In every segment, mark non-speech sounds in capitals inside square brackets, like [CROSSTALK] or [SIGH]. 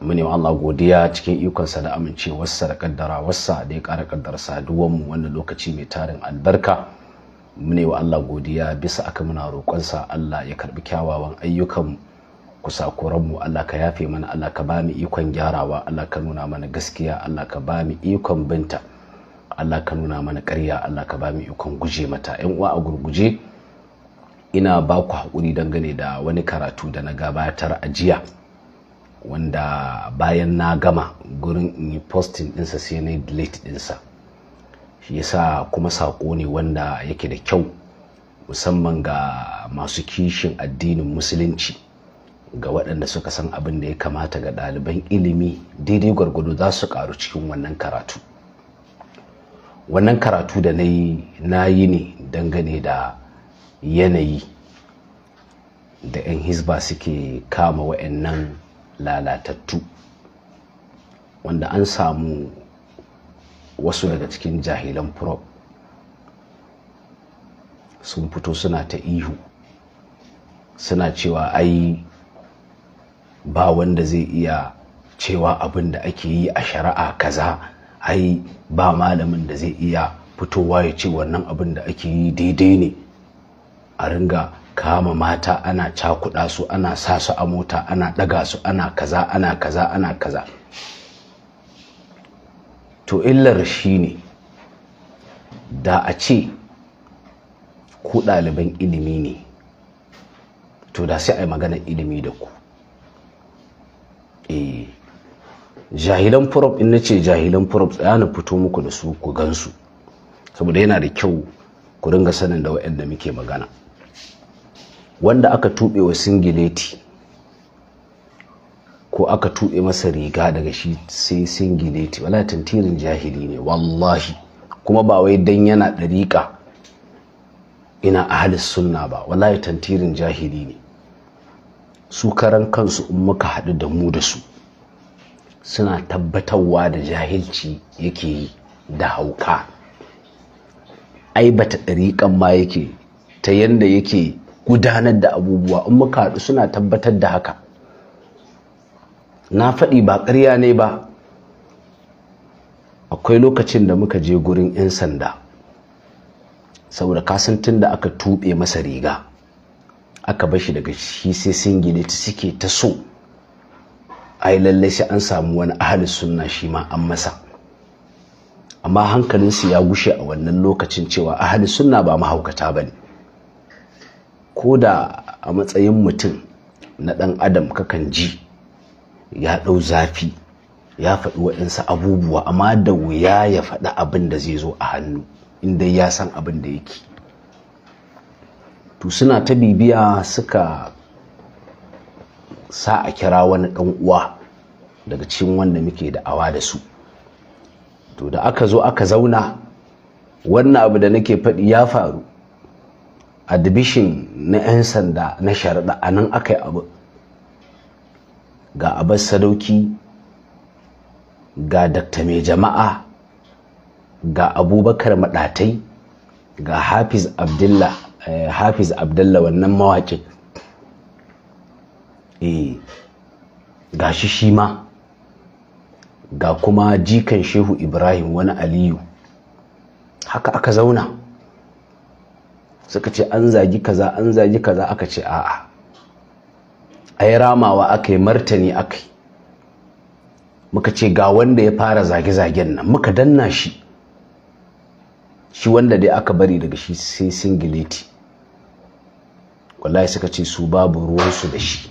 mun wa Allah godiya cikin ikonsa da amincewarsa da kaddarawarsa da ya ƙara kaddar mu wannan lokaci mai tarin albarka mune wa Allah godiya bisa aka muna roƙonsa Allah ya karbi kyawawan ayyukan kusakuranmu Allah ka yafe mana Allah ka ba ikon gyarawa Allah ka nuna mana gaskiya Allah ka ba ikon binta Allah ka nuna mana ƙarya Allah ka ba ikon guje mata ƴan uwa a gurguje ina ba ku haƙuri dangane da wani karatu da na gabatar a jiya wanda bayan na gama gurin in yi posting dinsa sai na yi delete ɗinsa shi yasa kuma saƙo ne wanda yake da kyau musamman ga masu kishin addinin musulunci ga waɗanda suka san abin da ya kamata ga ɗaliban ilimi daidai gwargwado za su ƙaru cikin wannan karatu wannan karatu da na yi ne dangane da yanayi da 'yan hisba suke kama wa'annan lalatattu wanda an samu wasu daga cikin jahilan prop sun fito suna ta ihu suna cewa ai ba wanda zai iya cewa abin da ake yi a shari'a kaza ai ba malamin da zai iya fitowa ya ce wannan abin da ake yi daidai ne a ringa kama mata ana cakuɗa su ana sa su a mota ana ɗaga su ana kaza ana kaza ana kaza to illar shi ne da a ce ku ɗaliban ilimi ne to da sai a yi maganar ilimi da ku eh jahilan furob in na ce jahilan furob tsaya na fito muku da su ku gansu saboda yana da kyau ku ringa sanin da waɗanda muke magana wanda aka tuɓe wa singileti ko aka tuɓe masa riga daga shi sai singileti wala tantirin jahili ne wallahi kuma ba wai dan yana ɗariƙa ina ahalis sunna ba wallahi tantirin jahili ne su karan kansu in muka haɗu da mu da su suna tabbatarwa da jahilci yake yi da hauka ai bata ɗariƙan ma yake ta yanda yake gudanar da abubuwa in muka haɗu suna tabbatar da haka na faɗi ba ƙarya ne ba akwai lokacin da muka je gurin 'yan sanda saboda tun da aka tuɓe masa riga aka bashi daga shi sai sun ta suke ta so ai lallai sai an samu wani ahalin sunna shi ma an masa amma hankalinsu ya gushe a wannan lokacin cewa ahalin sunna ba mahaukata ba ne ko da a matsayin mutum na ɗan adam kakan ji ya ɗau zafi ya faɗi waɗansa abubuwa amma da wuya ya faɗi abin da zai zo a hannu inda ya san abin da yake to suna ta bibiya suka sa a kira wani ɗan uwa daga cikin wanda muke da'awa da su to da aka zo aka zauna wannan abu da nake faɗi ya faru a na 'yan sanda na sharaɗa a nan aka yi abu ga abar sadauki ga dakta mai jama'a ga abubakar maɗatai ga hafiz abdullah eh, hafiz abdullah wannan mawaƙin eh, ga shi shi ma ga kuma jikan shehu ibrahim wani aliyu haka aka zauna suka ce an zagi kaza an zagi kaza aka ce a'a ai ramawa aka yi martani aka yi muka ce ga wanda ya fara zage-zagen nan muka danna shi shi wanda dai aka bari daga shi sai singileti wallahi suka ce su babu ruwansu da shi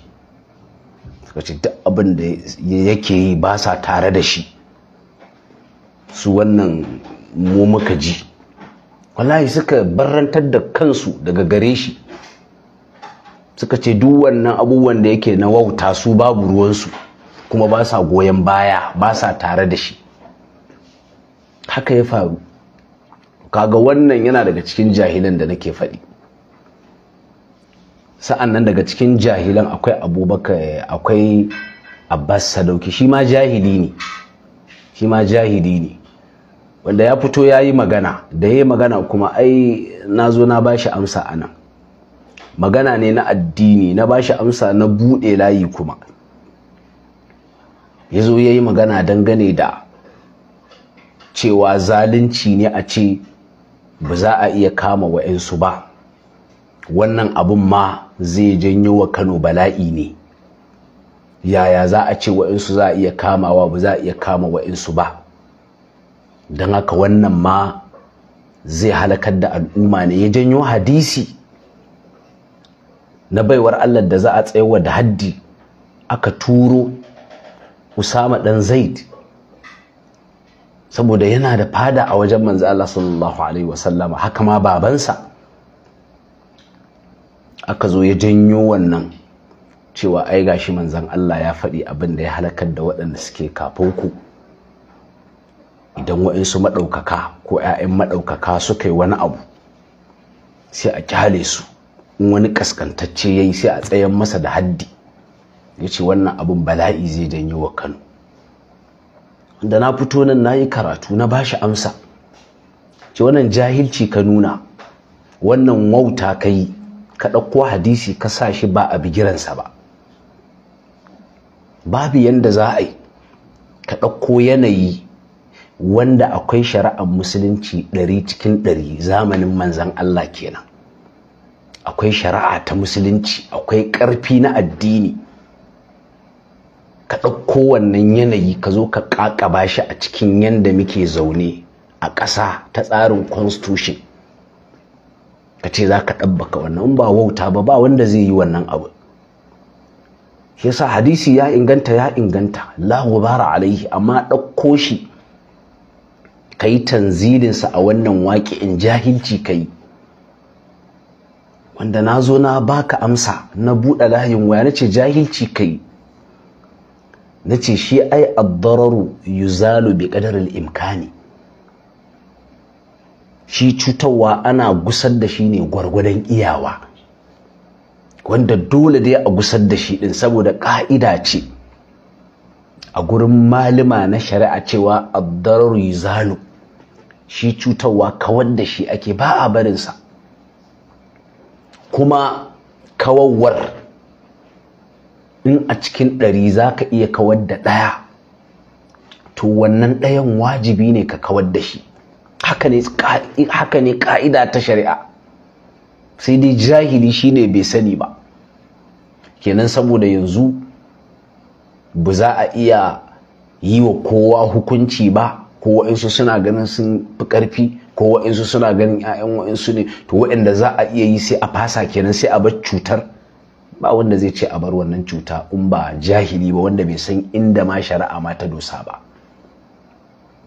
suka ce duk abin da yake yi ba sa tare da shi su wannan mu muka ji wallahi suka barrantar da kansu daga gare shi suka ce duk wannan abubuwan da yake na wauta su babu ruwansu kuma ba sa goyon baya ba sa tare da shi haka ya faru kaga wannan yana daga cikin jahilan da nake faɗi sa'an nan daga cikin jahilan akwai abubakar akwai abbas sadauki shi ma jahili ne shi ma jahili ne wanda ya fito ya yi magana da ya yi magana kuma ai na zo na bashi amsa a nan magana ne na addini na bashi amsa na buɗe layi kuma ya zo ya yi magana dangane da cewa zalunci ne a ce ba za a iya kama wa'insu ba wannan abun ma zai janyo wa kano bala'i ne yaya za a ce wa'insu za a iya kamawa ba za a iya kama wa'insu ba don haka wannan ma zai halakar da al'umma ne ya janyo hadisi na baiwar Allah da za a tsayawa da haddi aka turo Usama dan Zaid saboda yana da fada a wajen manzo Allah sallallahu alaihi wasallama haka ma babansa aka zo ya janyo wannan cewa ai gashi manzon Allah ya faɗi abin da ya halakar da waɗanda suke kafin ku idan waɗansu maɗaukaka ko 'ya'yan maɗaukaka suka yi wani abu sai a kyale su in wani kaskantacce ya yi sai a tsayan masa da haddi ya ce wannan abin bala'i zai janyo wa kano da na fito nan na yi karatu na ba shi amsa ce wannan jahilci ka nuna wannan wauta ka yi ka ɗauko hadisi ka sa shi ba a bigiransa ba babu yanda za a yi ka ɗauko yanayi wanda akwai shari'ar musulunci ɗari cikin ɗari zamanin manzan Allah kenan akwai shari'a ta musulunci akwai ƙarfi na addini ka ɗauko wannan yanayi ka zo ka ƙaƙaba shi a cikin yadda muke zaune a ƙasa ta tsarin constitution ka ce za ka ɗabbaka wannan ba wauta ba ba wanda zai yi wannan abu yasa hadisi ya inganta ya inganta la gubara alaihi amma ɗauko shi ka yi tanzilinsa a wannan waƙi in jahilci ka yi wanda na zo na baka amsa na buɗe layin waya na ce jahilci ka yi na ce shi ai addararu yuzalu bi ƙadarar imkani shi cutarwa ana gusar da shi ne gwargwadon iyawa wanda dole dai a gusar da shi ɗin saboda ƙa'ida ce a gurin malima na shari'a cewa addararu yuzalu shi cutarwa kawar da shi ake ba a barinsa kuma kawawar in a cikin ɗari za ka iya kawar da ɗaya to wannan ɗayan wajibi ne ka kawar da shi haka ne ƙa'ida ta shari'a sai dai jahili shi ne bai sani ba kenan saboda yanzu ba za a iya yi wa kowa hukunci ba ko wa'insu suna ganin sun fi ƙarfi ko wa'insu suna ganin 'ya'yan wa'insu ne to waɗanda za a iya yi sai a fasa kenan sai a bar cutar ba wanda zai ce a bar wannan cuta in ba jahili ba wanda bai san inda ma shari'a ma ta dosa ba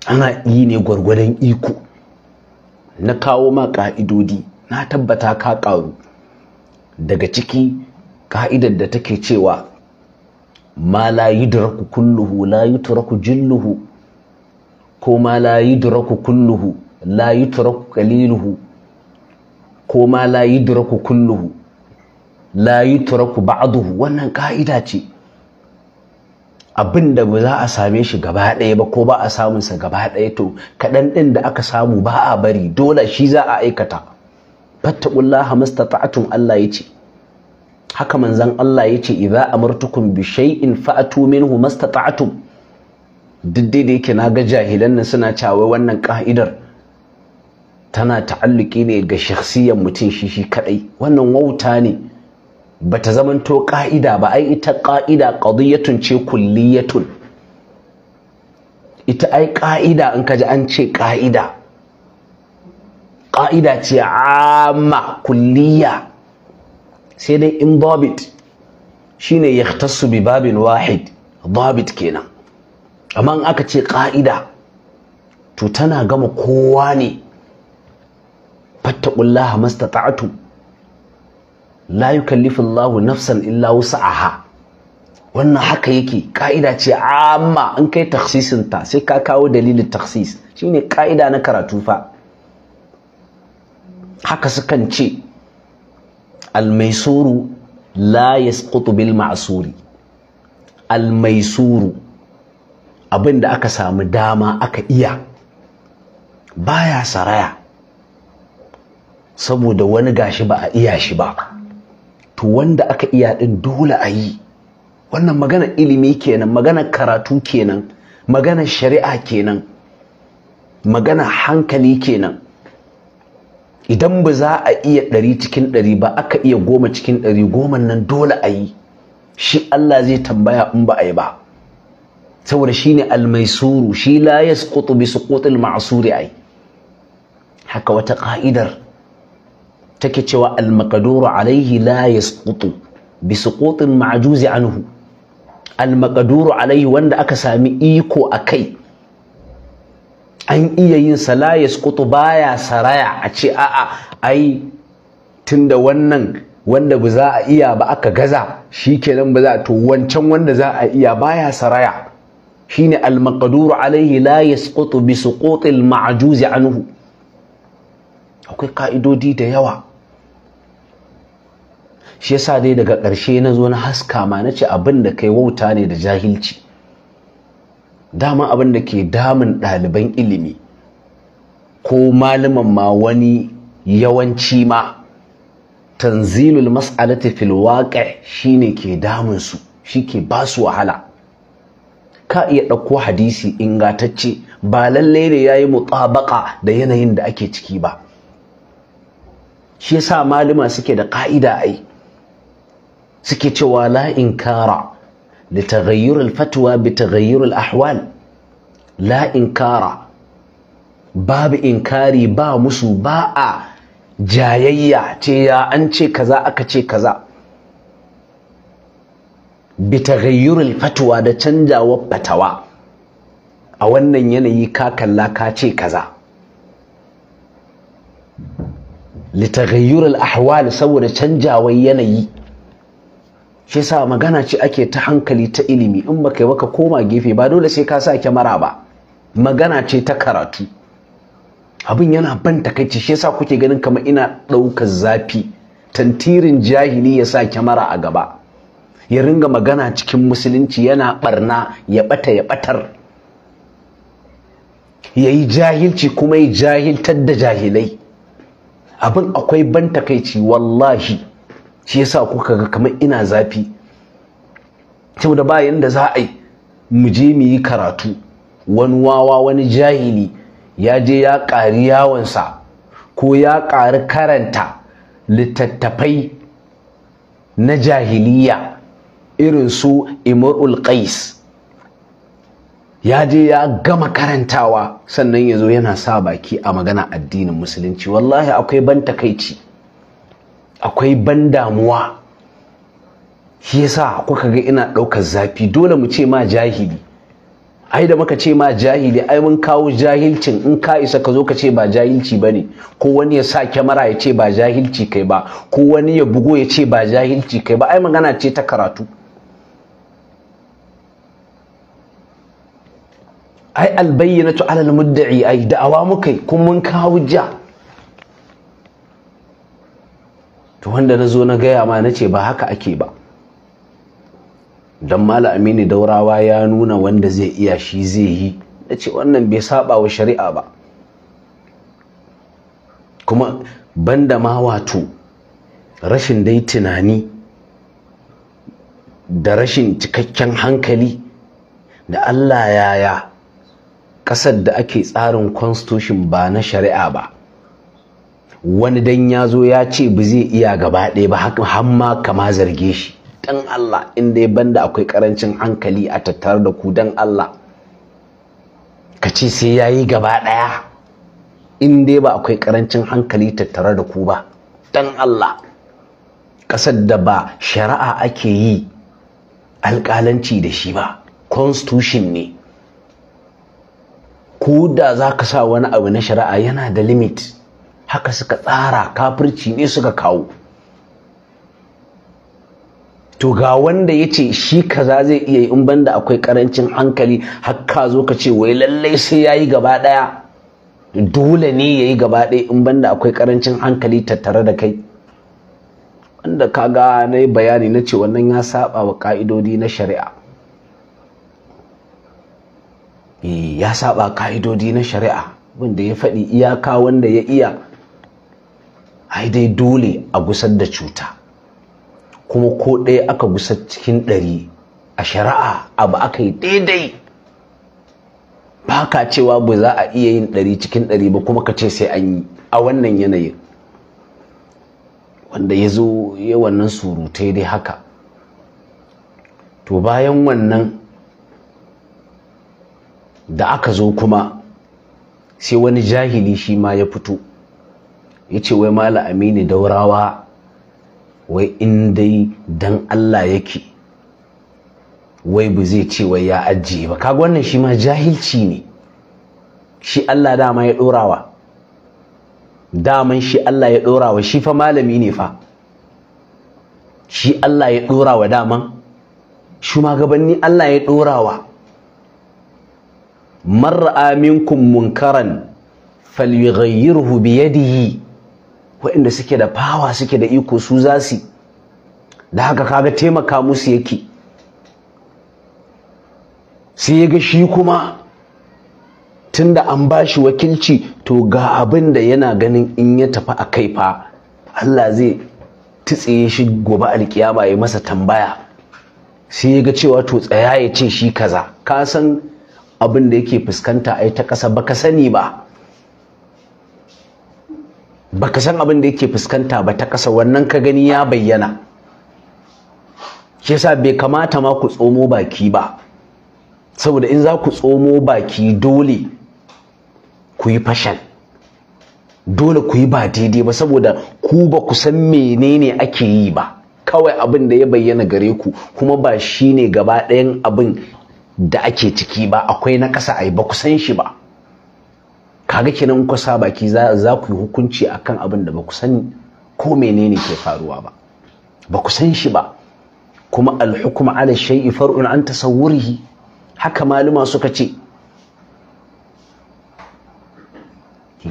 ana yi ne gwargwadon iko na kawo ma ka'idodi na tabbata ka karu daga ciki ka'idar da take cewa ma la yudraku kulluhu la yutraku jilluhu ko ma la yudraku kulluhu la yutraku kaliluhu. ko ma la yudraku kulluhu la yutraku ba'aduhu. wannan ka'ida ce abin da ba za a same shi gaba ɗaya ba ko ba a samun sa gaba ɗaya to kaɗan ɗin da aka samu ba a bari dole shi za a aikata fattaqullaha mastata'tum Allah yace haka manzon Allah yace idza amartukum bi shay'in fa'atu minhu mastata'tum duk dai da yake na ga jahilan nan suna cewa wannan ka'idar tana ta'alluki ne ga shakhsiyar mutum shi shi kadai wannan wauta ne bata zamanto ka'ida ba ai ita ka'ida qadiyatun ce kulliyatun ita ai ka'ida in kaji an ce ka'ida ka'ida ce amma kulliya sai dai in babit shine yahtassu bi babin wahid babit kenan amma in aka ce ƙa'ida to tana gama kowa ne fattaqullaha mastata'tu la yukallifu Allahu nafsan illa wus'aha wannan haka yake ƙa'ida ce amma an kai takhsisin ta sai ka kawo dalilin takhsis shine ƙa'ida na karatu fa haka sukan ce almaisuru la yasqutu bil ma'suri almaisuru abin da aka samu dama aka iya baya saraya saboda wani gashi ba a iya shi ba to wanda aka iya din dole a yi wannan magana ilimi kenan magana karatu kenan magana shari'a kenan magana hankali kenan idan ba za a iya ɗari cikin ɗari ba aka iya goma cikin ɗari goma nan dole a yi shi Allah zai tambaya in ba a yi ba saboda shine almaisuru shi la yasqutu bi suqutil ma'suri ai haka wata ka'idar take cewa almaqduru alaihi la yasqutu bi suqutil ma'juzi anhu almaqduru alaihi wanda aka sami iko akai an iya yin sa la yasqutu baya saraya a ce a'a ai tunda wannan wanda ba za a iya ba aka gaza shikenan ba za to wancan wanda za a iya baya saraya shine al-maqduru alaihi la yasqutu bi suqutil ma'juzi anhu akwai ka'idodi da yawa shi yasa dai daga ƙarshe na zo na haska ma na ce abin da kai wauta ne da jahilci dama abin da ke damun ɗaliban ilimi ko malaman ma wani yawanci ma tanzilul mas'alati fil waqi' shine ke damun su shi ke ba su wahala ka iya ɗauko hadisi ingatacce ba lalle ne ya yayi mutabaka da yanayin da ake ciki ba shi yasa malama suke da ƙa'ida ai suke cewa la inkara li taghayyur al fatwa bi taghayyur al ahwal la inkara babu inkari ba musu ba a jayayya ce ya an ce kaza aka ce kaza bi fatuwa fatwa da canjawar fatawa a wannan yanayi ka kalla ka ce kaza li taghayyuril ahwal saboda canjawa yanayi shi sa magana ce ake ta hankali ta ilimi in baka yi baka koma gefe ba dole sai ka sa kyamara ba magana ce ta karatu abin yana ban takaici shi sa kuke ganin kamar ina ɗaukar zafi tantirin jahili ya sa kyamara a gaba ya ringa magana cikin musulunci yana barna ya bata ya batar ya yi jahilci kuma ya jahiltar da jahilai abin akwai ban takaici wallahi shi yasa kuka ga kamar ina zafi saboda ba yanda za a yi mu je mu yi karatu wani wawa wani jahili ya je ya ƙari yawonsa ko ya ƙari karanta littattafai na jahiliya irin su imrul qais ya je ya gama karantawa sannan ya zo yana sa baki a magana addinin musulunci wallahi akwai ban takaici akwai ban damuwa shi yasa kuka ga ina ɗaukar zafi dole mu ce ma jahili ai da muka ce ma jahili ai mun kawo jahilcin in ka isa ka zo ka ce ba jahilci ba ne ko wani ya sa kyamara ya ce ba jahilci kai ba ko wani ya bugo ya ce ba jahilci kai ba ai magana ce ta karatu ai albayyanatu alal mudda'i ai da'awa muka yi kun mun kawo hujja to wanda na zo na gaya ma na ce ba haka ake ba don mala amini daurawa ya nuna wanda zai iya shi zai yi na ce wannan bai saba wa shari'a ba kuma banda ma wato rashin dai tunani da rashin cikakken hankali da allah yaya Kasar da ake tsarin constitution ba na shari'a ba wani dan ya zo ya ce ba zai iya gaba ɗaya ba har ma kama zarge shi dan Allah inda ya banda akwai karancin hankali a tattare da ku dan Allah ka ce sai yayi gaba ɗaya in dai ba akwai karancin hankali tattare da ku ba dan Allah kasar da ba shari'a ake yi alƙalanci da shi ba constitution ne ko da za ka sa wani abu na shari'a yana da limit haka suka tsara kafirci ne suka kawo to ga wanda ya ce shi kaza zai iya yi in banda akwai karancin hankali haka zo ka ce wai lallai sai ya yi gaba ɗaya dole ne ya yi gaba ɗaya in banda akwai karancin hankali tattare da kai wanda ka na yi bayani na ce wannan ya saba wa ka'idodi na shari'a E, ya saba ka'idodi na shari'a wanda ya faɗi iyaka wanda ya iya ai dai dole a gusar da cuta kuma ko ɗaya aka gusar cikin ɗari a shari'a abu aka yi daidai ba ka cewa ba za a iya yin ɗari cikin ɗari ba kuma ka ce sai an yi a wannan yanayin wanda ya zo ya wannan surutai dai haka to bayan wannan da aka zo kuma sai wani jahili shi ma ya fito ya ce wai mala amini daurawa wai in dai dan Allah yake wai ba zai ce wai ya ajiye ba kaga wannan shi ma jahilci ne shi Allah dama ya ɗorawa daman shi Allah ya ɗorawa shi fa malami ne fa shi Allah ya ɗorawa daman shi ma gabanni Allah ya ɗorawa man ra'a minkum munkaran falyughayyirhu bi yadihi waɗanda suke da fawa suke da iko su za su da haka kaga taimaka musu yake sai ya ga shi kuma tunda an ba shi wakilci to ga abin da yana ganin in ya tafi a kai fa Allah zai tutsiye shi gobe alkiyama ya masa tambaya sai ya ga cewa to tsaya ya ce shi kaza ka san abin da yake fuskanta ai ta ƙasa baka sani ba baka san abin da yake fuskanta ba ta kasa. wannan ka gani ya bayyana shi yasa bai kamata ma ku tsomo baki ba saboda in za ku tsomo baki dole ku yi fashal dole ku yi ba daidai ba saboda ku ba ku san menene ake yi ba kawai abin da ya bayyana gare ku kuma ba shine gaba ɗayan abin da ake ciki ba akwai na ƙasa yi ba ku shi ba kaga kenan ku sa baki za ku yi hukunci akan abin da ba ku sani. ko menene ke faruwa ba ba ku san shi ba kuma alhukuma ala shay'i far'un an tasawwurihi haka maluma suka ce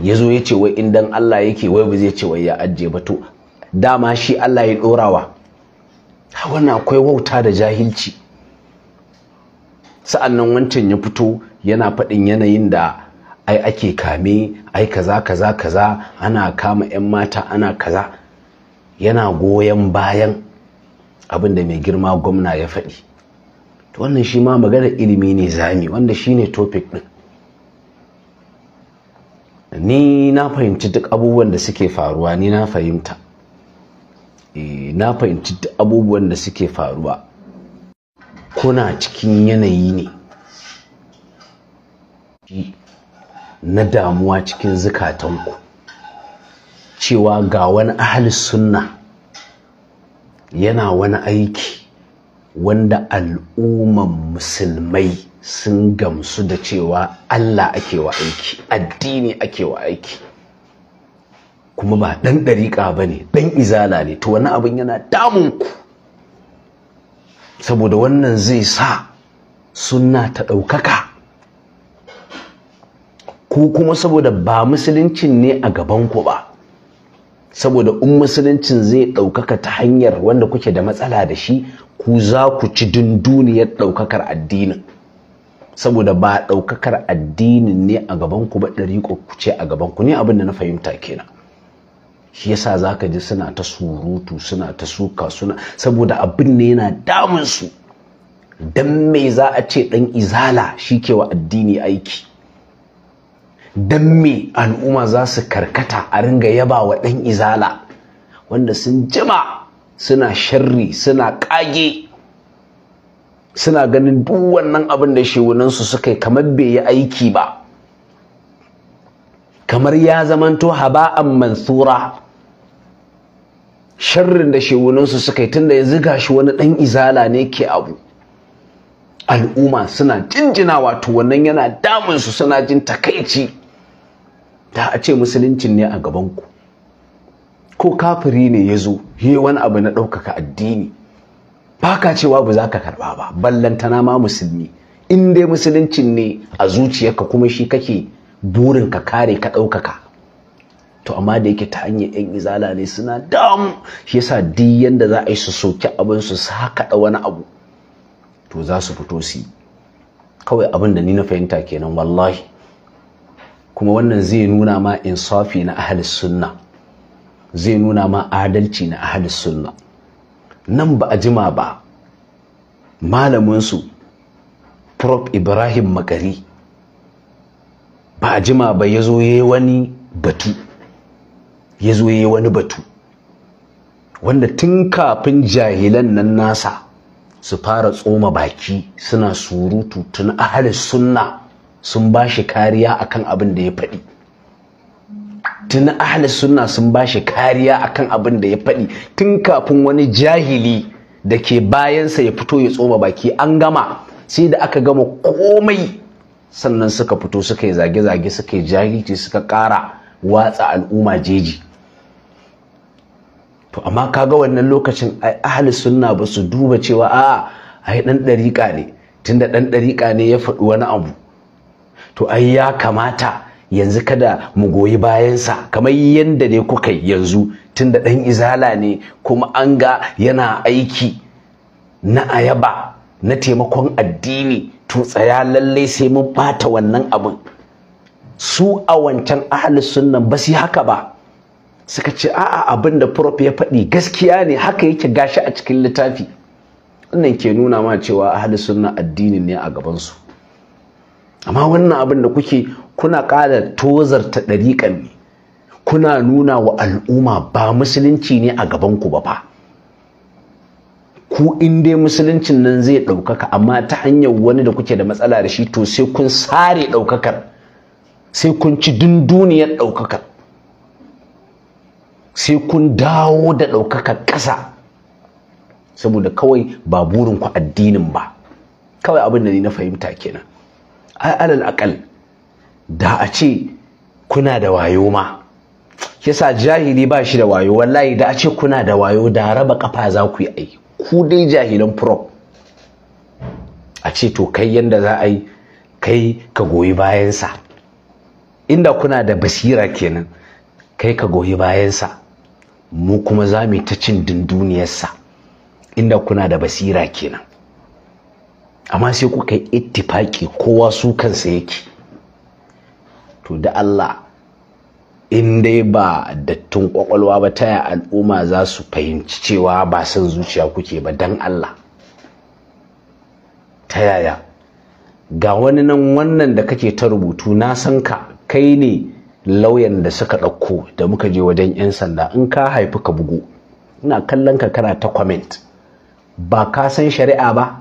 ya zo ya ce wai in dan Allah yake wai ba zai ce wai ya ajiye ba to dama shi Allah ya dorawa wannan akwai wauta da jahilci sa'annan wancan ya fito yana faɗin yanayin da ai ake kame ai kaza kaza kaza ana kama 'yan mata ana kaza yana goyon bayan abin da mai girma gwamna ya faɗi to wannan shi ma maganar ilimi ne zami wanda shi ne topic ɗin ni na fahimci duk abubuwan da suke faruwa ni na fahimta eh, na fahimci duk abubuwan da suke faruwa kuna cikin yanayi ne na damuwa cikin zukatanku cewa ga wani ahli sunna yana wani aiki wanda al'umman musulmai sun gamsu da cewa Allah ake wa aiki addini ake wa aiki kuma ba ɗan ɗariƙa ba ne ɗan izala ne to wani abin yana damunku saboda wannan zai sa sunna ta ɗaukaka ko kuma saboda ba musuluncin ne a gabanku ba saboda in musuluncin zai ɗaukaka ta hanyar wanda kuke da matsala da shi ku za ku ci dunduniyar ɗaukakar addinin saboda ba ɗaukakar addinin ne a gabanku ba ɗari ku ce a gabanku ne abin da na fahimta kenan shi yasa ka ji suna ta surutu suna ta suka suna saboda abin ne yana damun su dan me za a ce ɗan izala shi ke wa addini aiki dan me al'umma za su karkata a ringa yaba wa ɗan izala wanda sun jima suna sharri suna ƙage, suna ganin duk wannan abin da shewunansu suka yi kamar bai yi aiki ba kamar ya zamanto haba'an mansura sharrin da shewuninsu suka yi tunda yanzu gashi wani ɗan izala ne ke abu al'umma suna jinjina wato wannan yana damunsu suna jin takaici da a ce musuluncin ne a gabanku ko kafiri ne ya zo yi wani abu na ɗaukaka addini ba ka cewa ba za ka karɓa ba ballantana ma musulmi in dai musuluncin ne a zuciyarka kuma shi kake burin ka kare ka ɗaukaka to amma da yake ta hanyar yan izala ne suna dam shi yasa duk yanda za a yi su soki abin su su haka da wani abu to za su fito su kawai abin da ni na fahimta kenan wallahi kuma wannan zai nuna ma insafi na ahli sunna zai nuna ma adalci na ahli sunna nan ba a jima ba malamin su Prof Ibrahim Makari ba a jima ba ya zo ya yi wani batu ya zo ya yi wani batu wanda tun kafin jahilan nan nasa su fara tsoma baki suna surutu tun ahli sunna sun ba shi kariya akan abin da ya faɗi tun ahalin sunna sun ba shi kariya akan abin da ya faɗi tun kafin wani jahili da ke bayansa ya fito ya tsoma baki an gama sai da aka gama komai sannan suka fito suka yi zage-zage suka yi jahilci suka ƙara watsa al'umma jeji to amma ga wannan lokacin ai ahli sunna ba su duba cewa a ai ɗan ɗariƙa ne tunda ɗan ɗariƙa ne ya faɗi wani abu to ai ya kamata yanzu kada mu goyi bayansa kamar yadda ne kuka yanzu tunda ɗan izala ne kuma an ga yana aiki na ayaba na taimakon addini to tsaya lallai sai mun bata wannan abin su a wancan ahli sunnan ba su haka ba suka ce a'a abin da prof ya faɗi gaskiya ne haka yake gashi a cikin littafi wannan ke nuna ma cewa ahli sunna addini ne a gabansu amma wannan abin da kuke kuna ƙara tozarta ɗariƙan ne kuna nuna wa al'umma ba musulunci ne a gabanku ba fa ku in dai musuluncin nan zai ɗaukaka amma ta hanyar wani da kuke da matsala da shi to sai kun sare ɗaukakar sai kun ci dunduniyar ɗaukakar sai kun dawo da ɗaukaka ƙasa saboda kawai ba burin ku addinin ba kawai abin da ni na fahimta kenan ai alal akal da a ce kuna da wayo ma yasa jahili ba shi da wayo wallahi da a ce kuna da wayo da raba kafa za ku yi ai ku dai jahilan pro a ce to kai yanda za a yi kai ka goyi bayansa inda kuna da basira kenan kai ka goyi bayansa mu kuma za mu ta cin dunduniyarsa inda kuna da basira kenan amma sai kuka yi ittifaki kowa su kansa yake to da Allah in dai ba dattin kwakwalwa ba taya al'umma za su fahimci cewa ba son zuciya kuke ba don Allah ta yaya ga wani nan wannan da kake ta rubutu na san ka kai ne lauyan da suka ɗauko da muka je wajen 'yan sanda in ka haifi ka bugu ina kallon ka kana ta comment ba ka san shari'a ba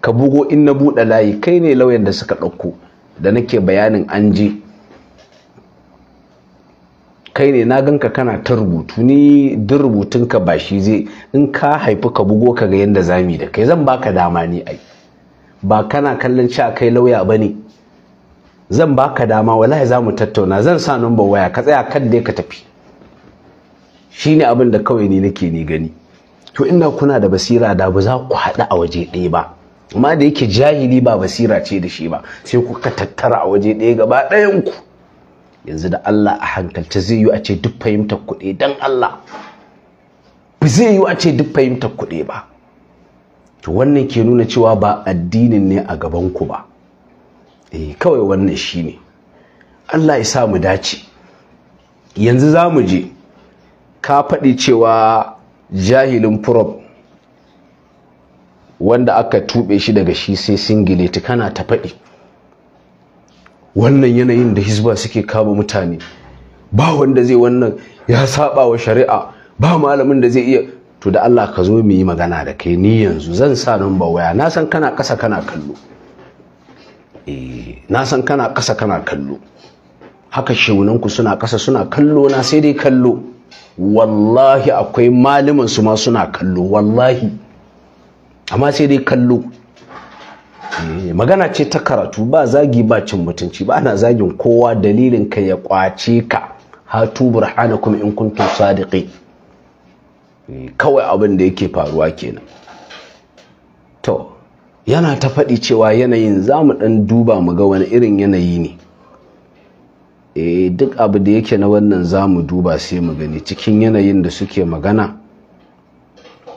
ka bugo in na buɗe layi kai ne lauyan da suka ɗauko da nake bayanin an je kai ne na ganka kana ta rubutu ni duk rubutunka ba shi zai in ka haifi ka bugo ka ga yadda zami da kai zan baka dama ni ai ba kana kallon cewa kai lauya ba ne zan baka dama wallahi zamu tattauna zan sa number waya ka tsaya kan dai ka tafi shine abin da kawai ne nake ni gani to inda kuna da basira da ba za ku haɗu a waje ɗaya ba amma da yake jahili ba basira ce da shi ba sai kuka tattara a waje ɗaya gaba ɗayan ku yanzu da Allah a hankalta zai yi a ce duk fahimtar kuɗi dan Allah ba zai yi a ce duk fahimtar kuɗi ba to wannan ke nuna cewa ba addinin ne a gaban ku ba eh kawai wannan shine Allah ya sa mu dace yanzu za mu je ka faɗi cewa jahilin prop wanda aka tuɓe shi daga shi sai singileti kana ta faɗi wannan yanayin da hizba suke kama mutane ba wanda zai wannan ya saba wa shari'a ba malamin da zai iya to da Allah ka zo mu yi magana da kai ni yanzu zan sa nan ba waya na san kana kasa kana kallo Eh, na san kana ƙasa kana kallo haka shehunanku suna ƙasa suna kallo na sai dai kallo wallahi akwai malaman su ma suna kallo wallahi amma sai dai kallo eh, magana ce ta karatu ba zagi ba cin mutunci ba ana zagin kowa dalilin ka ya kwace ka hatu kuma in kuntum sadiqi eh, kawai abin da yake faruwa kenan to yana ta faɗi cewa yanayin za mu ɗan duba mu ga wani irin yanayi ne e duk abu da yake na wannan za mu duba sai mu gani cikin yanayin da suke magana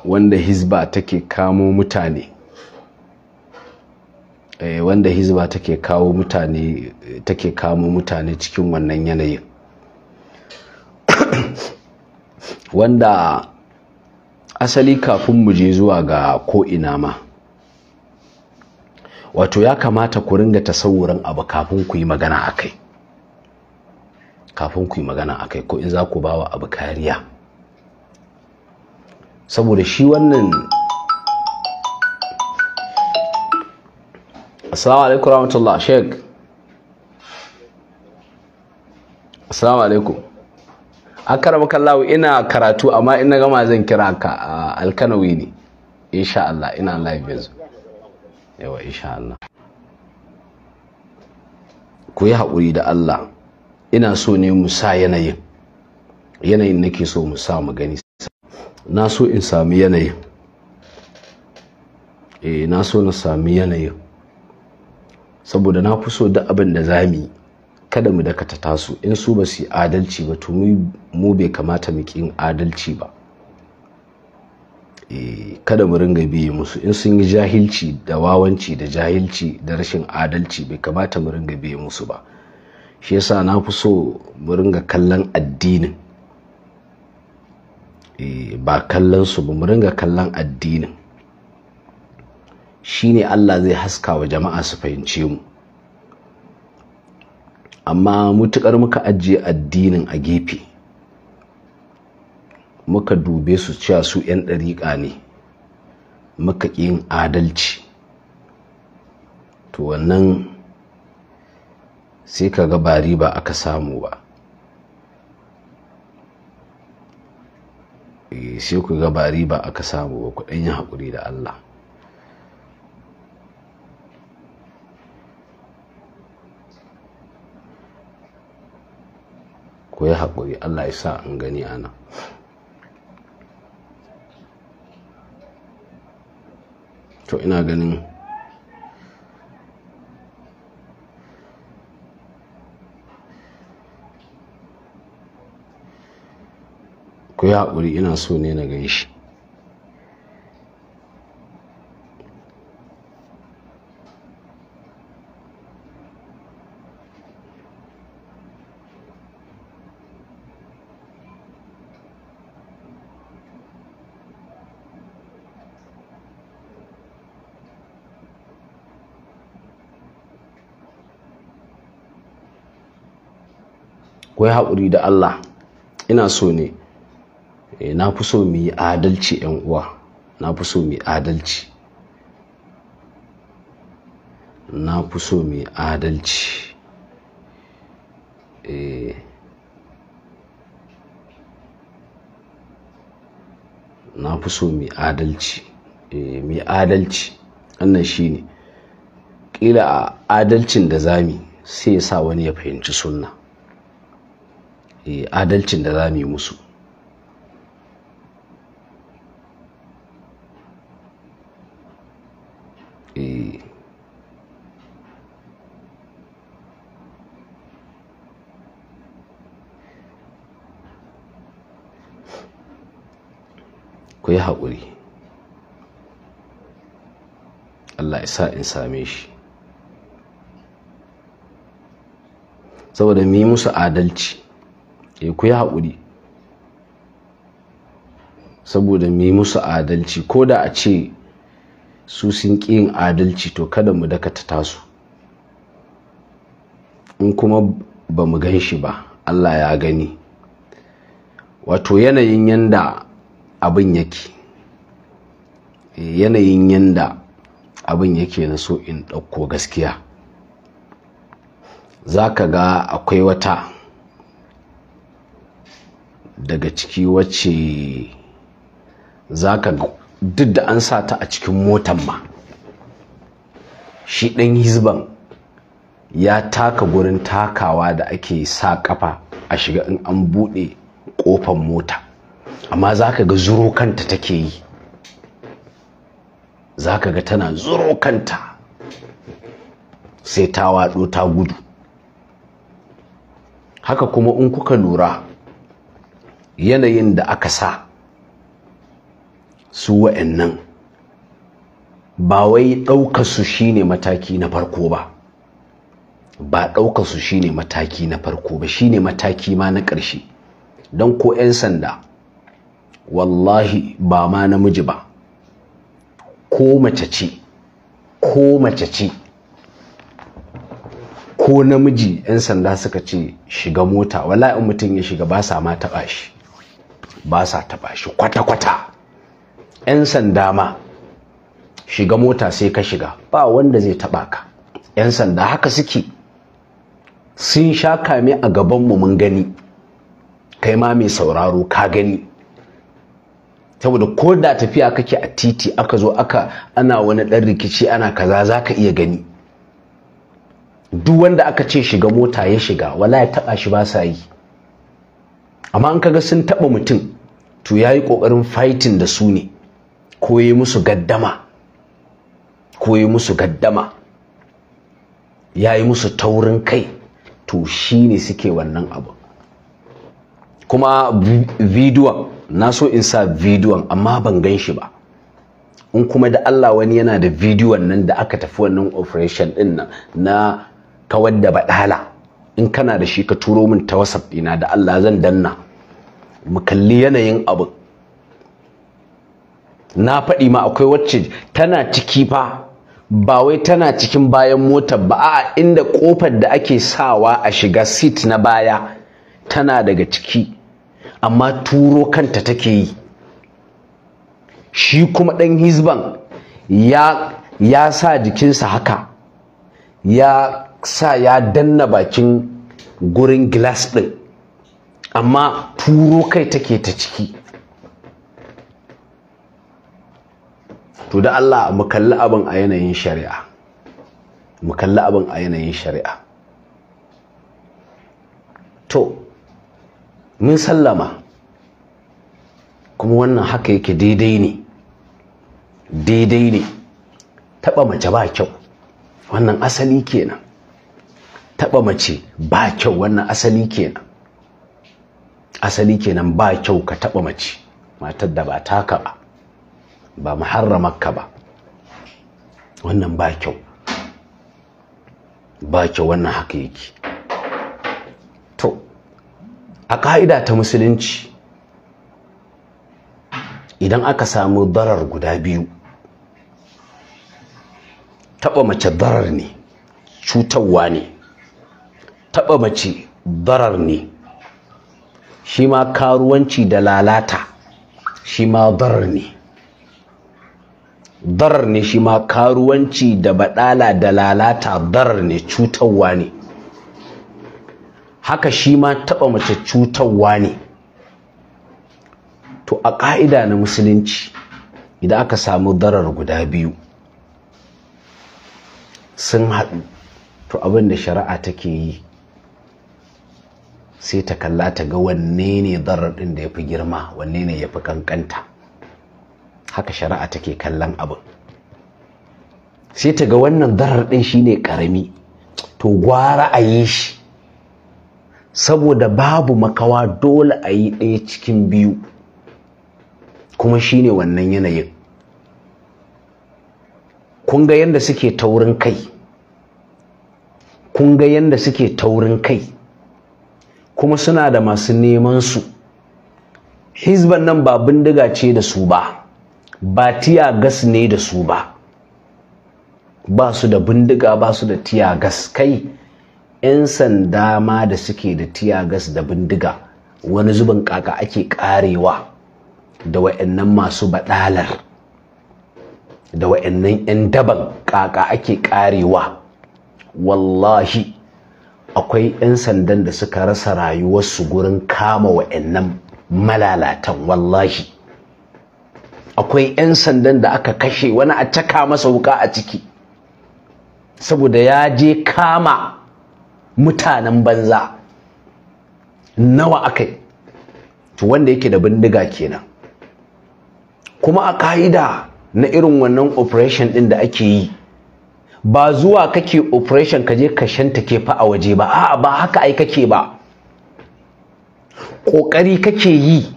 wanda hizba take kamo mutane eh, wanda hizba take kawo mutane take kamo mutane cikin wannan yanayin [COUGHS] wanda asali kafin mu je zuwa ga ko'ina ma wato ya kamata ku ringa tasawurin abu kafin ku yi magana akai kafin ku yi magana akai ko in za ku ba wa abu kariya saboda shi wannan assalamu alaikum rahmatullah sheik assalamu alaikum akarama kallahu ina karatu amma ina gama zan kira ka alkanawi ne insha Allah ina live yanzu yawa insha Allah ku yi haƙuri da Allah ina so ne mu sa yanayin yanayin nake so mu sa mu gani na so in sami yanayin eh na so na sami yanayin saboda na fi so da abin da za mu yi kada mu dakata tasu in su ba su yi adalci ba to mu bai kamata mu ƙin adalci ba Eh, kada mu ringa biye musu in sun yi jahilci da wawanci da jahilci da rashin adalci bai kamata mu ringa biye musu ba shi yasa na fi so mu ringa kallon addinin eh, ba kallon su ba mu ringa kallon addinin shi ne Allah zai haska wa jama'a su fahimce mu amma mutukar muka ajiye addinin a gefe muka dube su cewa su 'yan ɗariƙa ne muka yin adalci to wannan sai ka ga ba aka samu ba eh, sai ku ga ba aka samu ba kuɗin yin haƙuri da Allah ku yi haƙuri Allah ya sa an gani a nan. to ina ganin ku yi haƙuri ina so ne na shi akwai haƙuri da Allah ina so ne eh, na fi so mu yi adalci yan uwa na fi so mu yi adalci na fi so mu yi adalci eh, na fi so mu adalci eh, mu adalci wannan shine ƙila a adalcin da zami sai ya sa wani ya fahimci sunna Eh, adalcin da za mu yi musu eh. ku yi haƙuri Allah ya sa in same shi saboda mu yi musu adalci eh ku yi haƙuri saboda mu yi musu adalci ko da a ce su sun ƙi yin adalci to kada mu dakata tasu in kuma ba mu gan shi ba allah ya gani wato yanayin yanda abin yake eh, yanayin yanda abin yake na so in ɗauko gaskiya za ka ga akwai wata daga ciki wacce za duk da an sa ta a cikin motan ma shi ɗan hizban ya taka gurin takawa da ake sa kafa a shiga in an buɗe ƙofan mota amma za ka ga zuro kanta take yi za ka ga tana zuro kanta sai ta waɗo ta gudu haka kuma in kuka lura yanayin da aka sa su wa'annan ba wai ɗaukarsu shine mataki na farko ba ba ɗaukarsu shine mataki na farko ba shine mataki ma na ƙarshe don ko 'yan sanda wallahi ba ma namiji ba ko mace ce ko mace ce ko namiji 'yan sanda suka ce shiga mota wallahi in mutum ya shiga ba sa ma taɓa shi ba sa taba shi kwata-kwata 'yan sanda ma shiga mota sai ka shiga ba wanda zai taɓa ka 'yan sanda haka suke sun sha kame a gabanmu mun gani kai ma mai sauraro ka gani saboda ko da tafiya kake a titi aka zo aka ana wani ɗan rikici ana kaza za ka iya gani duk wanda aka ce shiga mota ya shiga wala ya taɓa shi ba sa yi amma an kaga sun taɓa mutum to ya yi ƙoƙarin fighting da su ne ko yi musu gaddama ko yi musu gaddama ya yi musu taurin kai to shi ne suke wannan abu kuma bidiyon na so in sa bidiyon amma ban gan shi ba in kuma da Allah wani yana da bidiyon nan da aka tafi wannan operation din nan na kawar da badala in kana da shi ka turo min ta whatsapp ɗina da Allah zan danna mu kalli yanayin abu na faɗi ma akwai wacce tana ciki fa ba wai tana cikin bayan mota ba a inda kofar da ake sawa a shiga sit na baya tana daga ciki amma turo kanta take yi shi kuma ɗan Hisban ya ya sa jikinsa haka ya sa ya danna bakin gurin glass ɗin amma turo kai take ta ciki to da Allah mu kalli abin a yanayin shari'a mu kalli abin a yanayin shari'a to mun sallama kuma wannan haka yake daidai ne daidai ne taba mace ba kyau wannan asali kenan taɓa mace ba kyau wannan asali kenan asali kenan ba kyau ka taɓa mace matar da ba taka ba ba muharramarka ba wannan ba kyau ba kyau wannan haka yake to a ka'ida ta musulunci idan aka samu darar guda biyu taɓa mace darar ne cutarwa ne taɓa mace darar ne shi ma karuwanci da lalata shi ma dar ne dar ne shi ma karuwanci da baɗala da lalata zarar ne cutarwa ne haka shi ma taɓa mace cutarwa ne to a ƙa'ida na musulunci idan aka samu darar guda biyu sun haɗu to abinda shari'a take yi sai ta kalla ta ga wanne ne ɗin da ya fi girma wanne ne ya fi kankanta haka shari'a take kallon abin sai ta ga wannan zarar ɗin shine ƙarami to gwara a yi shi saboda babu makawa dole a yi ɗaya cikin biyu kuma shine wannan yanayin kun ga suke taurin kai kun ga yadda suke taurin kai kuma suna da masu neman su hizban nan ba bindiga ce da su ba ba tiya gas ne da su ba ba su da bindiga ba su da tiya gas kai 'yan sanda ma da suke da tiya gas da bindiga wani zubin kaka ake karewa da wa'annan masu badalar da wa'annan 'yan daban kaka ake karewa wallahi akwai 'yan sandan da suka rasa rayuwarsu gurin kama wa'annan malalatan wallahi akwai 'yan sandan da aka kashe wani a caka masa wuka a ciki saboda ya je kama mutanen banza nawa akai to wanda yake da bindiga kenan kuma a ka'ida na irin wannan operation ɗin da ake yi ba zuwa kake operation ka je ka shanta ke fa a waje ba a'a ba haka ai kake ba kokari kake yi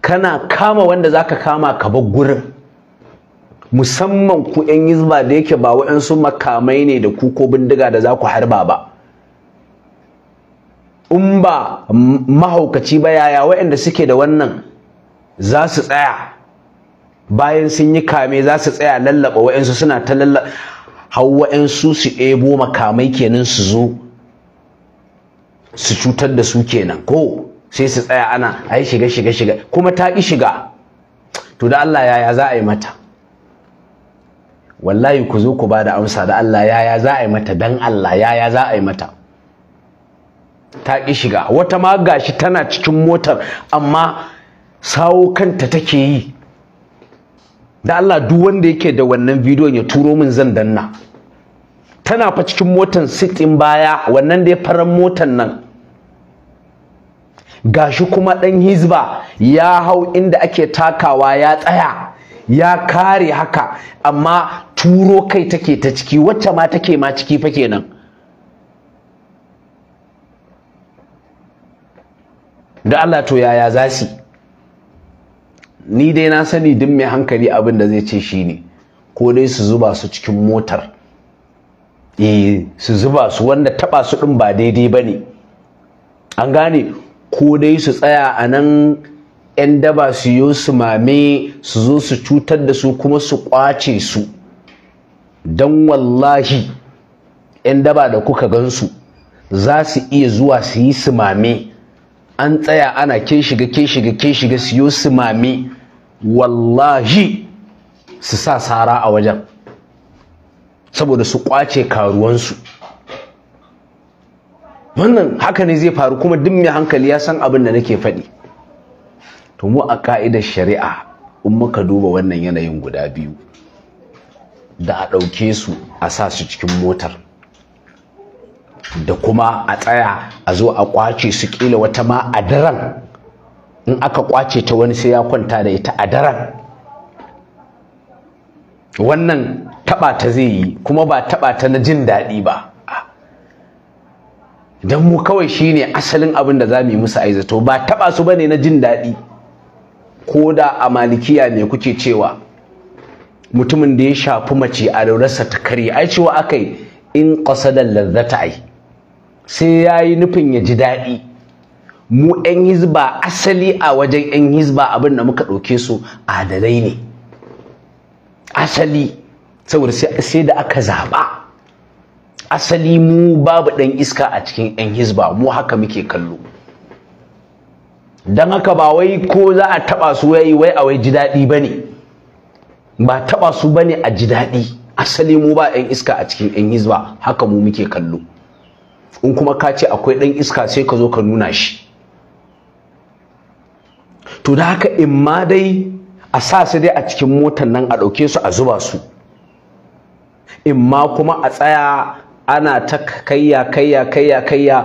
kana kama wanda zaka kama ka bar gurin musamman ku yan yizba da yake ba waɗansu makamai ne da ku ko bindiga da za ku harba ba in ba mahaukaci ba yaya waɗanda suke da wannan za su tsaya bayan sun yi kame za su tsaya lallaba waɗansu suna ta lallaba har su su ebo makamai kenan su zo su cutar da su kenan ko sai su tsaya ana ai shiga shiga shiga kuma ta shiga to da Allah yaya za a yi mata wallahi ku zo ku ba da amsa da Allah yaya za a yi mata dan Allah yaya za a yi mata ta shiga wata ma gashi tana cikin motar amma sawo kanta take yi da Allah duk wanda yake da wannan bidiyon ya turo min zan danna tana fa cikin motan sit in baya wannan da ya faran motan nan gashi kuma dan hizba ya hau inda ake takawa ya tsaya ya kare haka amma turo kai take ta ciki wacce ma take ma ciki fa kenan da Allah to yaya za ni dai na sani duk mai hankali abin da zai ce shi ne ko dai su zuba su cikin motar eh su zuba su wanda taba su din ba daidai ba ne an gane ko dai su tsaya a nan 'yan daba su yi su mame su zo su cutar da su kuma su kwace su don wallahi 'yan daba da kuka gansu za su iya zuwa su yi su mame an tsaya ana ke shiga ke shiga ke shiga su yi su mame wallahi su sa sara a wajen saboda su kwace karuwansu wannan haka ne zai faru kuma duk mai hankali ya san abin da nake faɗi to mu a ka'idar shari'a in muka duba wannan yanayin guda biyu da a ɗauke su a sa su cikin motar da kuma a tsaya a zo a kwace su kila wata ma a daren in aka kwace ta wani sai ya kwanta da ita a daren wannan taɓa ta zai yi kuma ba taba ta na jin daɗi ba don mu kawai shine asalin abin da za mu yi musu aizato ba taɓa su bane na jin daɗi ko da a malikiya ne kuke cewa mutumin da ya shafi mace a laurarsa ta karye ai cewa yi in qasadal ladzata ai sai ya yi nufin ya ji daɗi mu 'yan hizba asali a wajen 'yan hizba abin da muka ɗauke su adalai ne asali saboda sai da aka zaɓa asali mu babu ɗan iska a cikin 'yan hizba mu haka muke kallo don haka ba wai ko za a taɓa su wai wai a wai ji daɗi ba ne ba taɓa su ba ne a ji daɗi asali mu ba 'yan iska a cikin 'yan hizba haka mu muke kallo in kuma ka ce akwai ɗan iska sai ka zo ka nuna shi to da haka in ma dai a sa su dai a cikin motar nan a ɗauke su a zuba su in ma kuma a tsaya ana ta kayya kayya kayya kayya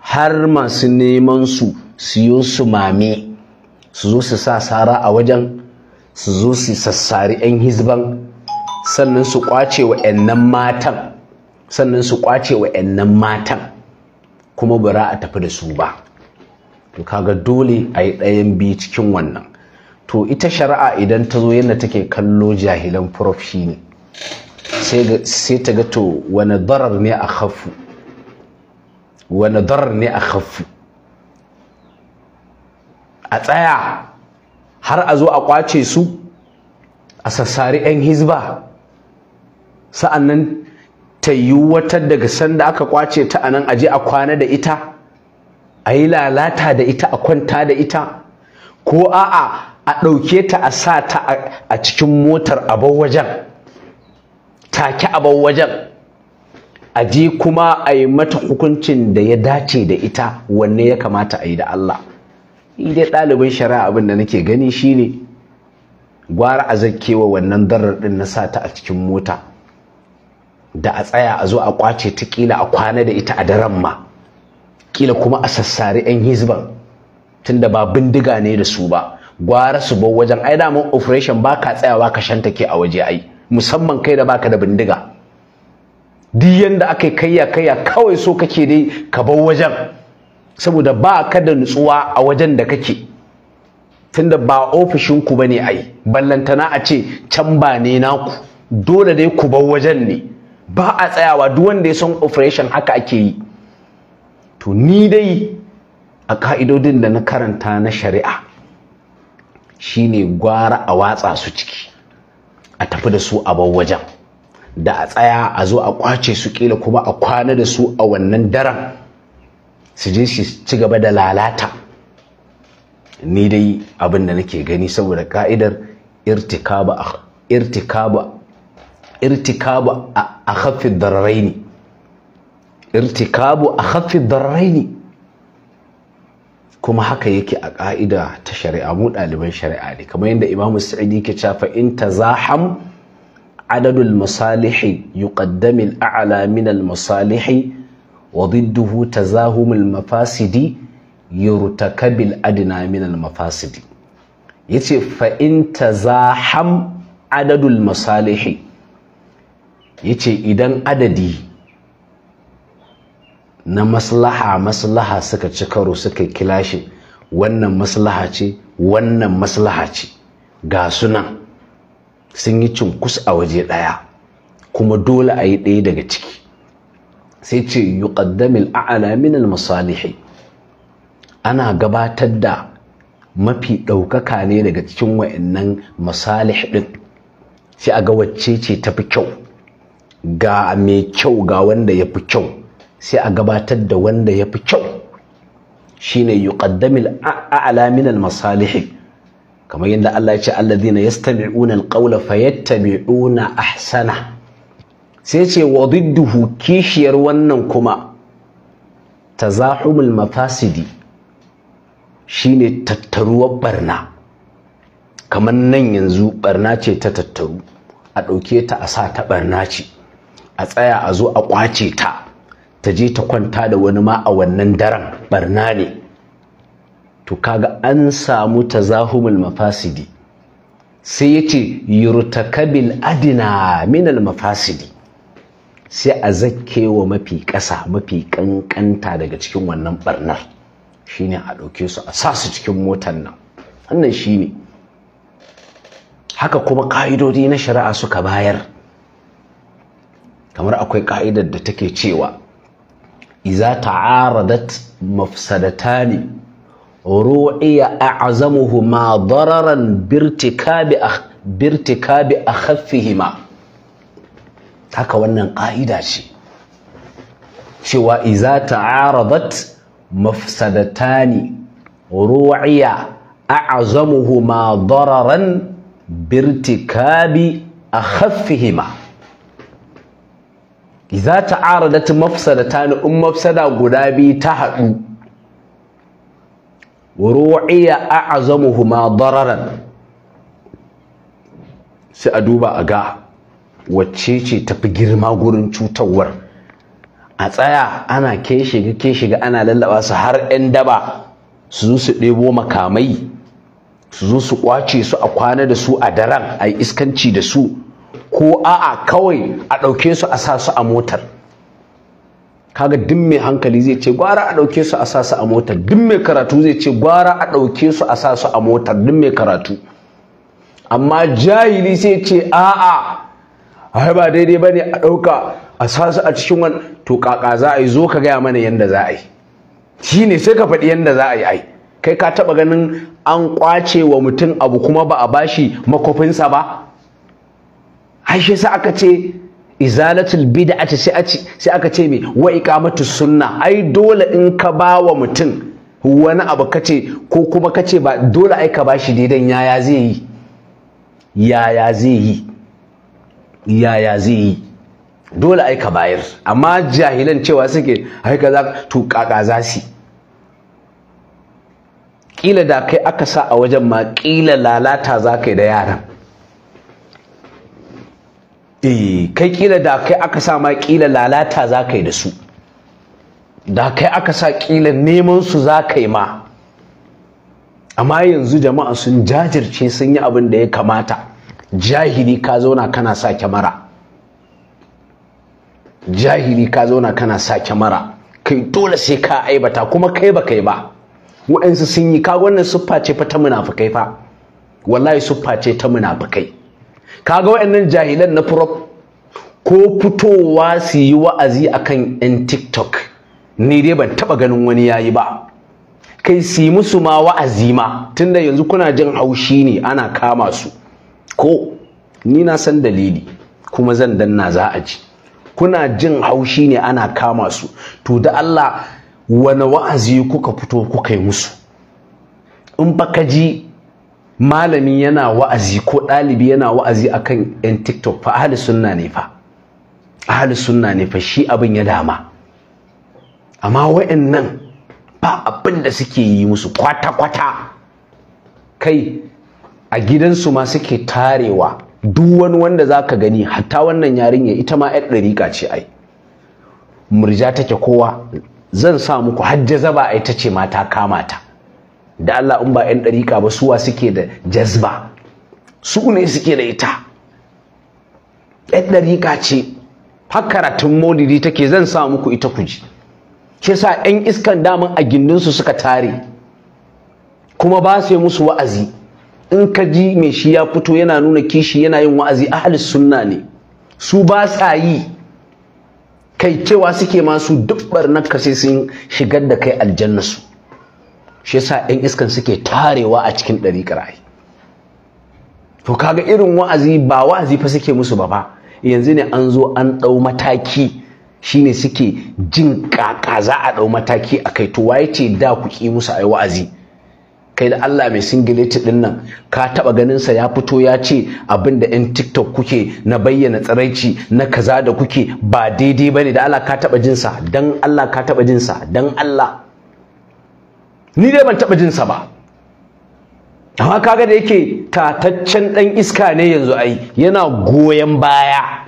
har masu neman su siyo su mame su zo su sa sara a wajen su zo su sassari 'yan hizban sannan su kwace wa 'yan nan matan sannan su kwace wa 'yan nan matan kuma ba a tafi da su ba to kaga dole a yi ɗayan biyu cikin wannan to ita shari'a idan ta zo yadda take kallo jahilan prof shi ne sai ta ga to wani darar ne a hafu wani darar ne a hafu a tsaya har a zo a kwace su a sassari 'yan hizba sa'annan ta yi wata daga sanda aka kwace ta anan aje a kwana da ita a yi lalata da ita a kwanta da ita ko a'a a ɗauke ta a sa ta a cikin motar a wajen take a bar wajen a je kuma a yi mata hukuncin da ya dace da ita wanne ya kamata a yi da Allah Ida dai ɗalibin shari'a abin da nake gani shine gwara a zakkewa wannan darar ɗin na sata a cikin mota da a tsaya a zo a kwace ta kila a kwana da ita a daren ma kila kuma a sassari 'yan hizban tunda ba bindiga ne da su ba gwara su bau wajen ai da mun operation ba ka tsayawa ka shanta ke a waje ai musamman kai da baka da bindiga duk yanda aka kayya kayya kawai so kake dai ka bau wajen saboda ba ka da nutsuwa a wajen da kake tunda ba ofishin ku bane ai ballantana a ce can ba ne naku dole dai ku bau wajen ne ba a tsayawa duk wanda ya san operation haka ake yi to ni dai a ka'idodin da na karanta na shari'a shine gwara a watsa su ciki a tafi da su a bar wajen da a tsaya a zo a kwace su kila kuma a kwana da su a wannan daren su je su ci gaba da lalata ni dai abin da nake gani saboda ka'idar irtikaba irtikaba irtikaba a hafi ne irtikabu a haffin darraini kuma haka yake a ƙa'ida ta shari'a mu ɗaliban shari'a ne kamar yadda imamu sa'idi ke cafa in ta zaham adadul masalihi yuqaddamil a'la min al masalihi wa didduhu tazahumul mafasidi yurtakabil adna min al mafasidi yace fa in tazaham adadul masalihi yace idan adadi na maslaha maslaha suka ci karo suka kilashi wannan maslaha ce wannan maslaha ce ga sunan sun yi cunkus a waje ɗaya kuma dole a yi ɗaya daga ciki sai ce yi ƙaddamil a'ala minal ana gabatar da mafi ɗaukaka ne daga cikin wa'annan masalih ɗin sai a ga wacce ce tafi kyau ga mai kyau ga wanda ya fi kyau sai a gabatar da wanda ya fi kyau shine yuqaddamil a'la min al masalihi kamar yadda Allah ya ce alladhina yastami'una al-qawla a ahsana sai ce wa kishiyar wannan kuma Ta tazahumul mafasidi Shi ne tattaruwar barna kamar nan yanzu barna ce ta tattaru a ɗauke ta a sa ta barna ce a tsaya a zo a ƙwace ta ta je ta kwanta da wani ma a wannan daren barna ne to kaga an samu tazahumul mafasidi sai yace yurtakabil adina minal mafasidi sai a zakkewa mafi ƙasa mafi ƙanƙanta daga cikin wannan barnar shine a ɗauke su a sa su cikin motan nan wannan shine haka kuma ƙa'idodi na shari'a suka bayar kamar akwai ƙa'idar da take cewa iza ta'aradat mafsadatani ru'iya a'zamuhuma dararan birtikabi birtikabi akhaffihima haka wannan ƙa'ida ce cewa iza ta'aradat mafsadatani ru'iya a'zamuhuma dararan birtikabi akhaffihima Za idza ta'aradat mafsadatan um mafsada guda biyu ta haɗu ru'iya a'zamuhuma dararan sai a duba a ga wacce ce tafi girma gurin cutarwar a tsaya ana ke shiga ke shiga ana lallaba su har 'yan daba su zo su ɗebo makamai su zo su ƙwace su a kwana da su a daren a yi iskanci da su ko a'a kawai a ɗauke su a sasu a motar kaga duk mai hankali zai ce gwara a ɗauke su a sasu su a motar duk mai karatu zai ce gwara a ɗauke su a sasu a motar duk mai karatu amma jahili sai ce a'a ai ba daidai bane a ɗauka a sasu a cikin wani to kaka za a yi zo ka gaya mana yanda za a yi ne sai ka faɗi yanda za a yi ai kai ka taɓa ganin an ƙwace wa mutum abu kuma ba a bashi makofinsa ba ashe sai aka ce izalatul bid'ati sai aka ce me wa iqamatu sunna ai dole in ka bawa mutum wani abu kace ko kuma kace ba dole ai ka bashi daidan yaya zai yi yaya zai yi yaya zai yi dole ai ka bayar amma jahilan cewa suke ai za to kaka zasi kila da kai aka sa a wajen ma kila lalata za kai da yaran eh kai kila da kai aka sa ma kila lalata za ka yi da su da kai aka sa kila neman su za ka yi ma amma yanzu jama'a sun jajirce sun yi abin da ya kamata jahili ka zauna kana sa kyamara jahili ka zauna kana sa kyamara kai dole sai ka aibata kuma kai ba kai ba wa'ansu sun yi ka wannan siffa ce fa ta munafukai fa wallahi siffa ce ta munafukai kaga waɗannan jahilan na prop ko fitowa su yi wa'azi akan yan tiktok ni dai ban taɓa ganin wani yayi ba kai su yi musu ma wa'azi ma tunda yanzu kuna jin haushi ne ana kama su ko ni na san dalili kuma zan danna za a ji kuna jin haushi ne ana kama su to da Allah wani wa'azi kuka fito kuka yi musu in fa ka ji malami yana wa'azi ko ɗalibi yana wa'azi a kan yan tiktok fa ahli sunna ne fa ahli sunna ne fa shi abin ya dama amma wa'annan ba abin da suke yi musu kwata-kwata kai a gidansu ma suke tarewa duk wani wanda za ka gani hatta wannan yarinya ita ma 'yar ɗariƙa ce ai murja take kowa zan sa muku hajja zaba ai ta ce mata kama ta da Allah in ba 'yan ɗariƙa ba suwa suke da jazba su ne suke da ita 'yan ɗariƙa ce har karatun maulidi take zan sa muku ita ku ji sa 'yan iskan daman a gindinsu suka tare kuma ba su musu wa'azi in ka ji mai shi ya fito yana nuna kishi yana yin wa'azi ahli sunna ne su ba sa yi kai cewa suke masu duk barnar sai sun shigar da kai aljannasu. shi yasa ɗan iskan suke tarewa a cikin ɗari ai to kaga irin wa'azi ba wa'azi fa suke musu ba ba yanzu ne an zo an ɗau mataki shine suke jin ƙaƙa za a ɗau mataki a kai to waye ce da ku ƙi musu a wa'azi kai da Allah mai singileti ɗin nan ka taɓa ganinsa ya fito ya ce abinda da 'yan tiktok kuke na bayyana tsaraici na kaza da kuke ba daidai ba ne da Allah ka taɓa jinsa don Allah ka taɓa jinsa don Allah ni dai ban taɓa jinsa ba amma kaga da yake tataccen ɗan iska ne yanzu ai yana goyon baya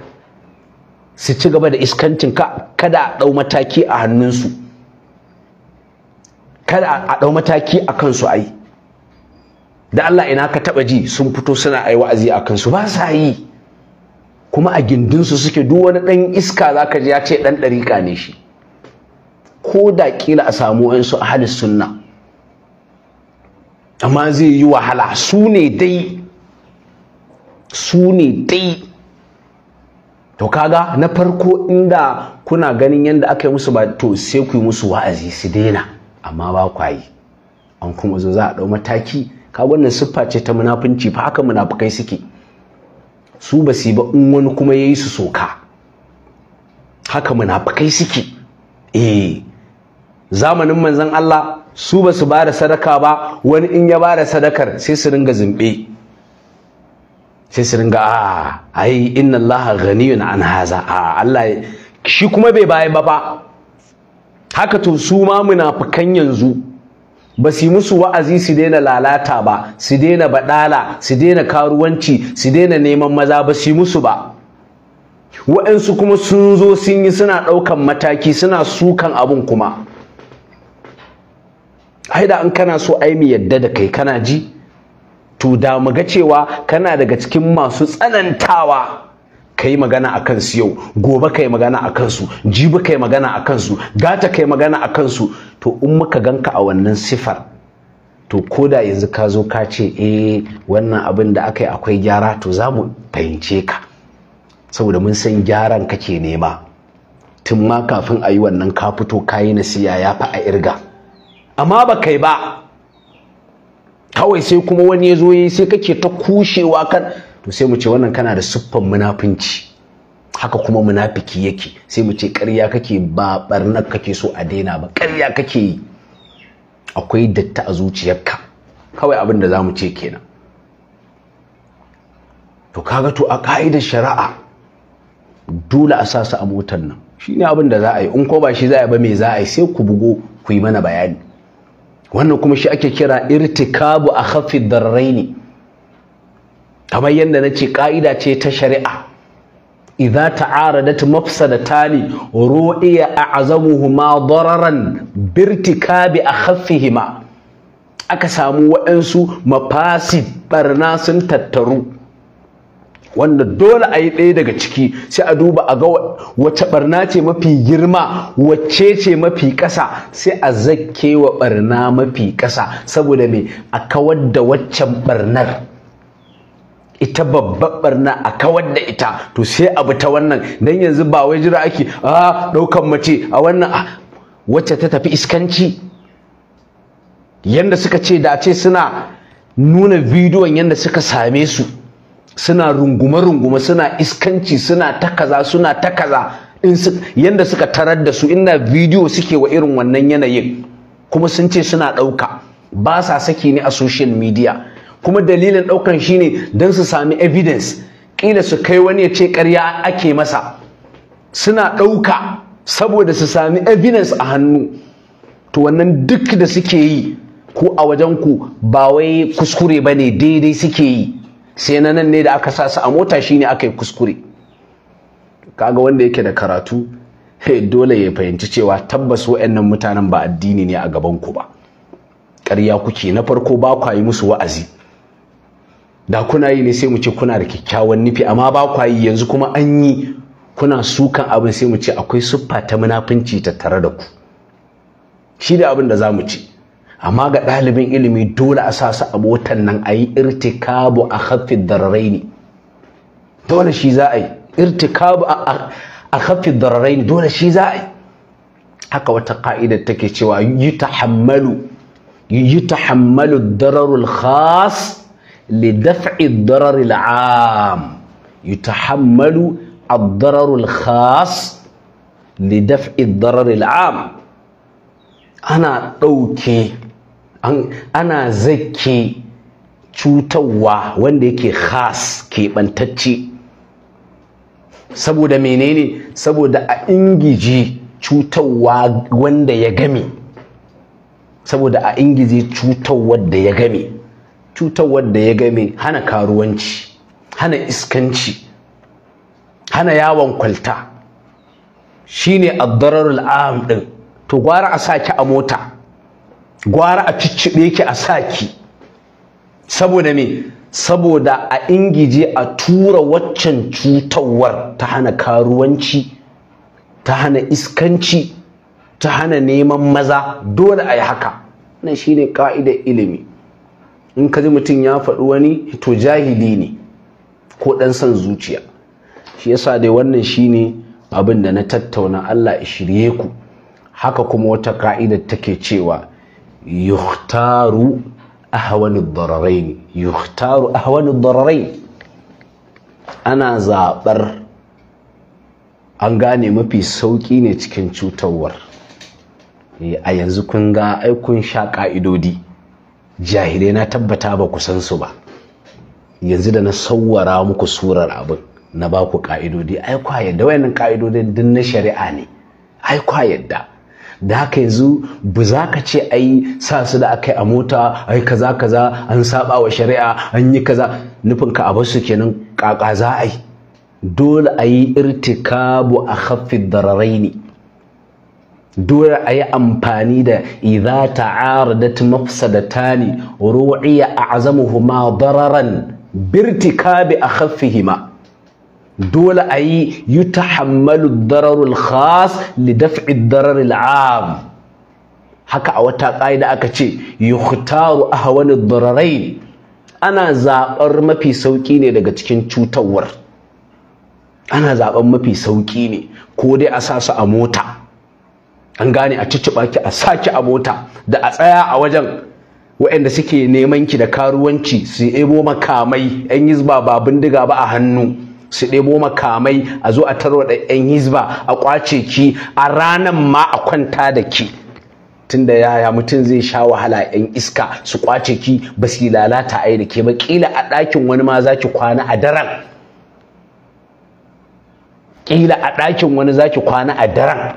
su ci gaba da iskancin ka kada a ɗau mataki a hannunsu kada a ɗau mataki a kansu ai da Allah ina ka taɓa ji sun fito suna ai wa'azi a kansu ba sa yi kuma a gindinsu suke duk wani ɗan iska za ka ji ya ce ɗan ɗariƙa ne shi ko da kila a samu wa'insu ahalis sunna amma zai yi wahala su ne dai su ne dai to kaga na farko inda kuna ganin yadda aka yi musu ba to sai ku yi musu wa'azi su daina amma ba kwa yi an kuma zo za a ɗau mataki ka wannan siffa ce ta munafunci fa haka munafukai suke su ba su ba in wani kuma ya yi su soka haka munafukai suke eh zamanin manzon Allah su ba su ba da sadaka ba wani in ya ba da sadakar sai su ringa zimbe. sai su ringa a ah, ai inna allaha ghaniyun an haza a ah, Allah shi kuma bai bayan ba fa haka to su ma munafikan yanzu ba su yi musu wa'azi su daina lalata ba su daina baɗala su daina karuwanci su daina neman maza ba su yi musu ba wa'ansu kuma sun zo sun yi suna ɗaukan mataki suna sukan abun kuma haida an kana so ai mu yadda da kai kana ji to da mu ga cewa kana daga cikin masu tsanantawa ka yi magana a kansu yau gobe kai magana a kansu jibi kai magana a kansu gata kai magana a kansu to in muka ganka a wannan sifar to ko da yanzu ka zo ka ce eh wannan abin da aka yi akwai gyara to za mu fahimce ka saboda mun san gyaran kake nema tun ma kafin a yi wannan ka fito ka yi nasiya ya fa a irga amma ba kai ba kawai sai kuma wani ya zo yi sai kake ta kushewa kan to sai mu ce wannan kana da siffan munafunci haka kuma munafiki yake sai mu ce ƙarya kake ba barnar kake so a daina ba ƙarya kake yi akwai datta a zuciyarka kawai abin da za mu ce kenan to kaga to a ka'idar shari'a dole a sa su a motar nan shine abin da za a yi in ko ba shi za a yi ba me za a yi sai ku bugo ku yi mana bayani wannan kuma shi ake kira irtikabu a hafi darraini kamar yadda na ce ƙa'ida ce ta shari'a idza ta'aradat mafsadatani ru'iya a'zamuhuma dararan birtikabi akhaffihima aka samu waɗansu mafasid barna sun tattaru wanda dole a yi ɗaya daga ciki sai a duba a ga wace barna ce mafi girma wacce ce mafi ƙasa sai a zakke wa barna mafi ƙasa saboda me a kawar da waccan barnar ita babbar barna a kawar da ita to sai abu ta wannan Don yanzu ba wai jira ake a ɗaukan mace a wannan wacce ta tafi iskanci yanda suka ce dace suna nuna bidiyon yanda suka same su suna rungume-rungume suna iskanci suna takaza kaza suna ta kaza suka tarar da su inda bidiyo suke wa irin wannan yanayin kuma sun ce suna ɗauka ba sa saki ne a social media kuma dalilin ɗaukan shine don su sami evidence ƙila su kai wani ya ce ƙarya ake masa suna ɗauka saboda su sami evidence a hannu to wannan duk da suke yi ko a wajen ku ba wai kuskure ba ne daidai suke yi sai na nan ne da aka sa su a mota shi ne aka yi kuskure kaga wanda yake da karatu dole ya fahimci cewa tabbas waɗannan mutanen ba addini ne a gaban ku ba ƙarya kuke na farko ba kwa yi musu wa'azi da kuna yi ne sai mu ce kuna da kyakkyawan nufi amma ba kwa yi yanzu kuma an yi kuna sukan abin sai mu ce akwai siffa ta munafunci tattare da ku shi da abin da za mu ce amma ga ɗalibin ilimi dole a sa su a nan a yi irtikabu a haffin dararai dole shi za a yi irtikabu a haffin dararai dole shi za a yi haka wata ka'idar take cewa yi tahammalu yi tahammalu dararul khas li daf'i dararul am yi tahammalu ad-dararul khas li daf'i dararul am ana ɗauke ana zake cutarwa wanda yake khas keɓantacce saboda menene saboda a ingiji cutarwa wanda ya game saboda a ingiji cutarwar da ya game cutarwar da ya game hana karuwanci hana iskanci hana yawon kwalta shine addararul am din to gwara a saki a mota gwara a cicciɓe ki a saki saboda me saboda a ingije a tura waccan cutarwar ta hana karuwanci ta hana iskanci ta hana neman maza dole a yi haka shi shine ka'idar ilimi in ka ji mutum ya faɗi wani to jahili ne ko ɗan son zuciya shi yasa dai wannan shine abin da na tattauna Allah ya shirye ku haka kuma wata ka'idar take cewa yukhtaru ahwanu dararain yukhtaru ahwanu dararain ana zaɓar an gane mafi sauƙi ne cikin cutarwar a yanzu kun ga aikun sha ƙa'idodi jahilai na tabbata ba ku san su ba yanzu da na sauwara muku surar abin na ba ku ƙa'idodi ai kwa yadda wayannan din na shari'a ne ai kwa yadda da haka yanzu ba za ka ce ai sa su da aka yi a mota ai kaza kaza an saba wa shari'a an yi kaza nufin ka a basu kenan kaka za a yi dole a yi irtikabu a haffin dararai ne dole a yi amfani da idza ta'aradat mafsadatani ru'iya a'zamuhuma dararan birtikabi a hima. dole a yi yutahammalu dararul khas li daf'i dararul am haka a wata ƙa'ida aka ce a ahwanu dararai ana zaɓar mafi sauƙi ne daga cikin cutarwar ana zaɓar mafi sauƙi ne ko dai a sasu a mota an gane a cicciɓa ki a saki a mota da a tsaya a wajen waɗanda suke neman ki da karuwanci su ebo makamai 'yan yizba ba bindiga ba a hannu su ɗebo makamai a zo a tarwaɗa 'yan hizba a ƙwace ki a ranan ma a kwanta da ki Tun tunda yaya mutum zai sha wahala 'yan iska su ƙwace ki ba su lalata ai da ke ba ƙila a ɗakin wani ma za ki kwana a daren ƙila a ɗakin wani za ki kwana a daren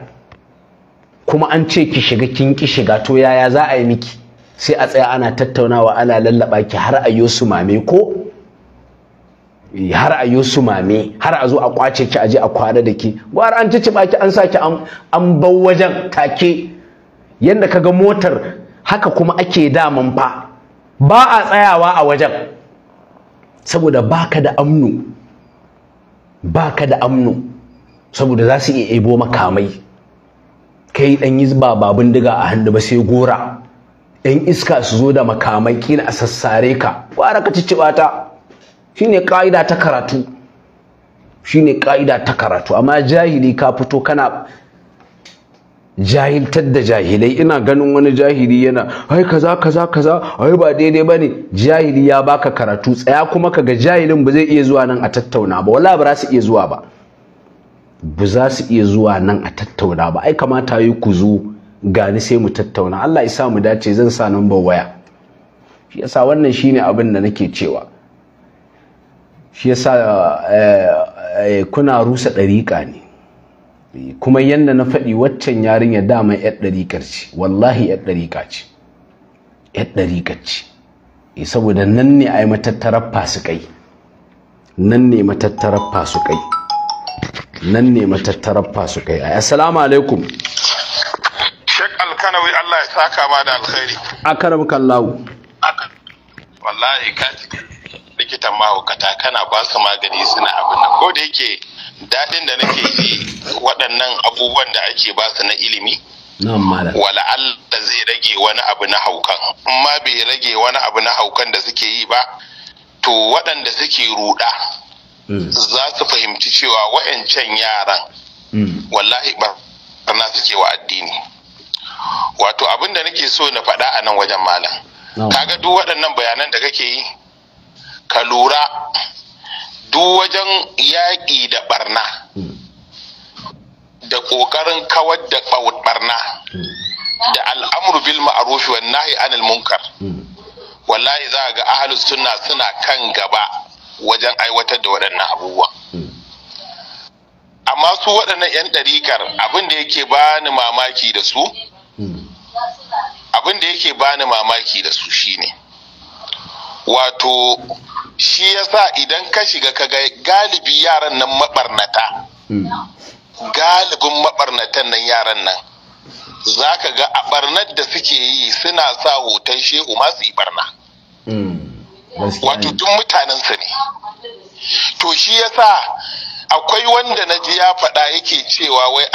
kuma an ce ki shiga kin ki shiga to yaya za a yi miki sai a tsaya ana tattaunawa ana lallaɓa ki har a yi su mame ko har a yi su mame har a zo a kwace ki a je a kwana da ki gwara an ci ki an sa ki an bau wajen take yadda ka ga motar haka kuma ake daman fa ba a tsayawa a wajen saboda baka da amnu baka da amnu saboda za su iya ebo makamai kai dan yi ba babun diga a hannu ba sai gora Ɗan iska su zo da makamai kila a sassare ka gwara ka ci ta shine ka'ida ta karatu shine ka'ida ta karatu amma jahili ka fito kana jahiltar da jahilai ina ganin wani jahili yana ai kaza kaza kaza ai ba daidai bane jahili ya baka karatu tsaya kuma kaga jahilin ba zai iya zuwa nan a tattauna ba wallahi ba za su iya zuwa ba ba za su iya zuwa nan a tattauna ba ai kamata yi ku zo gani sai mu tattauna Allah ya sa mu dace zan sa nan ba waya shi yasa wannan shine abin da nake cewa shi yasa eh, eh, kuna rusa ɗariƙa ne kuma yadda na faɗi waccan yarinya dama ƴar ɗariƙar ce wallahi ƴar ɗariƙa ce Ƴar ɗariƙar ce eh, saboda nan ne a yi matattarar fasikai nan ne matattarar fasikai nan ne matattarar fasikai assalamu alaikum shek alkanawi allah ya saka ma da alkhairi karamkan lawu wallahi ka likitan mahaukata kana ba su magani suna abin ko da yake daɗin da nake yi waɗannan abubuwan da ake ba su na ilimi wala Allah zai rage wani abu na haukan in ma bai rage wani abu na haukan da suke yi ba to waɗanda suke ruɗa mm. za su fahimci cewa wa'ancan yaran mm. wallahi na suke wa addini wato abin da nake so na faɗa a nan wajen malam kaga duk waɗannan bayanan da kake yi ka lura duk wajen yaƙi da barna hmm. da ƙoƙarin kawar da barna hmm. da al'amur bil ma'ruf wa nahi anil munkar hmm. wallahi za ga ahlu sunna suna kan gaba wajen aiwatar da waɗannan abubuwa amma su waɗannan 'yan ɗarikar abin da yake ni mamaki da su abin da yake bani mamaki da su shine wato shi yasa idan ka shiga ka ga galibi yaran nan mabarnata hmm. galibin mabarnatan nan yaran nan za ka ga a ɓarnar da suke yi suna sa hoton shehu masu yi barna hmm. wato duk su ne to shi yasa akwai wanda na ji ya faɗa yake cewa wai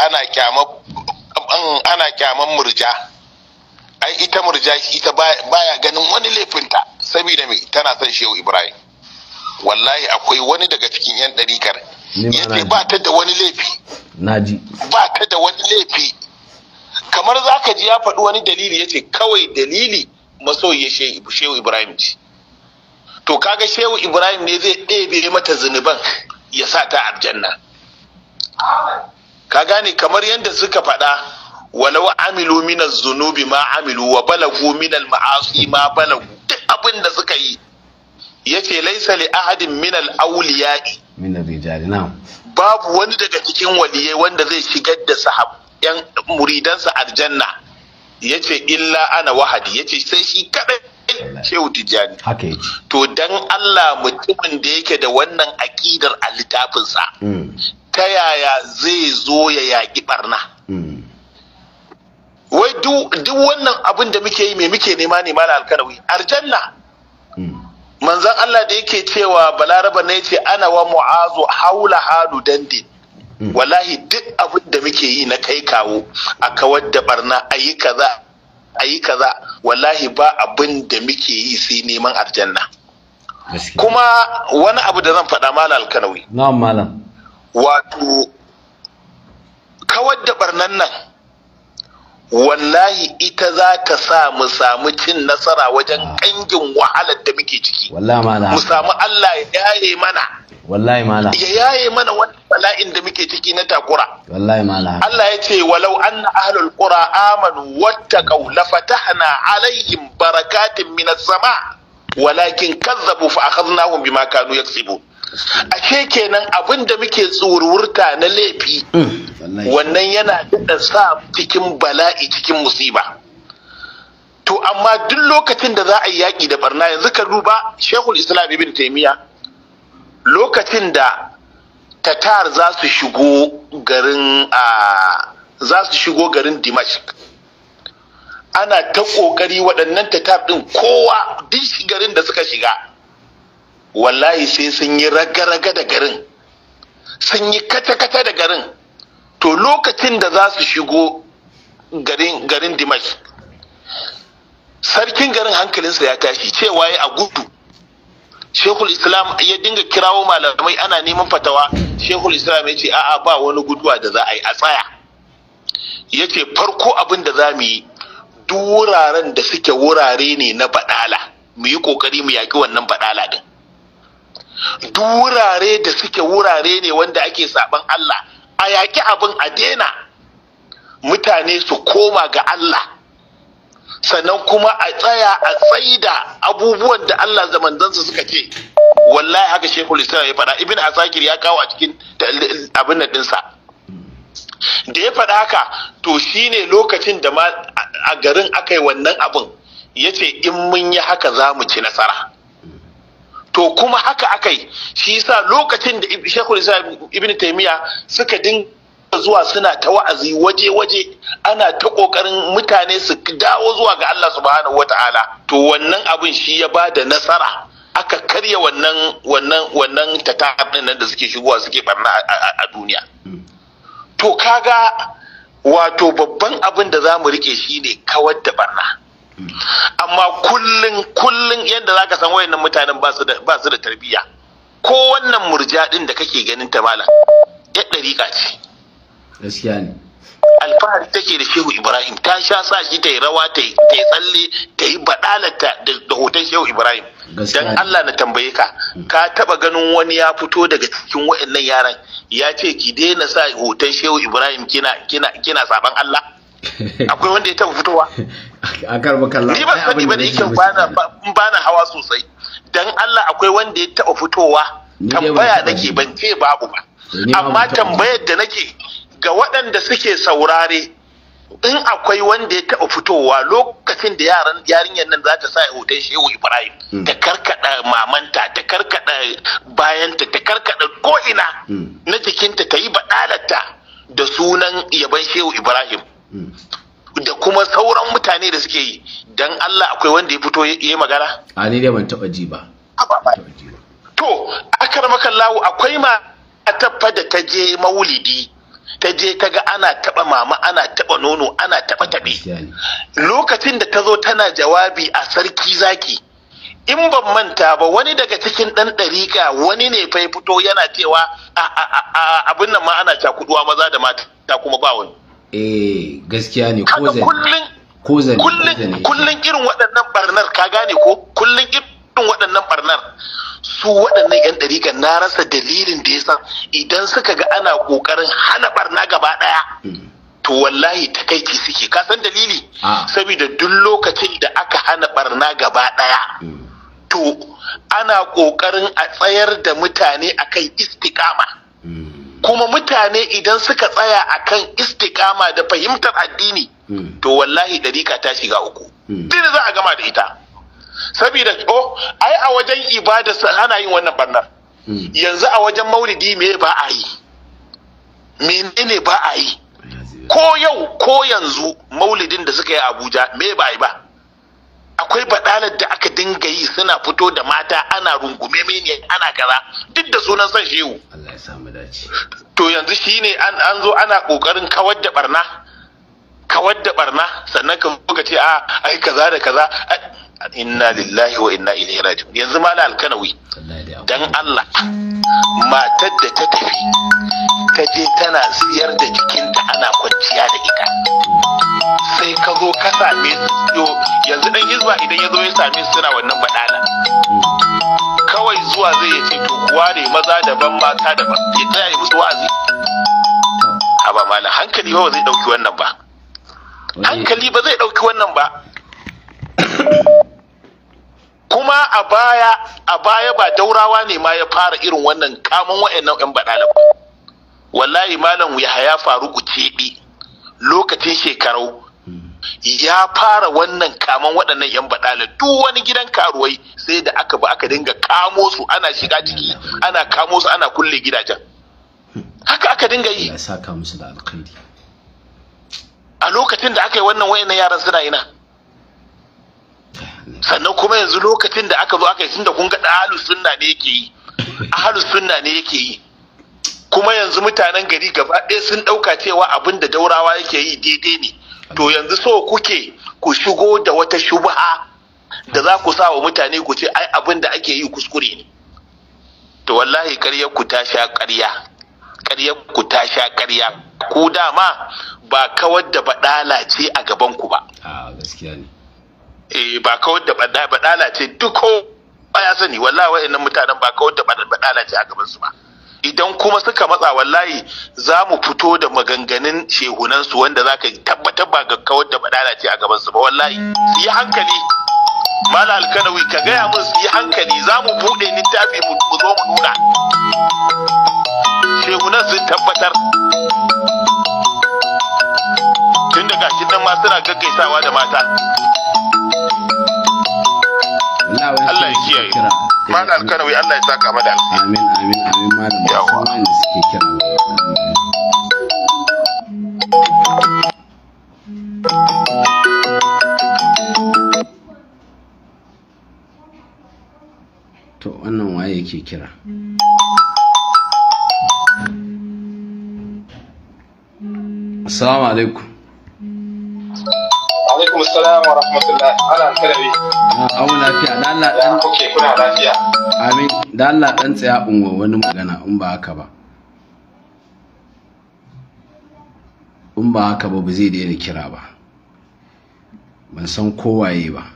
ana kyaman murja ai ita murjahi ita baya ganin wani laifinta saboda me tana son shehu ibrahim wallahi akwai wani daga cikin yan ɗarikar yace ba ta da wani laifi naji ba ta da wani laifi kamar za ka ji ya faɗi wani dalili yace kawai dalili masoyi shehu ibrahim ce to kaga shehu ibrahim ne zai ɗebe mata zunuban ya sa ta aljanna ka gane kamar yadda suka faɗa walau amilu minaz zunubi ma amilu wa balagu minal ma'asi ma balagu duk abin da suka yi ce laisa li ahadin minal awliya'i minal rijali na'am babu wani daga cikin waliyai wanda zai shigar da sahab yan muridansa aljanna ce illa ana wahadi Ya ce sai shi kadai shehu tijjani to dan Allah mutumin da yake da wannan akidar a littafinsa mm. ta yaya zai zo ya yaƙi barna mm. wai duk wannan abin da muke yi me muke nema ne mala alkanawi aljanna hmm. manzan Allah da yake cewa balaraba ne ce ana wa mu'azu haula halu dande. Hmm. wallahi duk abin da muke yi na kai kawo a kawar da barna ayi kaza ayi kaza wallahi ba abin da muke yi sai neman aljanna kuma wani abu da zan faɗa mala alkanawi na'am malam wato kawar da barnan nan wallahi ita za ka sa mu samu cin nasara wajen ƙangin wahalar da muke ciki mu samu Allah ya yaye mana wallahi mala ya yaye mana wannan bala'in da muke ciki na takura wallahi mala Allah ya ce walau anna ahlul qura amanu wattaqaw lafatahna alaihim barakatin minas sama walakin kazzabu fa akhadnahum bima kanu yaksibun A kenan abin da muke tsururta na laifi mm. wannan yana da sa cikin bala'i cikin musiba to amma duk lokacin da za a yi yaƙi da barna yanzu ka duba shekul islam ibn taimiya lokacin da tatar za su shigo garin a za su shigo garin dimashik ana ta ƙoƙari waɗannan tatar ɗin kowa duk garin da suka shiga wallahi sai sun yi raga-raga da garin sun yi kata-kata da garin to lokacin da za su shigo garin dimash sarkin garin hankalinsa ya tashi cewa ya a gudu shekul islam ya dinga kirawo malamai ana neman fatawa shekul islam ya ce a'a ba wani guduwa da za a yi a tsaya ya ce farko abin da za mu yi duk wuraren da suke wurare ne na baɗala mu yi kokari mu yaƙi wannan baɗala din duk wurare da suke wurare ne wanda ake saban Allah a yaki abin a daina mutane su koma ga Allah sannan kuma a tsaya a tsaida abubuwan da Allah zamanzansa suka ce wallahi haka shekul islam ya faɗa ibn asakir ya kawo a cikin abin da dinsa da ya faɗa haka to shine lokacin da ma a garin aka yi wannan abin ya ce in mun yi haka za mu ci nasara to kuma haka aka yi shi yasa lokacin da shekul isa ibn taimiya suka din zuwa suna ta wa'azi waje-waje ana ta ƙoƙarin mutane su dawo zuwa ga Allah subhanahu wata'ala to wannan abin shi ya ba da nasara aka karya wannan wannan wannan nan da suke shigowa suke barna a duniya to kaga wato babban abin da za mu rike shi ne kawar da barna amma kullun kullun yadda ka san wayannan mutanen ba su da tarbiyya ko wannan murjadin da kake ganin ta malam ya dariƙa ce gaskiya ne alfahari take da shehu ibrahim ta sha sa shi ta yi rawa ta yi tsalle ta yi badalata da hoton shehu ibrahim dan allah na tambaye ka mm. ka taɓa ganin wani ya fito daga cikin wayannan yaran ya ce ki daina sa hoton shehu ibrahim kina kina allah [LAUGHS] akwai wanda ya taɓa fitowa a karba kallon ni ba sani ba da yake bana hawa sosai dan Allah akwai wanda ya taɓa fitowa tambaya nake ban ce babu ba amma tambayar da nake ga waɗanda suke saurare in akwai wanda ya taɓa fitowa lokacin da yaran yarinyar nan za ta sa hoton shehu ibrahim hmm. ta karkada mamanta ta karkada bayanta ta karkada ko'ina hmm. na jikinta ta yi baɗalata da sunan yaban shehu ibrahim da kuma sauran mutane da suke yi dan Allah akwai wanda ya fito ya magana a ni dai ban taba ji ba to akarmakallahu akwai ma a da ta je maulidi ta je ta ga ana taba mama ana taba nono ana taba tabe lokacin da ta zo tana jawabi a sarki zaki in ban manta ba wani daga cikin ɗan ɗariƙa wani ne fa fito yana cewa abin nan ma ana cakuduwa maza da mata ta kuma ba wani eh gaskiya ne ko zane ko zane kullun irin waɗannan barnar ka gane ko kullun irin waɗannan barnar su waɗannan 'yan ɗariƙa na rasa dalilin da yasa idan suka ga ana ƙoƙarin hana barna gaba ɗaya hmm. to wallahi takaici suke ka san dalili ah. saboda duk lokacin da aka hana barna gaba ɗaya hmm. to ana ƙoƙarin a tsayar da mutane akan istikama kuma mutane idan suka tsaya akan istikama da fahimtar addini hmm. to wallahi ɗarika ta shiga uku hmm. dina za a gama da ita sabida oh ai a wajen ibada ana yin wannan barnar hmm. yanzu a wajen maulidi me ba a yi menene ba a yi ko yau ko yanzu maulidin da suka yi abuja me ba a yi ba akwai badalar da aka dinga yi suna fito da mata ana rungume mene ana kaza duk da sunan san shehu to yanzu shine an an zo ana kokarin kawar da barna kawar da barna sannan ka zo ka ce a ah, ai kaza da kaza inna lillahi wa inna ilaihi raji'un yanzu mala alkanawi dan Allah matar da ta tafi ka je tana siyar da jikinta ana kwanciya da ita sai ka zo ka same su yanzu dan hizba idan ya zo ya same su suna wannan badala kawai zuwa zai ya ce to kuwa ne maza daban mata daban ya ta yi musu wa'azi haba malam hankali ba zai dauki wannan ba hankali ba zai dauki wannan ba [COUGHS] kuma a baya a baya ba daurawa ne ma ya fara irin wannan kamun wa'annan yan badala ba wallahi malam yahaya faru kucebi lokacin shekarau ya fara wannan kaman waɗannan 'yan baɗala duk wani gidan karuwai sai da aka ba aka dinga kamo su ana shiga ciki ana kamo su ana kulle gidajen haka aka dinga yi a lokacin da aka yi wannan wayan yaran suna ina sannan kuma yanzu lokacin da aka zo aka yi tunda kun ga ɗalu sunna ne yake yi ahlus sunna ne yake yi [LAUGHS] kuma yanzu mutanen gari gaba ɗaya sun ɗauka cewa abin da daurawa yake yi daidai ne to yanzu so kuke ku shigo da wata shubha da za ku sa wa mutane ku ce ai abin da ake yi kuskure ne to wallahi ƙarya ku ta sha ƙarya ƙarya ku ta sha ƙarya ku dama ba kawar da baɗala ce a gaban ku ba eh, ba kawar da baɗala ce duk ko ya sani wallahi wa'annan mutanen ba kawar da baɗala ce a gaban su ba idan kuma suka matsa wallahi za mu fito da maganganun shehunansu wanda za ka tabbatar ba ga kawar da badala ce a gabansu ba wallahi su yi hankali mala alkanawi ka gaya min su yi hankali za mu buɗe littafi mu zo mu nuna shehunan sun tabbatar tun da gashin nan ma suna gaggaisawa da mata Allah ya kiyaye alkanawi Allah ya amin amin amin malam suke kira to wannan waye yake kira assalamu alaikum alaikum salam wa rahmatullahi ala alkalabi a ah, lafiya da Allah dan kuke kuna lafiya amin da Allah dan tsaya in wani magana in ba haka ba in ba haka ba ba zai daina kira ba ban san kowaye ba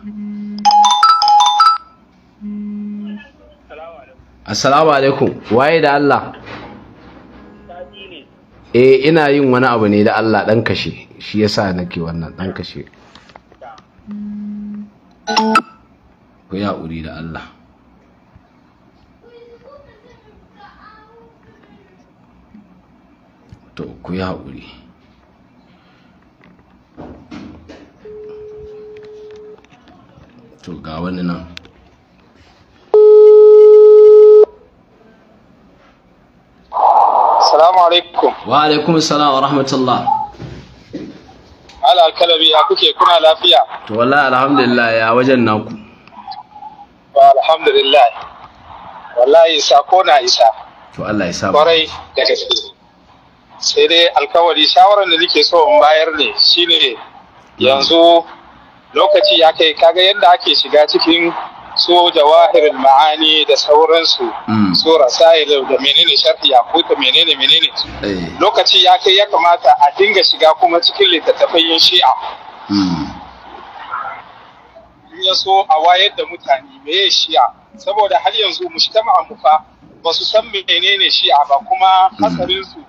assalamu alaikum waye da Allah eh ina yin wani abu ne da Allah dan kashe shi yasa nake wannan ɗan kashe ku ya uri da Allah to ku ya uri to ga wani nan salamu alaikum wa alaikum salam wa rahmatullah ala kalabi ya kuke kuna lafiya to wallahi alhamdulillah ya wajen naku wa alhamdulillah wallahi sako na isa to Allah ya sa kwarai da gaske sai dai alkawari shawaran da nake so in bayar ne shine yanzu lokaci ya kai kaga yadda ake shiga cikin su wahirin ma'ani da sauransu mm. su rasail da menene sharhi ya kuta menene menene eh. lokaci ya kai ya kamata a dinga shiga kuma cikin littattafan yin shi'a mm. in ya so a wayar da mutane meye shi'a saboda har yanzu shi ta fa ba su san menene shi'a ba kuma mm. hasarinsu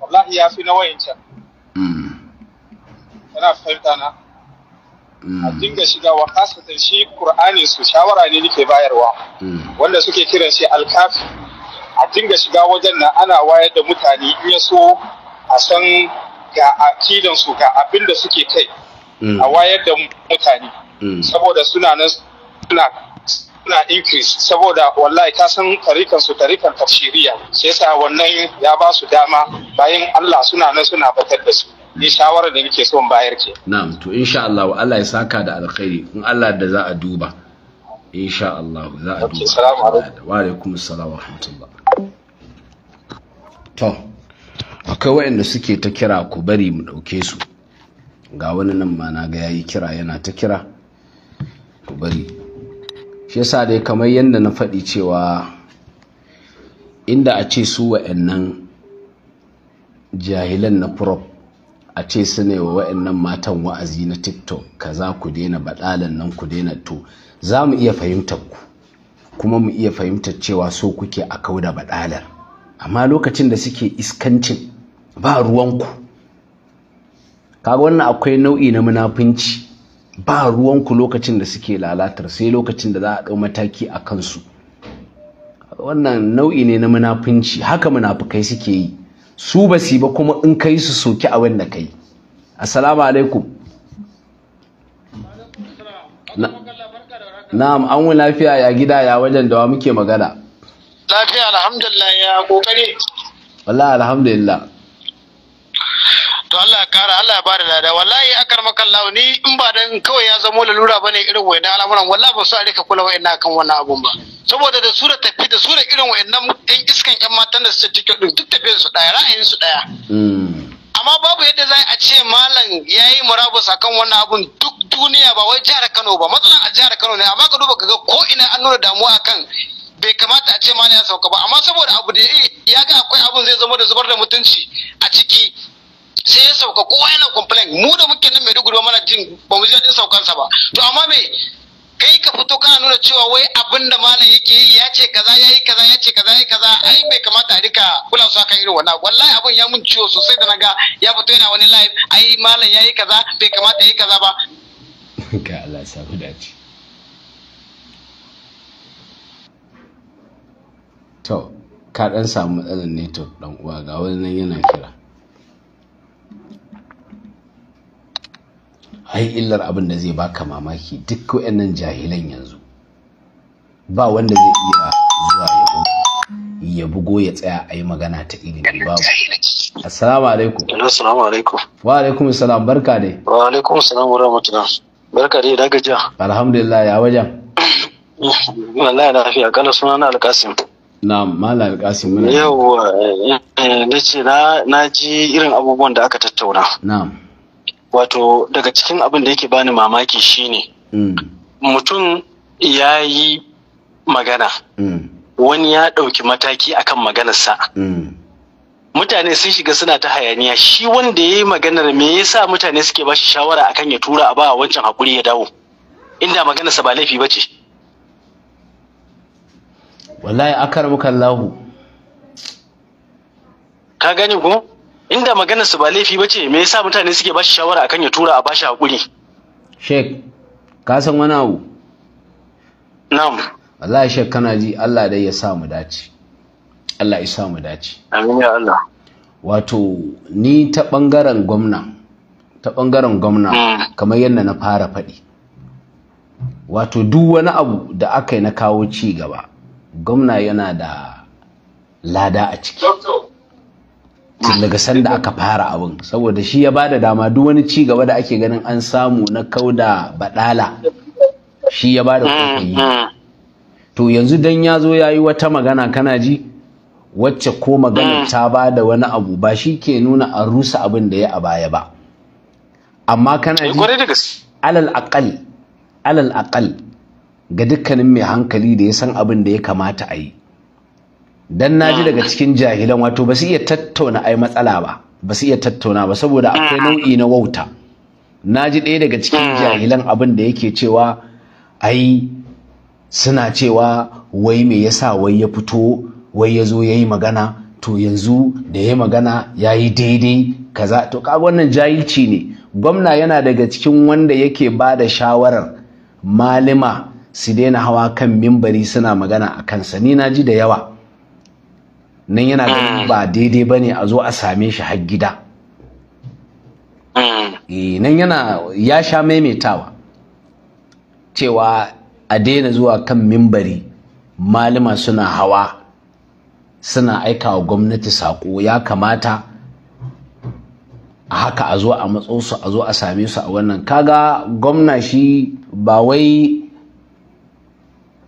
wallahi ya fi na wayancan kana fahimta a mm. dinga shiga wa kasatan shi qur'ani su shawara ne nake bayarwa mm. wanda suke kiran shi alkafi a dinga shiga wajen na ana wayar da mutane in so a san ga su ga abin suke kai mm. a wayar da mutane saboda suna nan suna na increase saboda wallahi ka san tarikan su tarikan tafsiriya sai yasa wannan ya ba su dama bayan Allah suna nan suna batar da su ni shawarar da nake son bayar ce na'am to insha Allah Allah ya saka da alkhairi in Allah da za a duba insha Allah za a duba assalamu alaikum wa alaikum assalam wa rahmatullah to akwai waɗanda suke ta kira ku bari mu ɗauke su ga wani nan ma na ga yayi kira yana ta kira ku bari shi yasa dai kamar yadda na faɗi cewa inda a ce su wa'annan jahilan na prop a ce su ne wa wa'annan matan wa'azi na tiktok ka za ku daina baɗalan nan ku daina to za mu iya fahimtar ku kuma mu iya fahimtar cewa so kuke a kau da baɗalar amma lokacin da suke iskancin ba ruwanku kaga wannan akwai nau'i na munafunci ba ruwanku lokacin da suke lalatar sai lokacin da za a ɗau mataki a kansu wannan nau'i ne na munafunci haka munafukai suke yi su ba su ba kuma in kai su soki a wanda kai assalamu alaikum na'am an wu lafiya ya gida ya wajen da muke magana lafiya alhamdulillah ya kokare wallahi alhamdulillah to Allah ya kara Allah ya bada lada wallahi akar makan launi, in ba dan kawai ya zamo lalura bane irin wayannan al'amuran wallahi ba su a rika kula wayannan kan wannan abun ba saboda da sura tafi da sura irin wayannan ɗan iskan ƴan matan da su take din duk tafiyar su daya ra'ayin su daya hmm. amma babu yadda za a ce malam yayi murabus akan wannan abun duk duniya ba wai jihar Kano ba matsalan a jihar Kano ne amma ka duba kaga ko ina an nuna damuwa akan bai kamata a ce malam ya sauka ba amma saboda abu da ya ga akwai abun zai zama da zubar da mutunci a ciki sai ya sauka kowa yana complain mu da muke nan Maiduguri mana jin ba mu ji daɗin saukansa ba to amma me kai ka fito kana nuna cewa wai abin da malam yake yi ya ce kaza ya yi kaza ya ce kaza ya yi kaza ai bai kamata a rika kula su akan irin wannan wallahi abin ya mun ciwo sosai da naga ya fito yana wani live ai malam ya yi kaza bai kamata ya yi kaza ba ga [LAUGHS] Allah ya samu dace to ka dan samu matsalar network dan uwa ga wani nan yana kira ai illar abin da zai baka mamaki duk wayannan jahilan yanzu ba wanda zai iya zuwa ya ya bugo ya tsaya a'yi magana ta ilimi babu assalamu alaikum assalamu alaikum wa alaikum assalam barka dai wa alaikum assalam wa rahmatullah barka dai daga gajiya alhamdulillah ya wajen [COUGHS] wallahi lafiya kana suna na alkasim na mala alkasim muna yau eh, eh, na ce na ji irin abubuwan da aka tattauna na'am wato daga cikin abin da yake bani mamaki shine mm. mutum ya yi magana mm. wani ya ɗauki mataki akan maganarsa mm. mutane sun shiga suna ta hayaniya shi wanda ya yi maganar me yasa mutane suke ba shi shawara akan ya tura a ba wancan hakuri ya dawo inda maganarsa ba laifi ba ce wallahi akar muka lahu ka gani ko inda maganar su ba laifi bace me yasa mutane suke ba shi shawara akan ya tura a bashi hakuri sheik ka san wani abu na'am wallahi sheik kana ji Allah dai ya sa mu dace Allah ya sa mu dace amin ya Allah wato ni ta bangaren gwamna ta bangaren gwamna hmm. kamar yadda na fara faɗi wato duk wani abu da aka yi na kawo ci gaba gwamna yana da lada a ciki daga sanda aka fara abin saboda shi ya bada dama duk wani ci gaba da ake ganin an samu na kauda badala shi ya bada kokari mm, mm. to yanzu dan ya zo yayi wata magana kana ji wacce ko magana mm. ta bada wani abu ba shi ke nuna an rusa abin da ya a baya ba amma kana ji alal aqal alal aqal ga dukkanin mai hankali da ya san abin da ya kamata a yi dan naji ah. daga cikin jahilan wato ba su iya tattauna ai matsala ba ba su iya tattauna ba saboda akwai ah, ah. nau'i na wauta naji ɗaya daga cikin jahilan abin da yake cewa ai suna cewa wai me yasa wai ya fito wai ya zo ya yi magana to yanzu da ya magana ya yi daidai kaza to kaga wannan jahilci ne gwamna yana daga cikin wanda yake ba da shawarar malima su daina hawa kan mimbari suna magana a kansa ni na ji da yawa nan yana ganin hmm. ba daidai ba ne a zo a same shi har gida hmm. eh, nan yana ya sha maimaitawa cewa a daina zuwa kan mimbari malama suna hawa suna aika wa gwamnati saƙo ya kamata a haka a zo a matso su a zo a same su a wannan kaga gwamna shi ba wai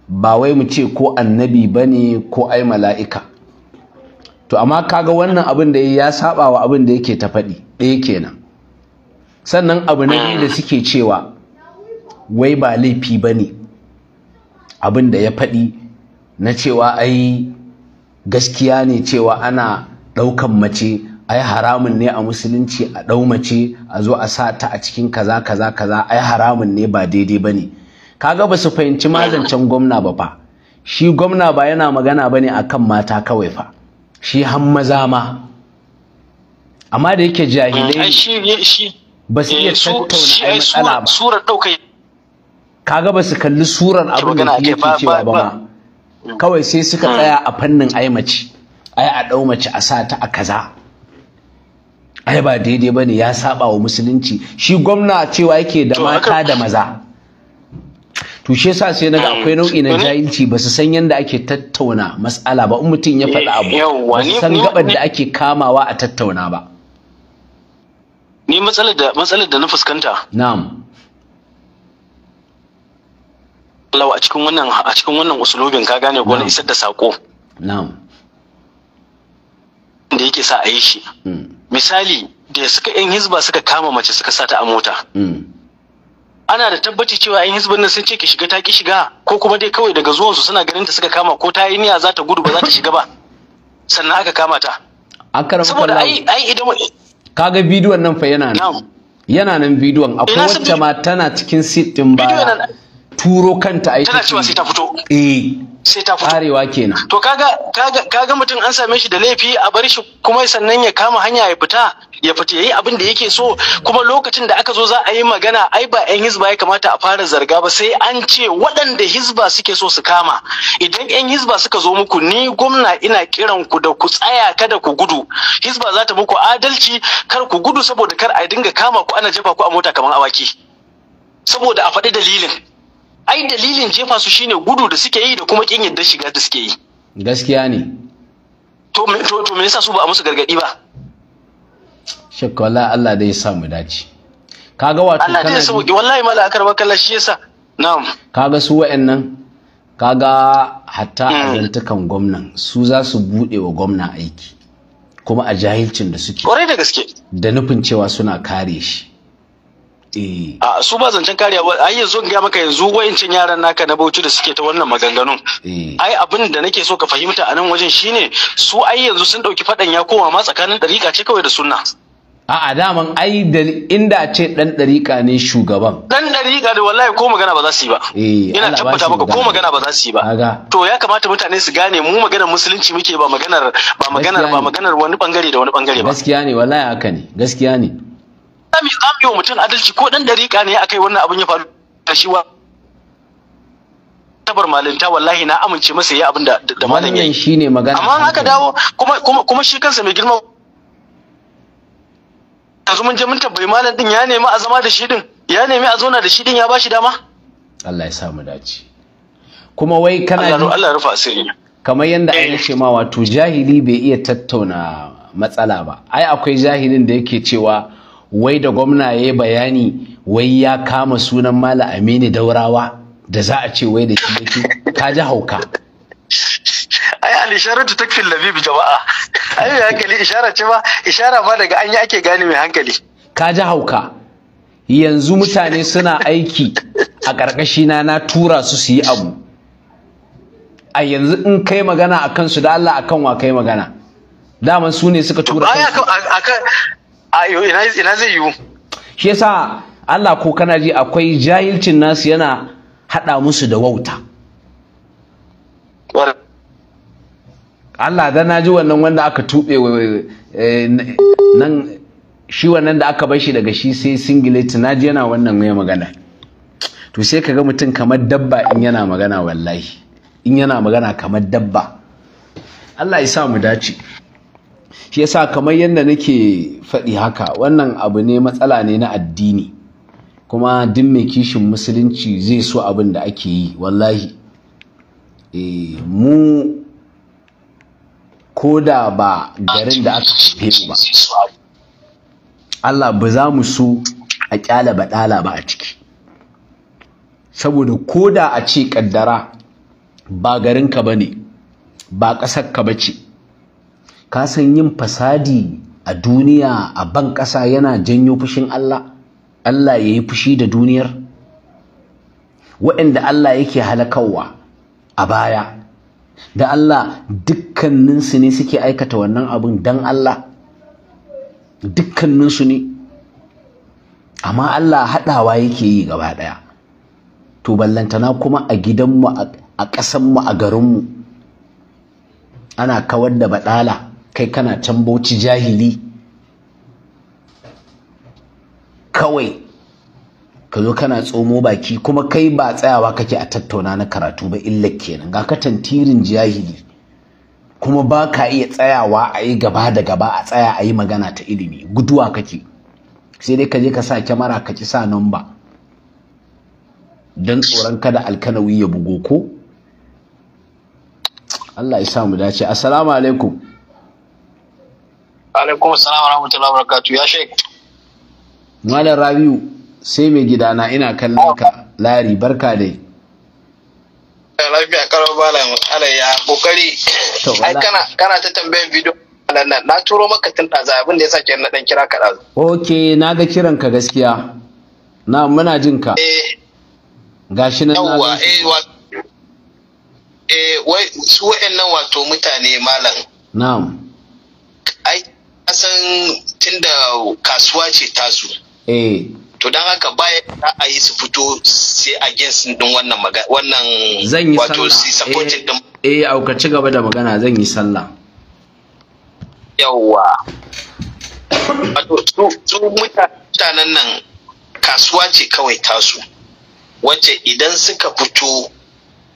ba wai mu ce ko annabi ba ne ko ai mala'ika to amma kaga wannan abin da ya saba wa abin da yake ta faɗi ɗaya kenan sannan abu na biyu da suke cewa wai ba laifi ba ne abin da ya faɗi na cewa ai gaskiya ne cewa ana ɗaukan mace ai haramun ne a musulunci a ɗau mace a zo a sa ta a cikin kaza kaza kaza ai haramun ne ba daidai ba ne kaga ba su fahimci mazancen gwamna ba fa shi gwamna ba yana magana ba ne a kan mata kawai fa shi han maza ma amma da yake jahilai ba su iya eh, tattauna eh, ai matsala ba surar daukai kaga ba su kalli surar abin da yake cewa ba ma kawai sai suka hmm. tsaya a fannin ai mace ai a dau mace a sa ta a kaza ai ba daidai ba ne ya saba wa musulunci shi gwamna cewa yake da mata da maza to shi yasa sai naga akwai ehm, nau'i na jahilci ba su san yadda ake tattauna matsala ba in mutum ya faɗi abu ba su san gabar da ake kamawa a tattauna ba ni matsalar da matsalar da na fuskanta na'am Allah a cikin wannan a cikin wannan usulubin ka gane ko na isar da sako na'am da yake sa a yi shi hmm. misali da suka yan hizba suka kama mace suka sa ta a mota mm. ana da tabbaci cewa in hizbin nan sun ce ki shiga ta ki shiga ko kuma dai kawai daga zuwansu suna ganin ta suka kama ko ta yi niyya za ta gudu ba za ta shiga ba sannan aka kama ta akar saboda ai ai idan kaga bidiyon nan fa yana nan yana nan bidiyon akwai wacce ma tana cikin seat din baya turo kanta a tana cewa sai ta fito eh sai ta fito arewa kenan to kaga kaga kaga mutum an same shi da laifi a bar shi kuma sannan ya kama hanya ya fita ya fita yayi abin da yake so kuma lokacin da aka zo za a yi magana ai ba yan hizba ya kamata a fara zarga ba sai an ce waɗanda hizba suke so su kama idan yan hizba suka zo muku ni gwamna ina kiran ku da ku tsaya kada ku gudu hizba za ta muku adalci kar ku gudu saboda kar a dinga kama ku ana jefa ku a mota kamar awaki saboda a faɗi dalilin ai dalilin jefa su shine gudu da suke yi da kuma kin yadda shiga da suke yi gaskiya ne to me to, to me yasa su ba a musu gargadi ba shakka wallahi Allah dai ya sa mu dace kaga wato Allah dai ya sauki wallahi mala akar bakalla shi yasa na'am kaga su wa'annan kaga hatta mm. azantukan gwamnan su za su bude wa gwamna aiki kuma a jahilcin da suke kwarai da gaske da nufin cewa suna kare shi Eh. a su ba zancen kariya ba ai yanzu ga maka yanzu wayancin yaran naka na Bauchi da suke ta wannan maganganun eh. ai abin da nake so ka fahimta a nan wajen shine su ai yanzu sun dauki fadan ya kowa ma tsakanin dariƙa ce kawai da sunna a'a daman ai inda ce dan dariƙa ne shugaban dan dariƙa da wallahi ko magana ba za su yi ba eh, ina tabbata maka ko magana ba za su yi ba to ya kamata mutane su gane mu maganar musulunci muke ba maganar ba maganar ba maganar wani bangare da wani bangare ba gaskiya ne wallahi haka ne gaskiya ne zami zami wa mutum adalci ko ɗan dariƙa ne akai wannan abin ya faru da shi wa tabar malinta wallahi na amince masa yi abin da da malam yayi shine magana amma aka dawo kuma kuma kuma shi kansa mai girma yanzu mun je mun tambayi malam din ya nemi a zama da shi din ya nemi a zauna da shi din ya ba shi dama Allah ya samu dace kuma wai kana Allah rufa asiri kamar yanda an ce ma wato jahili bai iya tattauna matsala ba ai akwai jahilin da yake cewa wai da gwamna ya bayani wai ya kama sunan mala amini daurawa da za a ce wai da shi yake ka ji hauka ai al-isharatu takfi labib jama'a ai mai hankali isharar ce ba isharar ba daga an yi ake gane mai hankali ka ji hauka yanzu mutane suna aiki a ƙarƙashina na tura su su yi abu a yanzu in kai magana a kansu da Allah akan wa kai magana dama su ne suka tura kansu ayo ina ina zai yiwu shi yasa Allah ko kana ji akwai jahilcin nasu yana hada musu da wauta Allah da na ji wannan wanda aka tuɓe eh, nan shi wannan da aka bar shi daga shi sai singileti na ji yana wannan mai magana to sai ka ga mutum kamar dabba in yana magana wallahi in yana magana kamar dabba Allah ya sa mu dace shi yasa kamar yadda nake faɗi haka wannan abu ne matsala ne na addini kuma duk mai kishin musulunci zai so abin da ake yi wallahi e, mu ko da ba garin da aka haife mu ba Allah ba za mu so a kyala baɗala ba a ciki saboda ko da a ce kaddara ba garinka ba ne ba ƙasarka ba ce ka san yin fasadi a duniya a ban ƙasa yana janyo fushin Allah Allah ya yi fushi da duniyar waɗanda Allah yake halakawa a baya da Allah dukkaninsu ne suke aikata wannan abin don Allah dukkaninsu ne amma Allah haɗawa yake yi gaba ɗaya to ballantana kuma a gidanmu a ƙasanmu a garinmu ana kawar da baɗala kai kana can jahili kawai ka zo kana tsomo baki kuma kai ba tsayawa kake a tattauna na karatu ba illa kenan ga katan tirin jahili kuma ba ka iya tsayawa a yi gaba da gaba a tsaya a yi magana ta ilimi guduwa kake sai dai ka je ka sa kyamara ka ki sa namba don tsoron kada alkanawi ya bugo ko Allah ya sa mu dace assalamu alaikum alaikum salam wa rahmatullahi wa barakatuh ya shek malam rabiu sai mai gidana ina kallon ka lari barka dai eh, lafiya karo bala alayya kokari ai kana kana ta tambayan bidiyo nan na turo maka tun ɗaza abin da ya sa na ɗan kira ka ɗaza. okay na ga kiran ka gaskiya na muna jin ka eh. gashi nan na eh, eh wai su wa'annan wato mutane malam na'am ai san tunda kasuwa ce tasu eh. to don haka baya za a yi su fito sai a against din wannan magana wannan zan yi wato si supporting eh, din eh auka ci gaba da magana zan yi sallah yawwa wato su mutanen nan kasuwa ce kawai tasu wacce idan suka fito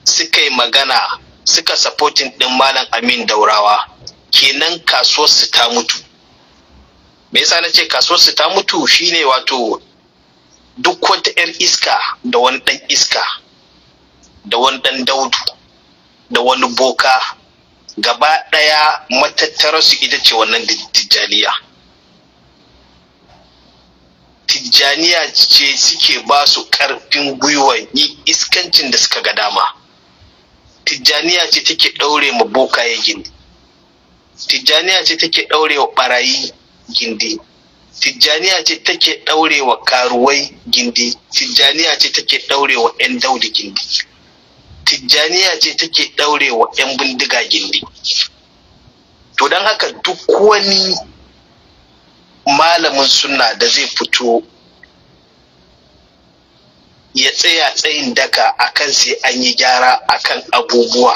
suka yi magana suka supporting din malam amin daurawa kenan kasuwar su ta mutu me yasa na ce kasuwar ta mutu shine wato duk wata 'yar iska da wani dan iska da wani dan daudu da wani boka gaba ɗaya su ita ce wannan tijjaniya tijjaniya ce suke ba su ƙarfin gwiwa yi iskancin da suka ga dama tijjaniya ce take ɗaure ma boka ya gini tijjaniya ce take ɗaure wa ɓarayi gindi tijjaniya ce take ɗaure wa karuwai gindi tijjaniya ce take ɗaure wa 'yan daudi gindi tijjaniya ce take ɗaure wa 'yan bindiga gindi to don haka duk wani malamin sunna da zai fito ya tsaya tsayin daka akan sai an yi gyara akan abubuwa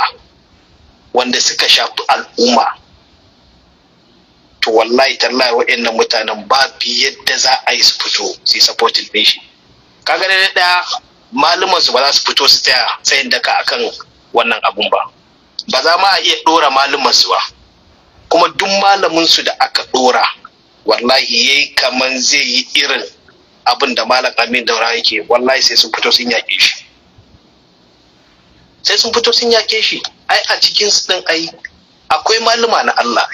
wanda suka shafi al'umma to wallahi tallahi waɗannan mutanen ba yadda za a yi su fito su yi supporting ɗin shi kaga da daya malaman su ba za su fito su tsaya tsayin daka akan wannan abun ba ba za ma a iya ɗora malaman su ba kuma duk malamin su da aka ɗora wallahi yayi kaman zai yi irin abin da malam amin daura yake wallahi sai sun fito sun yake shi sai sun fito sun yake shi ai a cikin su din ai akwai malama na Allah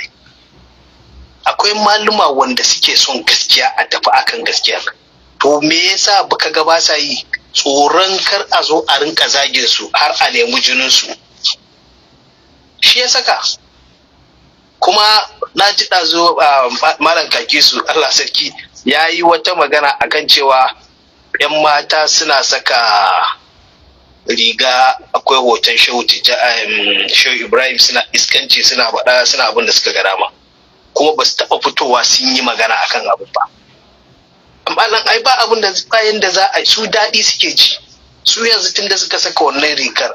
akwai maluma wanda suke son gaskiya a tafi akan gaskiya to me yasa baka ga ba sa yi tsoron kar a zo a rinka zagin su har a nemi jinin su shi ya saka kuma na ji ɗazu malam kaki su Allah sarki ya yi wata magana akan cewa 'yan mata suna saka riga akwai hoton shehu ibrahim suna iskanci suna faɗa suna abin da suka ga dama kuma ba su taɓa fitowa sun yi magana a kan abu ba amma nan ai ba abin da bayan da za a su daɗi suke ji su yanzu tun da suka saka wannan rigar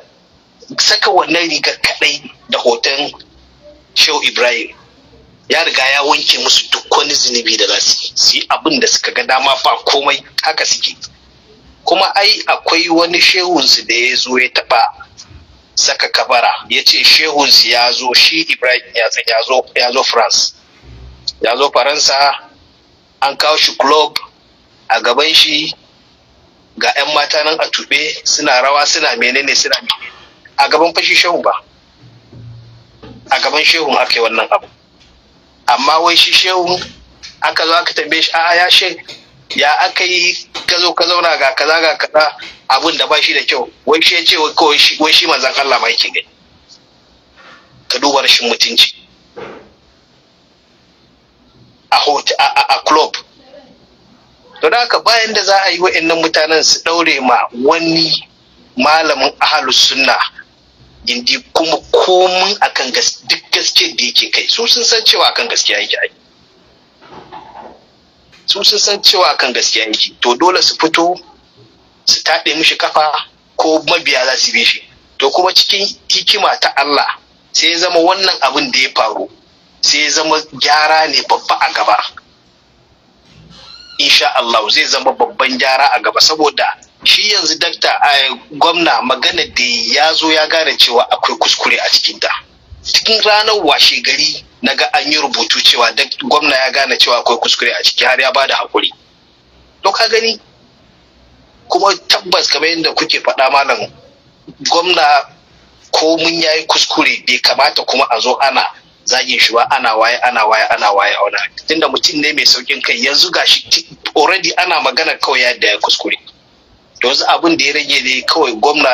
saka wannan rigar kaɗai da hoton shehu ibrahim ya riga ya wanke musu duk wani zunubi da za su yi abin da suka ga dama ba komai haka suke kuma ai akwai wani shehunsu da ya zo ya taɓa saka kabara ya ce shehunsu ya zo shi ibrahim ya zo france ya zo faransa an kawo shi club a gaban shi ga 'yan mata nan a tube suna rawa suna menene suna a gaban fashi shehu ba a gaban shehu aka yi wannan abu amma wai shi shehu aka zo aka tambaye shi a'a ya she ya aka yi ka zo ka zauna ga kaza ga kaza abin da ba shi da kyau wai shi ya ce wai shi manzan Allah ma yake gani ka duba rashin mutunci a club to da haka bayan da za a yi wa'annan mutanen su daure ma wani malamin ahalus sunna indi kuma komin akan duk gaske da yake kai su sun san cewa akan gaskiya yake ai su sun san cewa akan gaskiya yake to dole su fito su taɗe mishi kafa ko mabiya za su bi shi to kuma cikin hikima ta Allah sai ya zama wannan abin da ya faru sai zama gyara ne babba a gaba insha Allah zai zama babban gyara a gaba saboda shi yanzu dakta a gwamna magana da ya zo ya gane cewa akwai kuskure a cikinta cikin ranar washe gari na ga an yi rubutu cewa gwamna ya gane cewa akwai kuskure a ciki har ya bada hakuri to ka gani kuma tabbas kamar yadda kuke faɗa malam gwamna ko mun yayi kuskure bai kamata kuma a zo ana zagin shi ba ana waye ana waye ana waye a wani tunda mutum ne mai saukin kai yanzu shi already ana magana kawai ya da kuskure to yanzu abin da ya rage ne kawai gwamna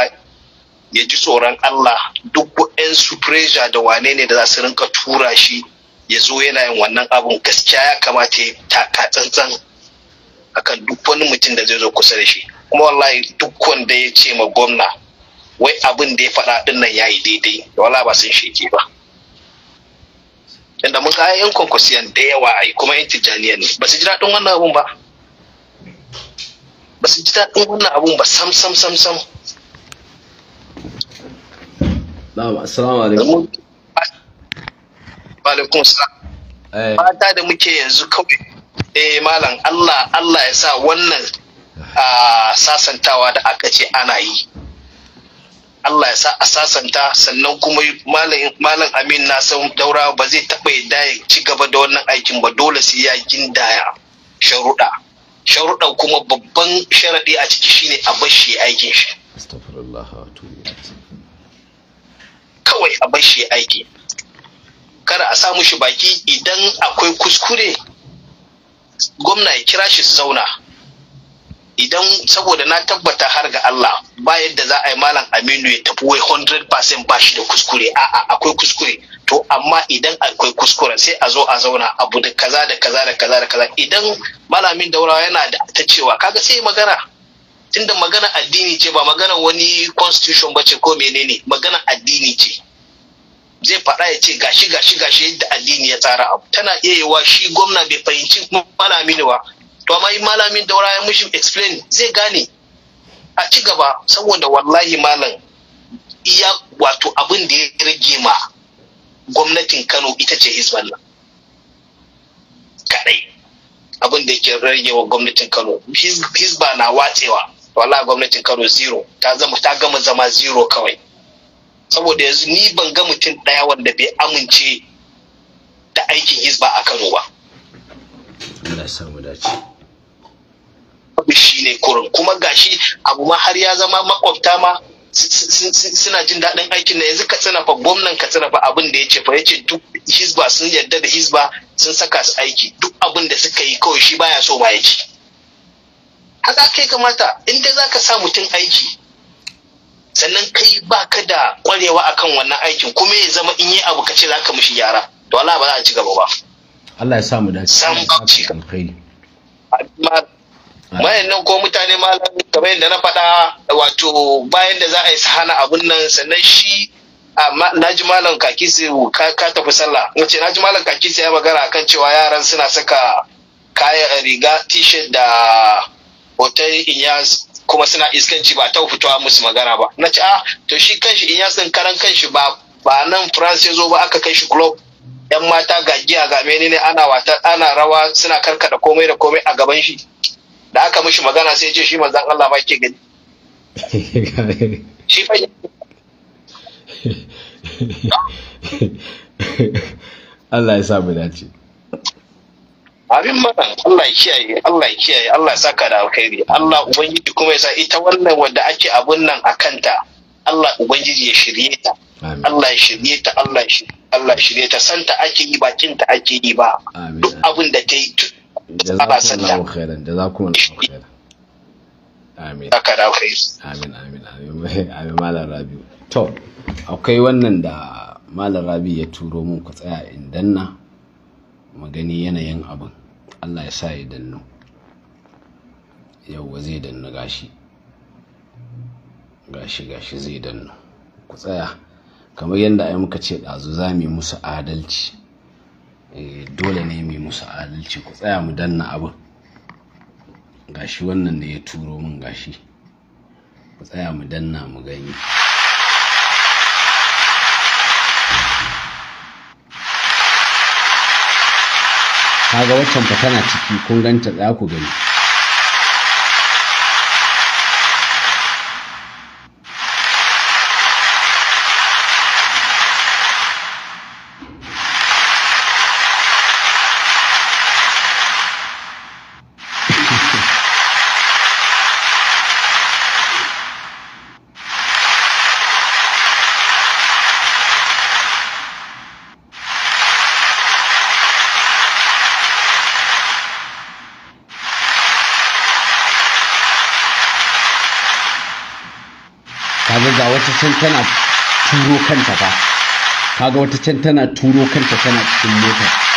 ya ji tsoron Allah duk su pressure da wane ne da za su rinka tura shi ya zo yana yin wannan abun gaskiya ya kamata ya taka tsantsan akan duk wani mutum da zai zo kusa da shi kuma wallahi duk wanda ya ce ma gwamna wai abin da ya faɗa ɗin nan ya yi daidai wala ba sun sheke ba yadda mun ga yan kwankwasiyan da yawa yi kuma yan tijjaniya ne ba su ji daɗin wannan abun ba ba su ji daɗin wannan abun ba sam sam sam sam na'am assalamu alaikum wa alaikum salam eh. mata da muke yanzu kawai eh malam Allah Allah ya sa wannan ah, sasantawa da aka ce ana yi Allah ya sa a sasanta sannan kuma malam amin na san daura ba zai taɓa yadda ya ci gaba da wannan aikin ba dole sai ya gindaya sharuɗa sharuɗa kuma babban sharaɗi a ciki shine a bar shi aikin shi kawai a bar shi aiki kada a samu shi baki idan akwai kuskure gwamna ya kira shi su zauna idan saboda na tabbata har ga Allah ba yadda za a yi malam Aminu ya tafi wai 100% ba shi da kuskure a'a akwai kuskure to amma idan akwai kuskuren sai a zo a zauna abu da kaza da kaza da kaza da kaza idan malamin daurawa yana da ta cewa kaga sai magana tunda magana addini ce ba magana wani constitution ba ce ko menene magana addini ce zai faɗa ya ce gashi gashi gashi yadda addini ya tsara abu tana iya yiwa shi gwamna bai fahimci malami ne ba to amma in malamin daura ya mushi explain zai gane a ci gaba saboda wallahi malam iya wato abin da ya rage ma gwamnatin Kano ita ce hezbollah kadai abin da ke rage wa gwamnatin Kano Hizba na watsewa wallahi gwamnatin Kano zero ta zama ta gama zama zero kawai saboda yanzu ni ban ga mutum ɗaya wanda bai amince da aikin hizba a Kano ba. Allah ya samu dace. kuɗi shi ne kurun kuma gashi abu ma har ya zama makwabta ma suna jin daɗin aikin na yanzu katsina fa gwamnan katsina fa abin da ya ce fa ya ce duk hizba sun yarda da hizba sun saka su aiki duk abin da suka yi kawai shi baya so ba ya ci haka kai kamata in dai zaka sa mutum aiki sannan kai baka da kwarewa akan wannan aikin kuma ya zama in yi abu ka ce zaka mishi gyara to Allah ba za a ci gaba ba Allah ya sa mu dace. samu ba ci. Alkhairi. nan ko mutane malamin kamar yadda na faɗa wato bayan da za a yi sahana abun nan sannan shi na ji malam kaki ka tafi sallah na ce na ji malam ya magana akan cewa yaran suna saka kayan eh, riga t-shirt da hotel inyas kuma suna iskanci ba ta fitowa musu magana ba na ce ah to shi kanshi inyas din karan kanshi ba ba nan france ya zo ba aka kai shi club yan mata gagiya, giya ga menene ana ana rawa suna karkada komai da komai a gaban shi da aka mishi magana sai ce shi manzan Allah ba ke gani shi fa Allah ya sa mu dace abin mana Allah ya kiyaye Allah ya kiyaye Allah ya saka da alkhairi Allah ubangiji kuma ya sa ita wannan wanda ake abun nan a kanta Allah ubangiji ya shirye ta Allah ya shirye ta Allah ya shirye ta santa ake yi bakin ta ake yi ba duk abin da ta yi jazakumullahu khairan jazakumullahu khairan amin amin amin amin [LAUGHS] amin malam rabi to akwai wannan da malam rabi ya turo mun ku tsaya in danna mu yanayin abin Allah ya sa ya danno yauwa zai danno gashi gashi gashi zai danno ku tsaya kamar yadda ai muka ce ɗazu za mu yi musu adalci Eh, dole ne mu musu adalci ku tsaya mu danna abu gashi wannan da ya turo min gashi ku tsaya mu danna mu gani kaga waccan fa tana ciki kun ganta za ku gani wata can tana turo kanta ba kaga wata can tana turo kanta tana cikin motar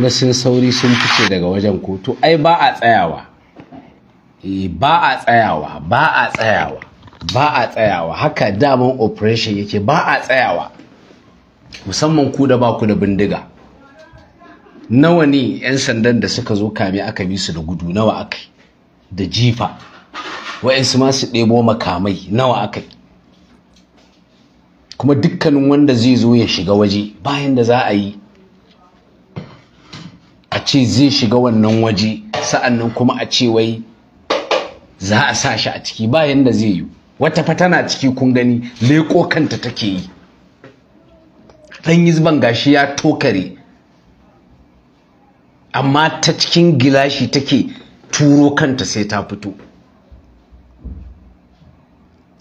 kun ga sun sauri sun fice daga wajen kotu, ai ba a tsayawa eh, ba a tsayawa ba a tsayawa ba a tsayawa haka daman operation yake ba a tsayawa musamman ku da ba ku da bindiga nawa ne 'yan sandan da suka zo kame aka bi su da gudu nawa aka da jifa wa'yansu ma su ɗebo makamai nawa aka kuma dukkanin wanda zai zo ya shiga waje bayan da za a yi a ce zai shiga wannan waje sa'annan kuma a ce wai za a sa shi a ciki bayan da zai yi wata fa tana ciki kun gani leƙo kanta take yi ɗanyi zuban gashi ya tokare amma ta cikin gilashi take turo kanta sai ta fito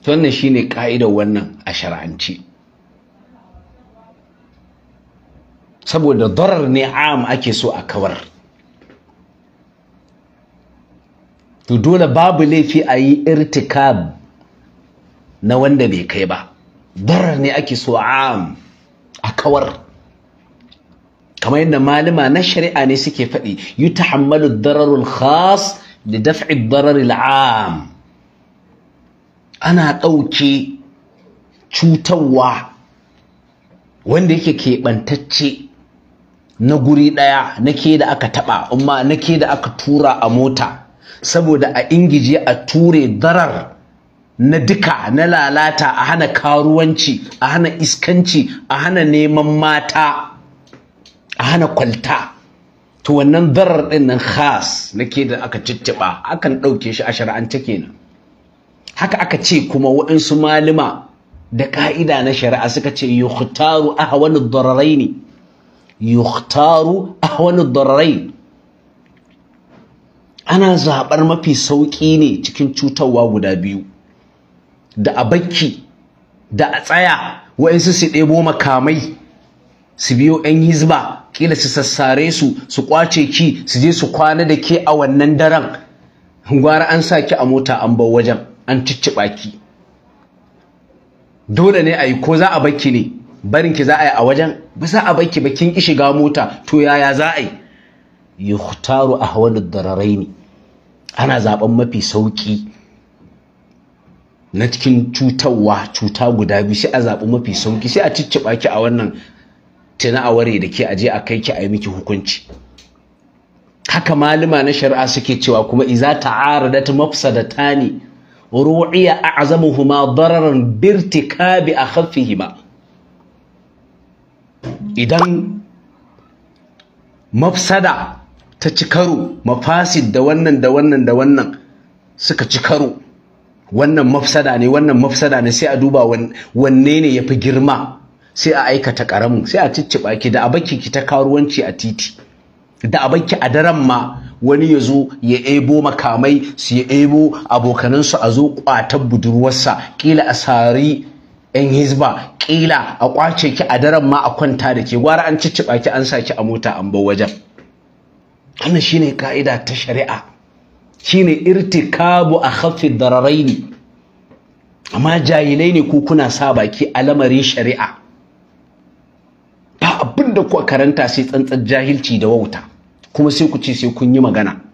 wannan shine ƙa'idar wannan a shara'ance saboda darar ne am ake so a kawar to dole babu laifi a yi irtikab na wanda bai kai ba darar ne ake so am a kawar kamar yadda malama na shari'a ne suke faɗi yi ta hammalu dararul khas da daf'i dararul am ana ɗauke cutarwa wanda yake keɓantacce na guri ɗaya nake da aka taɓa amma nake da aka tura a mota saboda a ingije a ture darar na duka na lalata a hana karuwanci a hana iskanci a hana neman mata a hana kwalta to wannan darar ɗin nan khas nake da aka cicciɓa akan ɗauke shi a shari'ance kenan haka aka ce kuma waɗansu malima da ka'ida na shari'a suka ce yukhtaru ahwanu dararaini ne yukhtaru ahwanu darrai ana zaɓar mafi sauƙi ne cikin cutarwa guda biyu da a baki da a tsaya wa'insu su ɗebo makamai su biyo 'yan hizba kila su sassare su su kwace ki su je su kwana da ke a wannan daren gwara an sa ki a mota an bar wajen an cicciɓa ki dole ne a yi ko za a bakki ne barin ki za a yi a wajen ba za a baki ba kin ki shiga mota to yaya za a yi a yuhtaru ahwanu dararaini ana zaben mafi sauki na cikin cutarwa cuta guda biyu sai a zaɓi mafi sauki sai a cicciɓa ki a wannan tuna a ware da ke aje a kai ki a yi miki hukunci haka malama na shari'a suke cewa kuma iza ta'aradat mafsadatani ru'iya a'zamuhuma dararan birtikabi akhafihima idan mafsada ta ci karo mafasid da wannan da wannan da wannan suka ci karo wannan mafsada ne wannan mafsada ne sai a duba wanne ne ya fi girma sai a aikata karamu sai a cicciɓa ki da abaki ki ta karuwanci a titi da abaki a daren ma wani ya zo ya ebo makamai su ya ebo abokanansu a zo ƙwatar budurwarsa ƙila a sari 'yan hizba ƙila a kwace ki a daren ma a kwanta da ke gwara an cicciɓa ki an sa ki a mota an bar wajen wannan shine ka'ida ta shari'a shine irtikabu a dararai dararaini amma jahilai ne ko kuna sa baki a lamarin shari'a ba abin da kuka karanta sai tsantsan jahilci da wauta kuma sai ku ce sai kun yi magana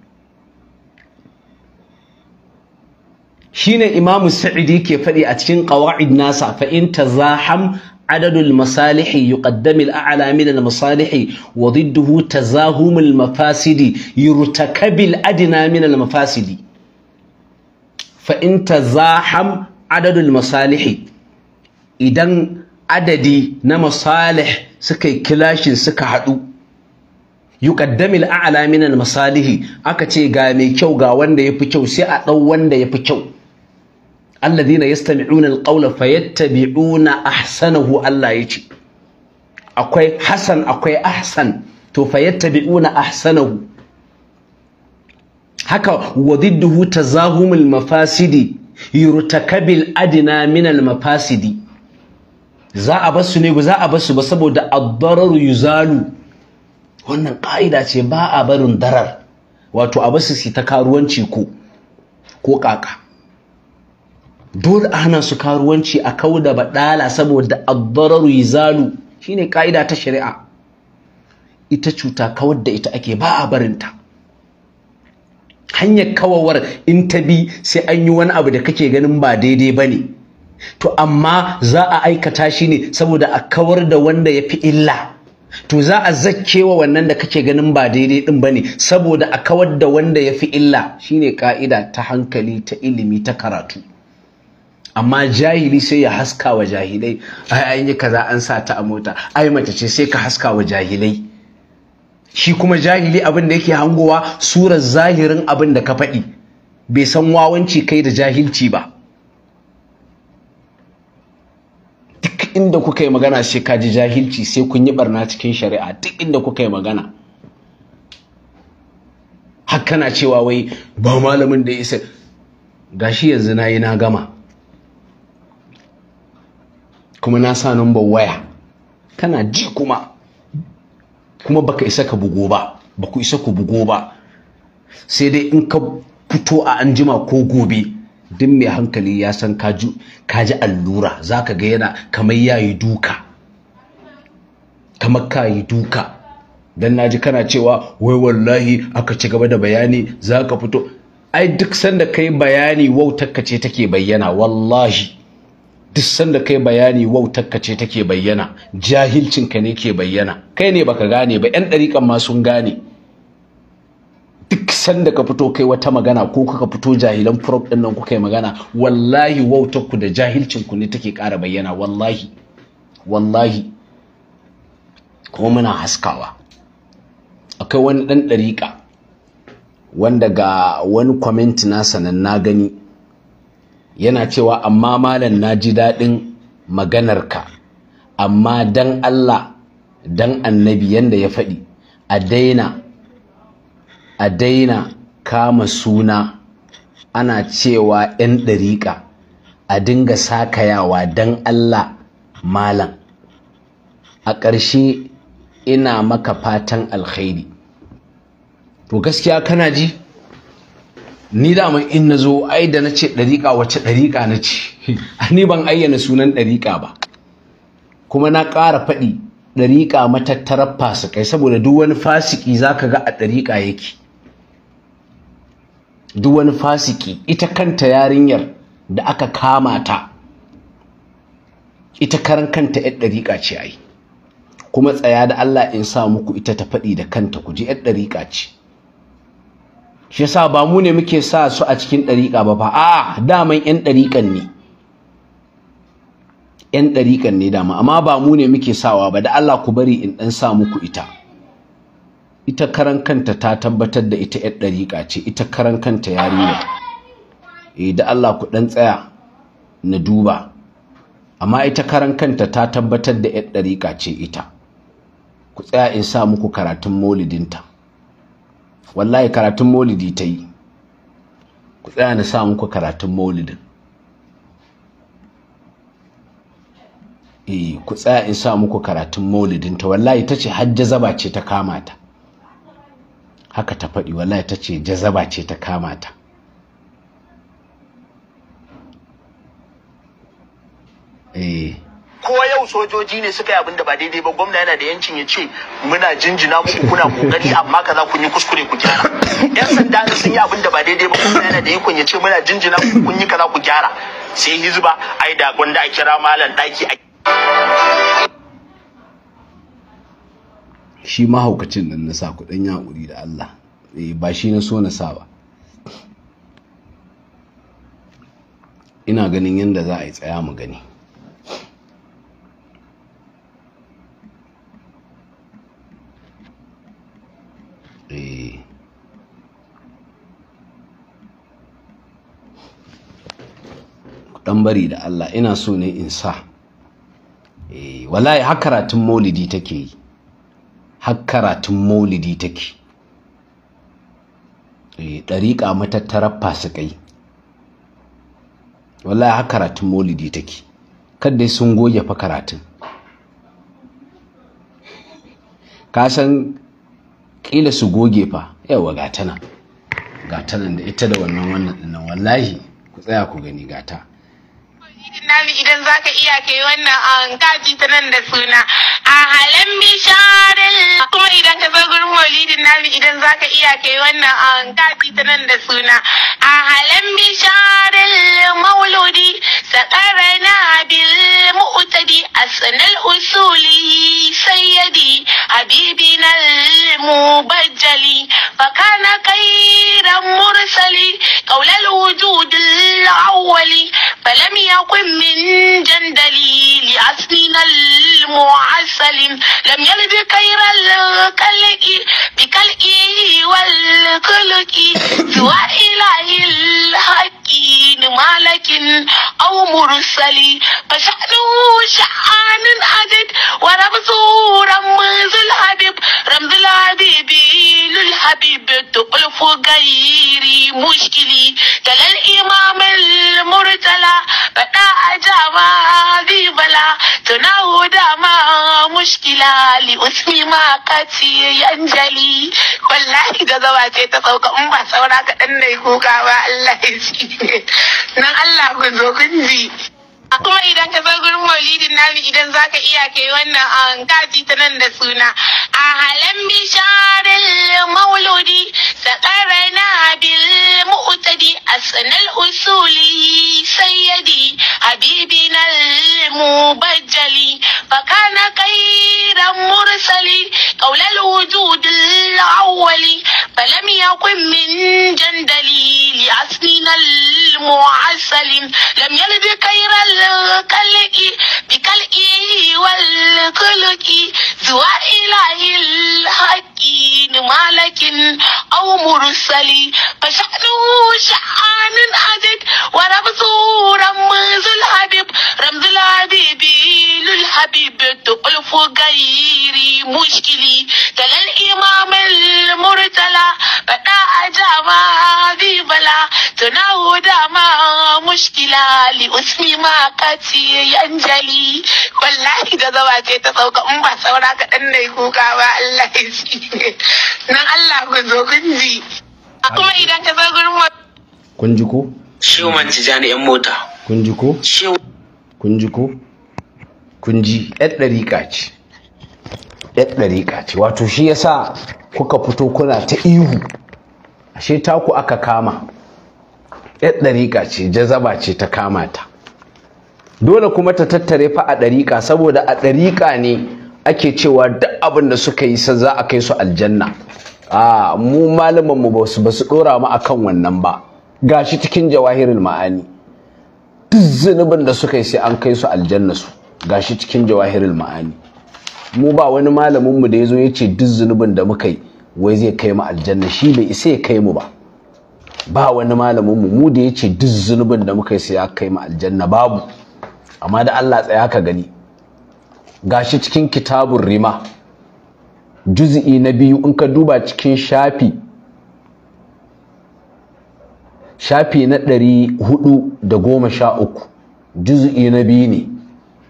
shi ne imamu sa'idi ke faɗi a cikin ƙawa'id nasa fa'in ta zaham adadul masalihi yi ƙaddamil a alaminan masalihi wa zidduhu ta zahumul mafasidi yi rutakabil adinaminan mafasidi fa'in ta zaham adadul masalihi idan adadi na masalih suka yi kilashin suka haɗu yi ƙaddamil a alaminan masalihi aka ce ga mai kyau ga wanda yafi kyau sai a ɗau wanda ya kyau alladhina yastami'una alqawla fayattabi'una ahsanahu Allah yace akwai hasan akwai ahsan to fayattabi'una ahsanahu haka wadidduhu tazahumul mafasidi yurtakabil adna min al mafasidi za a basu ne za a basu ba saboda ad-dararu yuzalu wannan ƙa'ida ce ba a barin darar wato a basu su ta karuwanci ko ko kaka dole a hana su karuwanci a kau da baɗala saboda addararu Zalu shine ka'ida ta shari'a ita cuta kawar da ita ake ba a barinta hanyar kawawar in ta bi sai an yi wani abu da kake ganin ba daidai ba ne to amma za a aikata shi ne saboda a kawar da wanda ya fi illa to za a wa wannan da kake ganin ba daidai din ba ne saboda a kawar da wanda ya fi illa shine ka'ida ta hankali ta ilimi ta karatu amma jahili sai ya haska wa jahilai ai an yi kaza an sa ta a mota ai mace ce sai ka haska wa jahilai shi kuma jahili abin da yake hangowa surar zahirin abin da ka faɗi bai san wawanci kai da jahilci ba duk inda kuka yi magana sai ka ji jahilci sai kun yi barna cikin shari'a duk inda kuka yi magana har cewa wai ba malamin da ya isa gashi yanzu na yi na gama kuma na sa number waya kana ji kuma kuma baka isa ka bugo ba ba ku isa ku bugo ba sai dai in ka fito a anjima ko gobe duk mai hankali ya san ka ji allura za ka ga yana kamar ya yi duka kamar ka yi duka don na ji kana cewa wai wallahi aka ci gaba da bayani za ka fito ai duk sanda kai bayani wautar ka ce take bayyana wallahi duk sanda kai bayani wautakka ce take bayyana jahilcinka ne ke bayyana kai ne baka gane ba yan ɗariƙan ma sun gane duk sanda ka fito kai wata magana ko kuka fito jahilan prop ɗin nan kuka yi magana wallahi wautakku da jahilcin ku ne take ƙara bayyana wallahi wallahi kuma muna haskawa akwai wani ɗan ɗariƙa wanda ga wani kwamenti nasa nan na gani yana cewa amma malam na ji daɗin maganarka amma dan Allah dan annabi yanda ya faɗi a daina a daina kama suna ana cewa 'yan ɗariƙa a dinga sakayawa dan Allah malam a ƙarshe ina maka fatan alkhairi to gaskiya kana ji ni dama in na zo ai da na ce ɗariƙa wacce ɗariƙa na ce [LAUGHS] ni ban ayyana sunan ɗariƙa ba kuma na ƙara faɗi ɗariƙa matattarar fasikai saboda duk wani fasiki za ka ga a ɗariƙa yake duk wani fasiki ita kanta yarinyar da aka kama ta ita karan kanta yar ɗariƙa ce ai kuma tsaya da Allah in sa muku ita ta faɗi da kanta ku ji yar ɗariƙa ce shi yasa ba mu ne muke sa su a cikin ɗariƙa ba fa a daman ƴan ɗariƙan ne ƴan ɗariƙan ne dama amma ba mu ne muke sawa ba da Allah ku bari in ɗan sa muku ita ita karan kanta ta tabbatar da ita ƴan ɗariƙa ce ita karan kanta yarinya eh da Allah ku ɗan tsaya na duba amma ita karan kanta ta tabbatar da ƴan ɗariƙa ce ita ku tsaya in sa muku karatun maulidinta wallahi karatun maulidi ta yi ku tsaya na sa muku karatun maulidin eh ku tsaya in sa muku karatun maulidin ta wallahi ta ce hajja zaba ce ta kama ta haka ta faɗi wallahi ta ce jazaba ce ta kama ta eh ko yau sojoji ne suka yi abin da ba daidai ba gwamna yana da yancin ya ce muna jinjina muku kuna kokari amma kaza kun yi kuskure ku gyara [LAUGHS] yan sanda sun yi abin da ba daidai ba gwamna yana da yankun ya ce muna jinjina muku kun yi kaza ku gyara sai hizba ai da gwanda a kira malam daki a shi mahaukacin nan na sa kuɗin yaƙuri da Allah eh, ba shi na so na sa ba ina ganin yadda za a yi tsaya mu gani bari da Allah ina so ne in sa eh, wallahi har karatun maulidi take yi har karatun maulidi take eh dariƙa matattarar fasikai wallahi har karatun maulidi take kadai sun goge fa karatun ka san kila su goge fa yawa gatana gatanan da ita da wannan wannan wallahi ku tsaya ku gani gata idan zaka iya kai wannan ah, kaji ta nan da suna ahalan bisharin kuma idan ka zo gurin maulidin nabi idan zaka iya kai wannan an kafi ta nan da suna ahalan bisharin mauludi sakarana bil mu'tadi asnal usuli sayyidi habibina المبجلي فكان خيرا مرسلي قول الوجود الأولي فلم يقم من جندلي لأصلنا المعسل سليم لم يلد خير الخلق بكالكي والخلق سوى إله الحق مكين مالك أو مرسل فشأنه شأن عدد ورمزه رمز الحبيب رمز الحبيب للحبيب تؤلف غيري مشكلي تلا الإمام المرتلى فدا أجابا ذي بلا تناود ما مشكلة لأسمي ما قتي ينجلي والله da zawa ce ta sauka in ba saura kaɗan na nan [LAUGHS] Allah ku zo kun kuma idan ka zo gurin maulidin nabi idan za ka iya kai wannan an kaji ta nan da suna a halan bisharin mauludi sakarana bil mu'tadi asnal usuli sayyidi habibina al mubajjali فكان خيرا مرسلي قول الوجود الأولي فلم يكن من جندلي لأسنين المعسل لم يلد خير الخلق بكلق والخلق ذو إله الحق مالك أو مرسل فشأنه شأن عدد ورمزه رمز الحبيب رمز الحبيب للحبيب تؤلف غيري مشكلي تلا الإمام المرتلى بدا أجاب بلا تناود مع مشكلة لأسمي ما kaci jali wallahi da zawa ce ta sauka in ba saura dan na kuka ba Allah ya ji nan Allah ku zo kun ji kuma idan ka zo gurin mu kun ji ko ci jani yan mota kun ji ko kun ji ko kun ji ɗan dariƙa ce ɗan dariƙa ce wato shi yasa kuka fito kuna ta ihu ashe taku aka kama ɗan dariƙa ce jazaba ce ta kama ta dole kuma ta tattare fa a ɗariƙa saboda a ɗariƙa ne ake cewa duk abin da suka yi za a kai su aljanna a mu malaman mu ba su ɗora mu akan wannan ba gashi cikin jawahirul ma'ani duk zunubin da suka yi sai an kai su aljanna su gashi cikin jawahirul ma'ani mu ba wani malamin mu da yazo ya ce duk zunubin da muka yi wai zai kai mu aljanna shi bai isa ya kai mu ba ba wani malamin mu mu da ya ce duk zunubin da muka yi sai ya kai mu aljanna babu amma da Allah tsaya ka gani gashi cikin kitabun rima juz'i na biyu in ka duba cikin shafi shafi na ɗari hudu da goma sha uku juz'i na biyu ne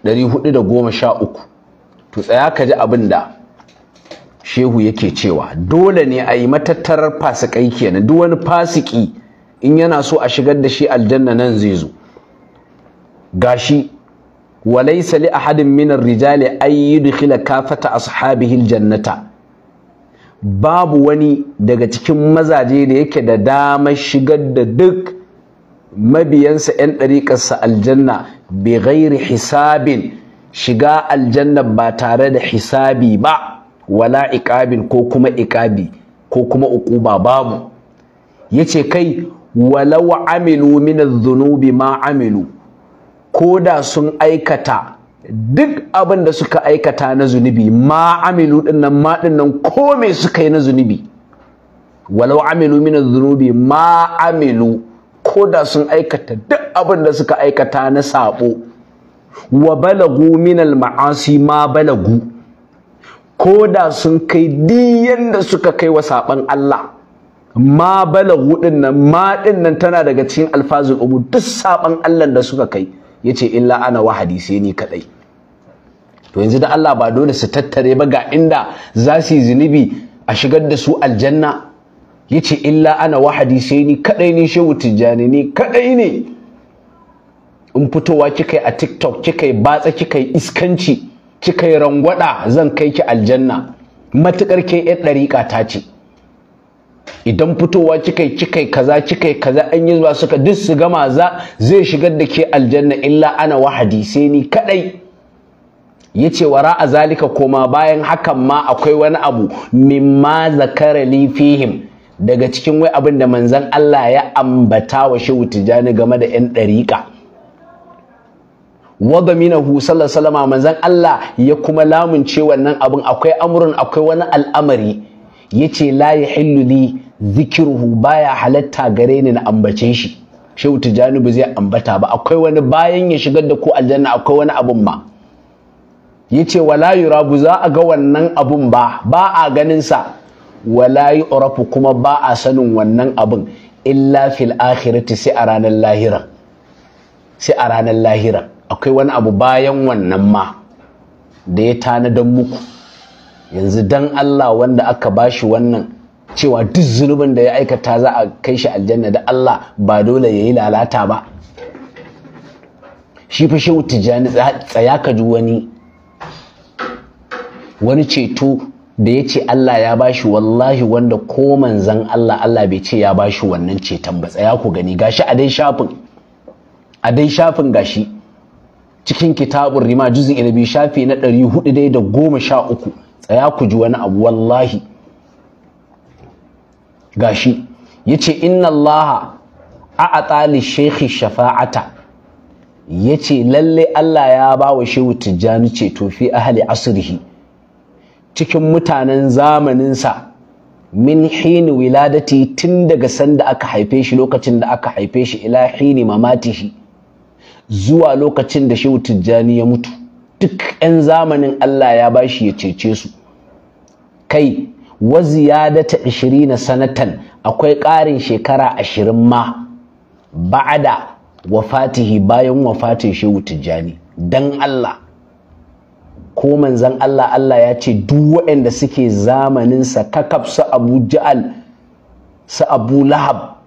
ɗari hudu da goma sha uku to tsaya ka ji abin da shehu yake cewa dole ne a yi matattarar fasikai kenan duk wani fasiki in yana so a shigar da shi aljanna nan zai zo gashi walaysa li ahadin min ar-rijali ay yudkhila kafata ashabihi al-jannata babu wani daga cikin mazaje da yake da damar shigar da duk mabiyansa 'yan ɗariƙarsa aljanna bi ghairi hisabin shiga aljanna ba tare da hisabi ba wala iƙabin ko kuma iƙabi ko kuma uquba babu yace kai walau amilu min adh-dhunubi ma amilu Koda sun aikata duk abin da suka aikata na zunubi ma amilu din nan ma din nan ko suka yi na zunubi walau amilu min zunubi ma amilu ko sun aikata duk abin da suka aikata na sabo wa balagu min ma'asi ma balagu ko sun kai diyan da suka kai wa saban Allah ma balagu din ma din tana daga cikin alfazul ubu duk saban Allah da suka kai yace illa ana wahadi sai ni kadai to yanzu da Allah ba dole su tattare ba ga inda za su yi zunubi a shigar da su aljanna yace illa ana wahadi sai ni kadai ne shehu tijjani ne, kadai ne in fitowa kika a TikTok kikai batsa kika iskanci kikai yi rangwada zan kai ki aljanna matukar ke yar ɗarika ta ce idan fitowa kikai kikai kaza kikai kaza an yi zuwa suka duk su gama za zai shigar da ke aljanna illa ana wahadi sai ni kadai Ya wa ra'a zalika koma bayan hakan ma akwai wani abu mimma zakara li fihim daga cikin wai abin da manzon Allah ya ambata wa shehu tijani game da yan dariƙa wada minahu sallallahu alaihi wasallam manzon Allah ya kuma lamun lamunce wannan abin akwai amrun akwai wani al'amari yace la yahillu li zikruhu baya halatta gare ni na ambace shi shehu tijani ba zai ambata ba akwai wani bayan ya shigar da ku aljanna akwai wani abun ma yace wala yurabu za a ga wannan abun ba ba a ganin sa wala yu'rafu kuma ba a sanin wannan abun illa fil akhirati sai a ranar lahira sai a ranar lahira akwai wani abu bayan wannan ma da ya tanadan muku yanzu dan Allah wanda aka bashi wannan cewa duk zunubin da ya aikata za a kai shi aljanna da Allah ba dole ya yi lalata ba shi fa shi tijani tsaya ka ji wani wani ceto da ya ce Allah ya bashi wallahi wanda ko manzan Allah Allah bai ce ya bashi wannan ceton ba tsaya ku gani gashi a dai shafin a dai shafin gashi cikin kitabun rima juzi na shafi na ɗari hudu dai da goma sha uku tsaya ku ji wani abu wallahi gashi yace inna allaha a'ata li shaykhi shafa'ata yace lalle Allah ya ba wa shehu tijjani ceto fi ahli asrihi cikin mutanen zamanin sa, min hin wiladati tun daga sanda aka haife shi lokacin da aka haife shi ila hini mamatihi zuwa lokacin da shehu tijjani ya mutu duk 'yan zamanin Allah ya bashi ya cece su kai wa ziyadata 20 sanatan akwai ƙarin shekara ashirin ma ba'ada wafatihi bayan wafatin shehu tijjani dan Allah ko manzan Allah Allah ya ce duk waɗanda suke zamanin sa kakaf su Abu Ja'al su Abu Lahab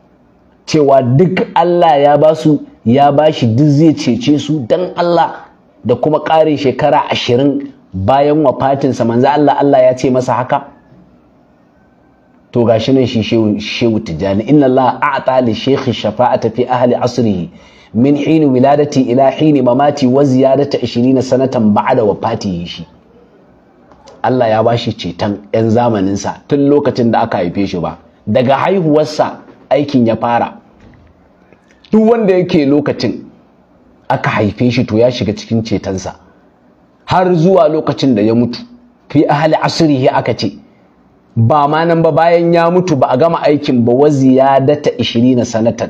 cewa duk Allah ya basu ya bashi duk zai cece su dan Allah da kuma ƙarin shekara ashirin bayan wafatinsa manzo Allah Allah ya ce masa haka to gashi nan shi shehu tijani inna Allah a'ta li shaykhi shafa'ata fi ahli asrihi min hini wiladati ila hini mamati wa ziyadata 20 sanatan ba'da wafatihi shi Allah ya bashi ceton yan zamaninsa tun lokacin da aka haife shi ba daga haihuwarsa aikin ya fara duk wanda yake lokacin aka haife shi to ya shiga cikin cetonsa har zuwa lokacin da ya mutu fi asiri ya aka ce ba ma nan ba bayan ya mutu ba a gama aikin ba data ziyadata na sanatan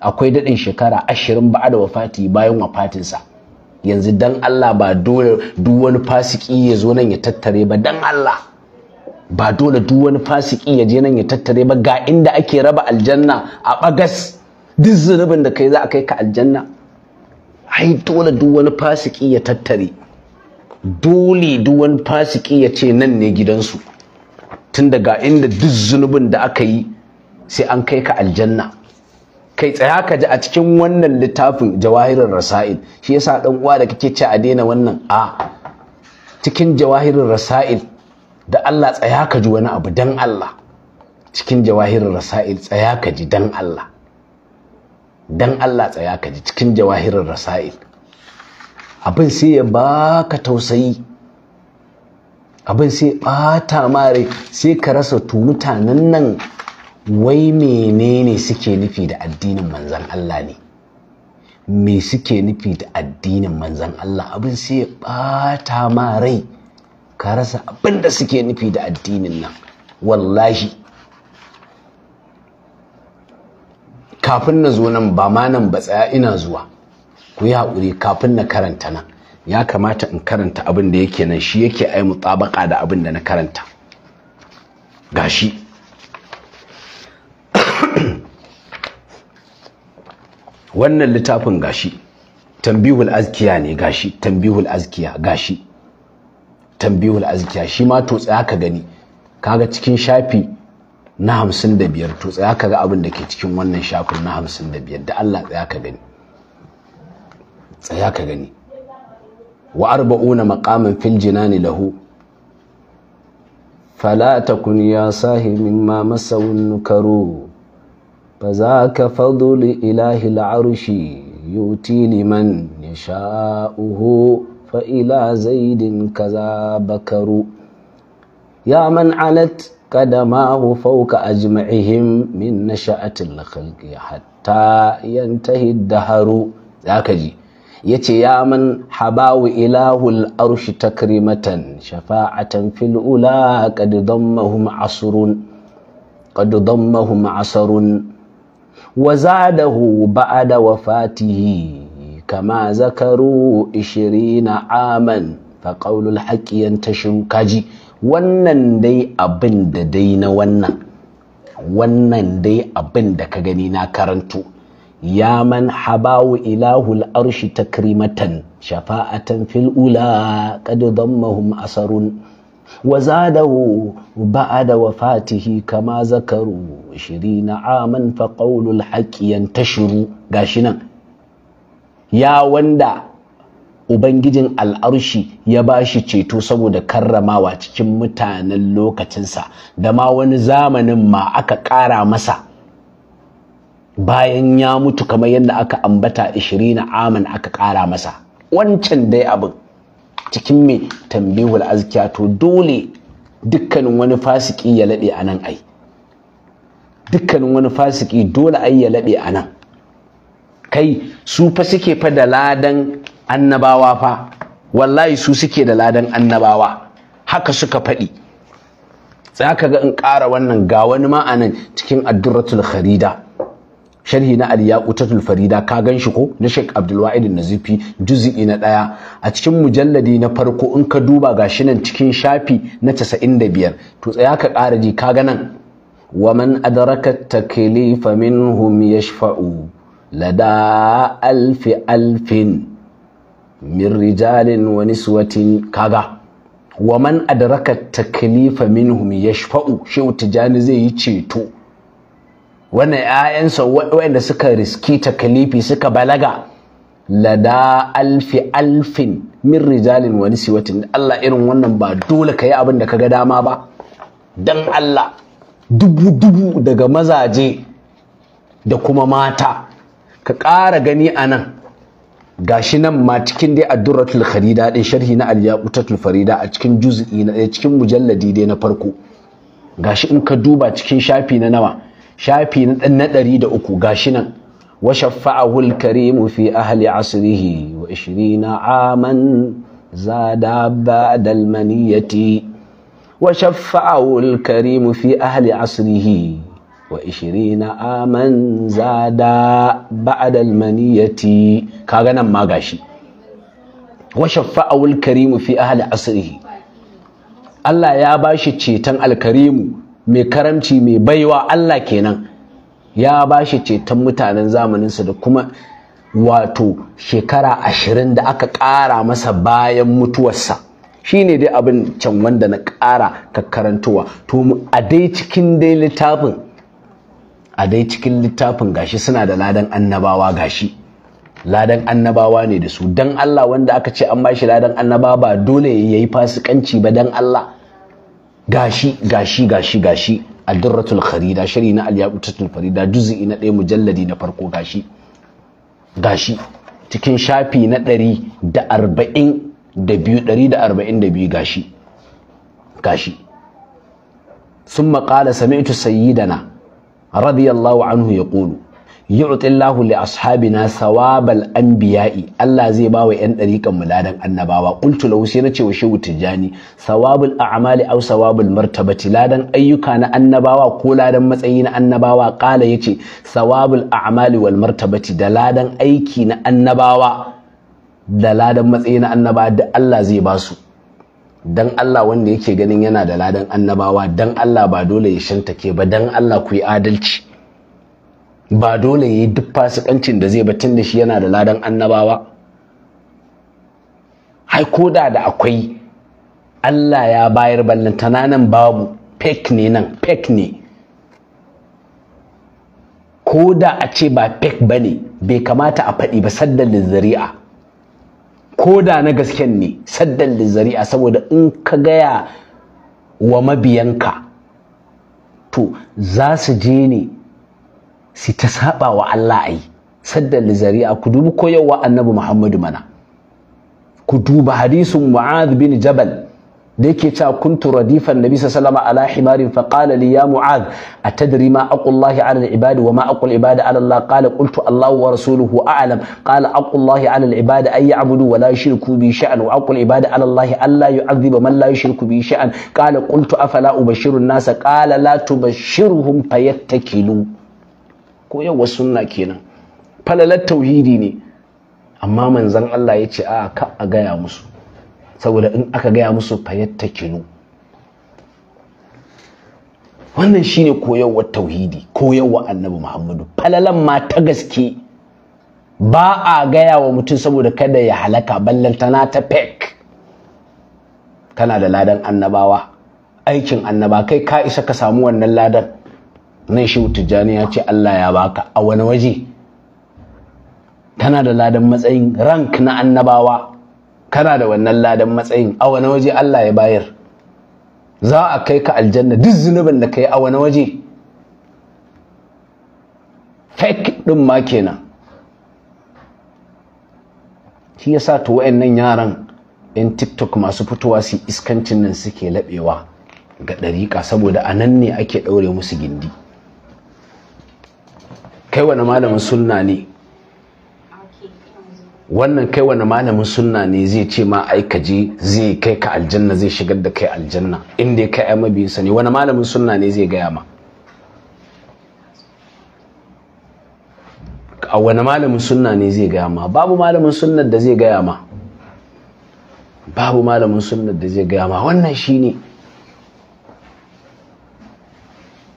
akwai daɗin shekara ashirin ba da wafati bayan wafatinsa yanzu dan Allah ba dole duk wani fasiki ya zo nan ya tattare ba dan Allah ba dole duk wani fasiki ya je nan ya tattare ba ga inda ake raba aljanna a bagas duk zunubin da kai za a kai ka aljanna ai dole duk wani fasiki ya tattare dole duk wani fasiki ya ce nan ne gidansu tun daga inda duk zunubin da aka yi sai an kai ka aljanna kai tsaya ka ji a cikin wannan littafin jawahirin rasa'il shi yasa ɗan uwa da kake ce a daina wannan a cikin jawahirin rasa'il da Allah tsaya ka ji wani abu dan Allah cikin jawahirin rasa'il tsaya ka ji dan Allah dan Allah tsaya ka ji cikin jawahirin rasail abin sai ya baka tausayi abin sai ɓata mare sai ka rasa tu mutanen nan wai menene suke nufi da addinin manzon Allah ne me suke nufi da addinin manzan Allah abin sai ya ma rai ka rasa abin da suke nufi da addinin nan wallahi kafin na zo nan ba ma nan ba tsaya ina zuwa ku yi haƙuri kafin na karanta nan ya kamata in karanta abin da yake nan shi yake ai mutabaka da abin da na karanta gashi [COUGHS] wannan littafin gashi tambihul azkiya ne gashi tambihul azkiya gashi tambihul azkiya shi ma to tsaya ka gani kaga cikin shafi na hamsin da biyar to tsaya ka ga abin da ke cikin wannan shafin na hamsin da biyar da Allah tsaya ka gani tsaya ka gani wa arba'una maqaman fil jinani lahu fala takun ya sahi mimma masawun nukaru fa zaka fadl ilahi al'arshi yuti liman yasha'uhu fa ila zaidin kaza bakaru ya man alat kada a hu fauka ajma'ihim min nasha'atil khalqi hatta yantahi daharu zaka ji ce ya man habawu ilahul arshi takrimatan shafa'atan fil ula qad dammahum asrun qad dammahum asrun wa zadahu wafatihi kama zakaru 20 aman fa qawlul haqqi yantashu kaji wannan dai abin da dai na wannan wannan dai abin da ka gani na karanto ya man habawu ilahul arshi takrimatan shafa'atan fil ula qad dhammahum asarun wa zadahu ba'da wafatihi kama zakaru 20 aman fa qawlul haqqi yantashiru gashi nan ya wanda ubangijin al'arshi ya ba shi ceto saboda karramawa cikin mutanen lokacinsa da ma wani zamanin ma aka ƙara masa bayan ya mutu kamar yadda aka ambata na aman aka ƙara masa wancan dai abin cikin mai tambihul azkiya to dole dukkanin wani fasiki ya laɓe a nan ai dukkanin wani fasiki dole ai ya laɓe a nan kai su fa suke fa da ladan annabawa fa wallahi su suke da ladan annabawa haka suka faɗi za ka ga in ƙara wannan ga wani ma'anan cikin addurratul kharida sharhi na al farida ka gan shi ko na shek Abdul nazifi juz'i na ɗaya. a cikin mujalladi na farko in ka duba ga shi nan cikin shafi na 95 to tsaya ka ƙara ji ka ga nan wa man adraka taklifa minhum yashfa'u lada alfi min rijalin wa niswatin kaga wa man adraka taklifa minhum yashfa'u shehu tijani zai yi ceto wannan 'ya'yansa waɗanda suka riski taklifi suka balaga lada alfi alfin min rijalin wa niswatin Allah irin wannan ba dole ka yi abin da kaga dama ba dan Allah dubu dubu daga mazaje da kuma mata ka ƙara gani anan. nan gashi nan ma cikin dai addurratul kharida din sharhi na al-yaqutatul farida a cikin juz'i na daya eh, cikin mujalladi dai na farko gashi in ka duba cikin shafi na nawa shafi na da uku gashi nan wa shaffa'ahu al-karim fi ahli asrihi wa 20 aman zada ba'da al-maniyati wa shaffa'ahu al-karim fi ahli asrihi وعشرين آمن زاد بعد المنية كاغنا ما غاشي وشفاء الكريم في أهل Allah ya bashi ceton تشيتن الكريم مي كرمتي مي بيوا الله كينان ya bashi ceton mutanen zamaninsa da kuma wato shekara ashirin da aka ƙara masa bayan mutuwarsa shine dai abin can wanda na ƙara ka to a dai cikin dai littafin a dai cikin littafin gashi suna da ladan annabawa gashi ladan annabawa ne da su dan Allah wanda aka ce an bashi ladan annaba ba dole ya yi fasikanci ba dan Allah gashi gashi gashi gashi ad kharida shari na al farida juz'i na ɗaya mujalladi na farko gashi gashi cikin shafi na ɗari da arba'in da biyu ɗari da arba'in da biyu gashi gashi sun maƙala sami'tu sayyidana radiyallahu anhu ya ƙulu yu'ti Allahu li ashabina sawabal anbiya'i Allah zai bawa yan mu ladan annabawa qultu lahu sai nace wa shehu tijani sawabul a'mali aw sawabul martabati ladan ayyuka na annabawa ko ladan matsayi na annabawa qala yace sawabul a'mali wal martabati da ladan aiki na annabawa da ladan matsayi na annabawa da Allah zai basu dan Allah wanda yake ganin yana da ladan annabawa dan Allah ba dole ya shantake ba dan Allah ku yi adalci ba dole ya yi duk fasikancin da zai ba tun da shi yana da ladan annabawa ai ko da da akwai Allah ya bayar ballin nan babu pek ne nan pek ne ko da a ce ba pek ba ne, bai kamata a faɗi ba saddan zari'a ko da na gasken ne saddan da zari'a saboda in ka gaya wa mabiyanka to za su je ne su ta saba wa Allah ai saddan da zari'a ku dubi koyarwa annabi Muhammadu mana ku duba hadisin Mu'adh bin Jabal da yake cewa kuntu radifan nabi sallallahu alaihi ala himarin fa qala li ya mu'ad atadri ma aqullahi ala al-ibad wa ma aqul ibada ala Allah qala qultu Allah wa rasuluhu a'lam qala aqullahi ala al-ibad ay ya'budu wa la yushriku bi sha'an wa aqul ibada ala Allah alla yu'adhibu man la yushriku bi sha'an qala qultu afala ubashiru an-nasa qala la tubashiruhum fayattakilu ko yawa sunna kenan falalar tauhidi ne amma manzon Allah ya ce a ka a gaya musu saboda in aka gaya musu fayatta kinu wannan shine koyarwar tauhidi koyarwar annabi muhammadu falalan ma ta gaske ba a gaya wa mutum saboda kada ya halaka ballantana ta pek kana da ladan annabawa aikin annaba kai ka isa ka samu wannan ladan nan shi tijjani ya ce allah ya baka a wani waje tana da ladan matsayin rank na annabawa kana da wannan ladan matsayin a wani waje Allah ya bayar za a kai ka aljanna duk zunubin da ka yi a wani waje fake ɗin ma kenan shi ya sa to wayannan yaran yan TikTok masu fitowa su iskancin nan suke laɓewa ga ɗariƙa saboda a nan ne ake ɗaure musu gindi kai wani malamin sunna ne wannan kai wani malamin sunna ne zai ce ma ai ka je zai kai ka aljanna zai shigar da kai aljanna inda ya kai ai mabiyinsa ne wani malamin sunna ne zai gaya ma a wani malamin sunna ne zai gaya ma babu malamin sunna da zai gaya ma babu malamin sunna da zai gaya ma wannan shine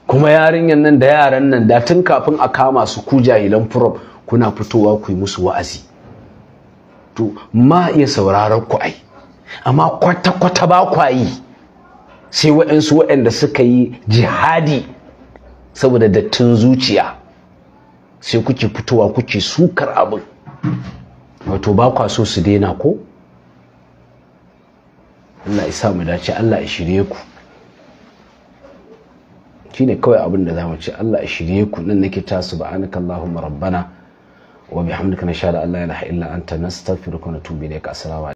kuma yarinyar nan da yaran nan da tun kafin a kama su ku jahilan furof kuna fitowa ku yi musu wa'azi to ma iya sauraron ku ai amma kwata-kwata ba kwa yi sai waɗansu waɗanda suka yi jihadi saboda dattin zuciya sai kuke fitowa kuke sukar abin wato ba kwa so su daina ko Allah ya sa mu dace Allah ya shirye ku shine kawai abin da zamu ce Allah ya shirye ku nan nake ta subhanakallahumma rabbana wa bihamdika nashhadu an la ilaha illa anta nastaghfiruka wa natubu ilayk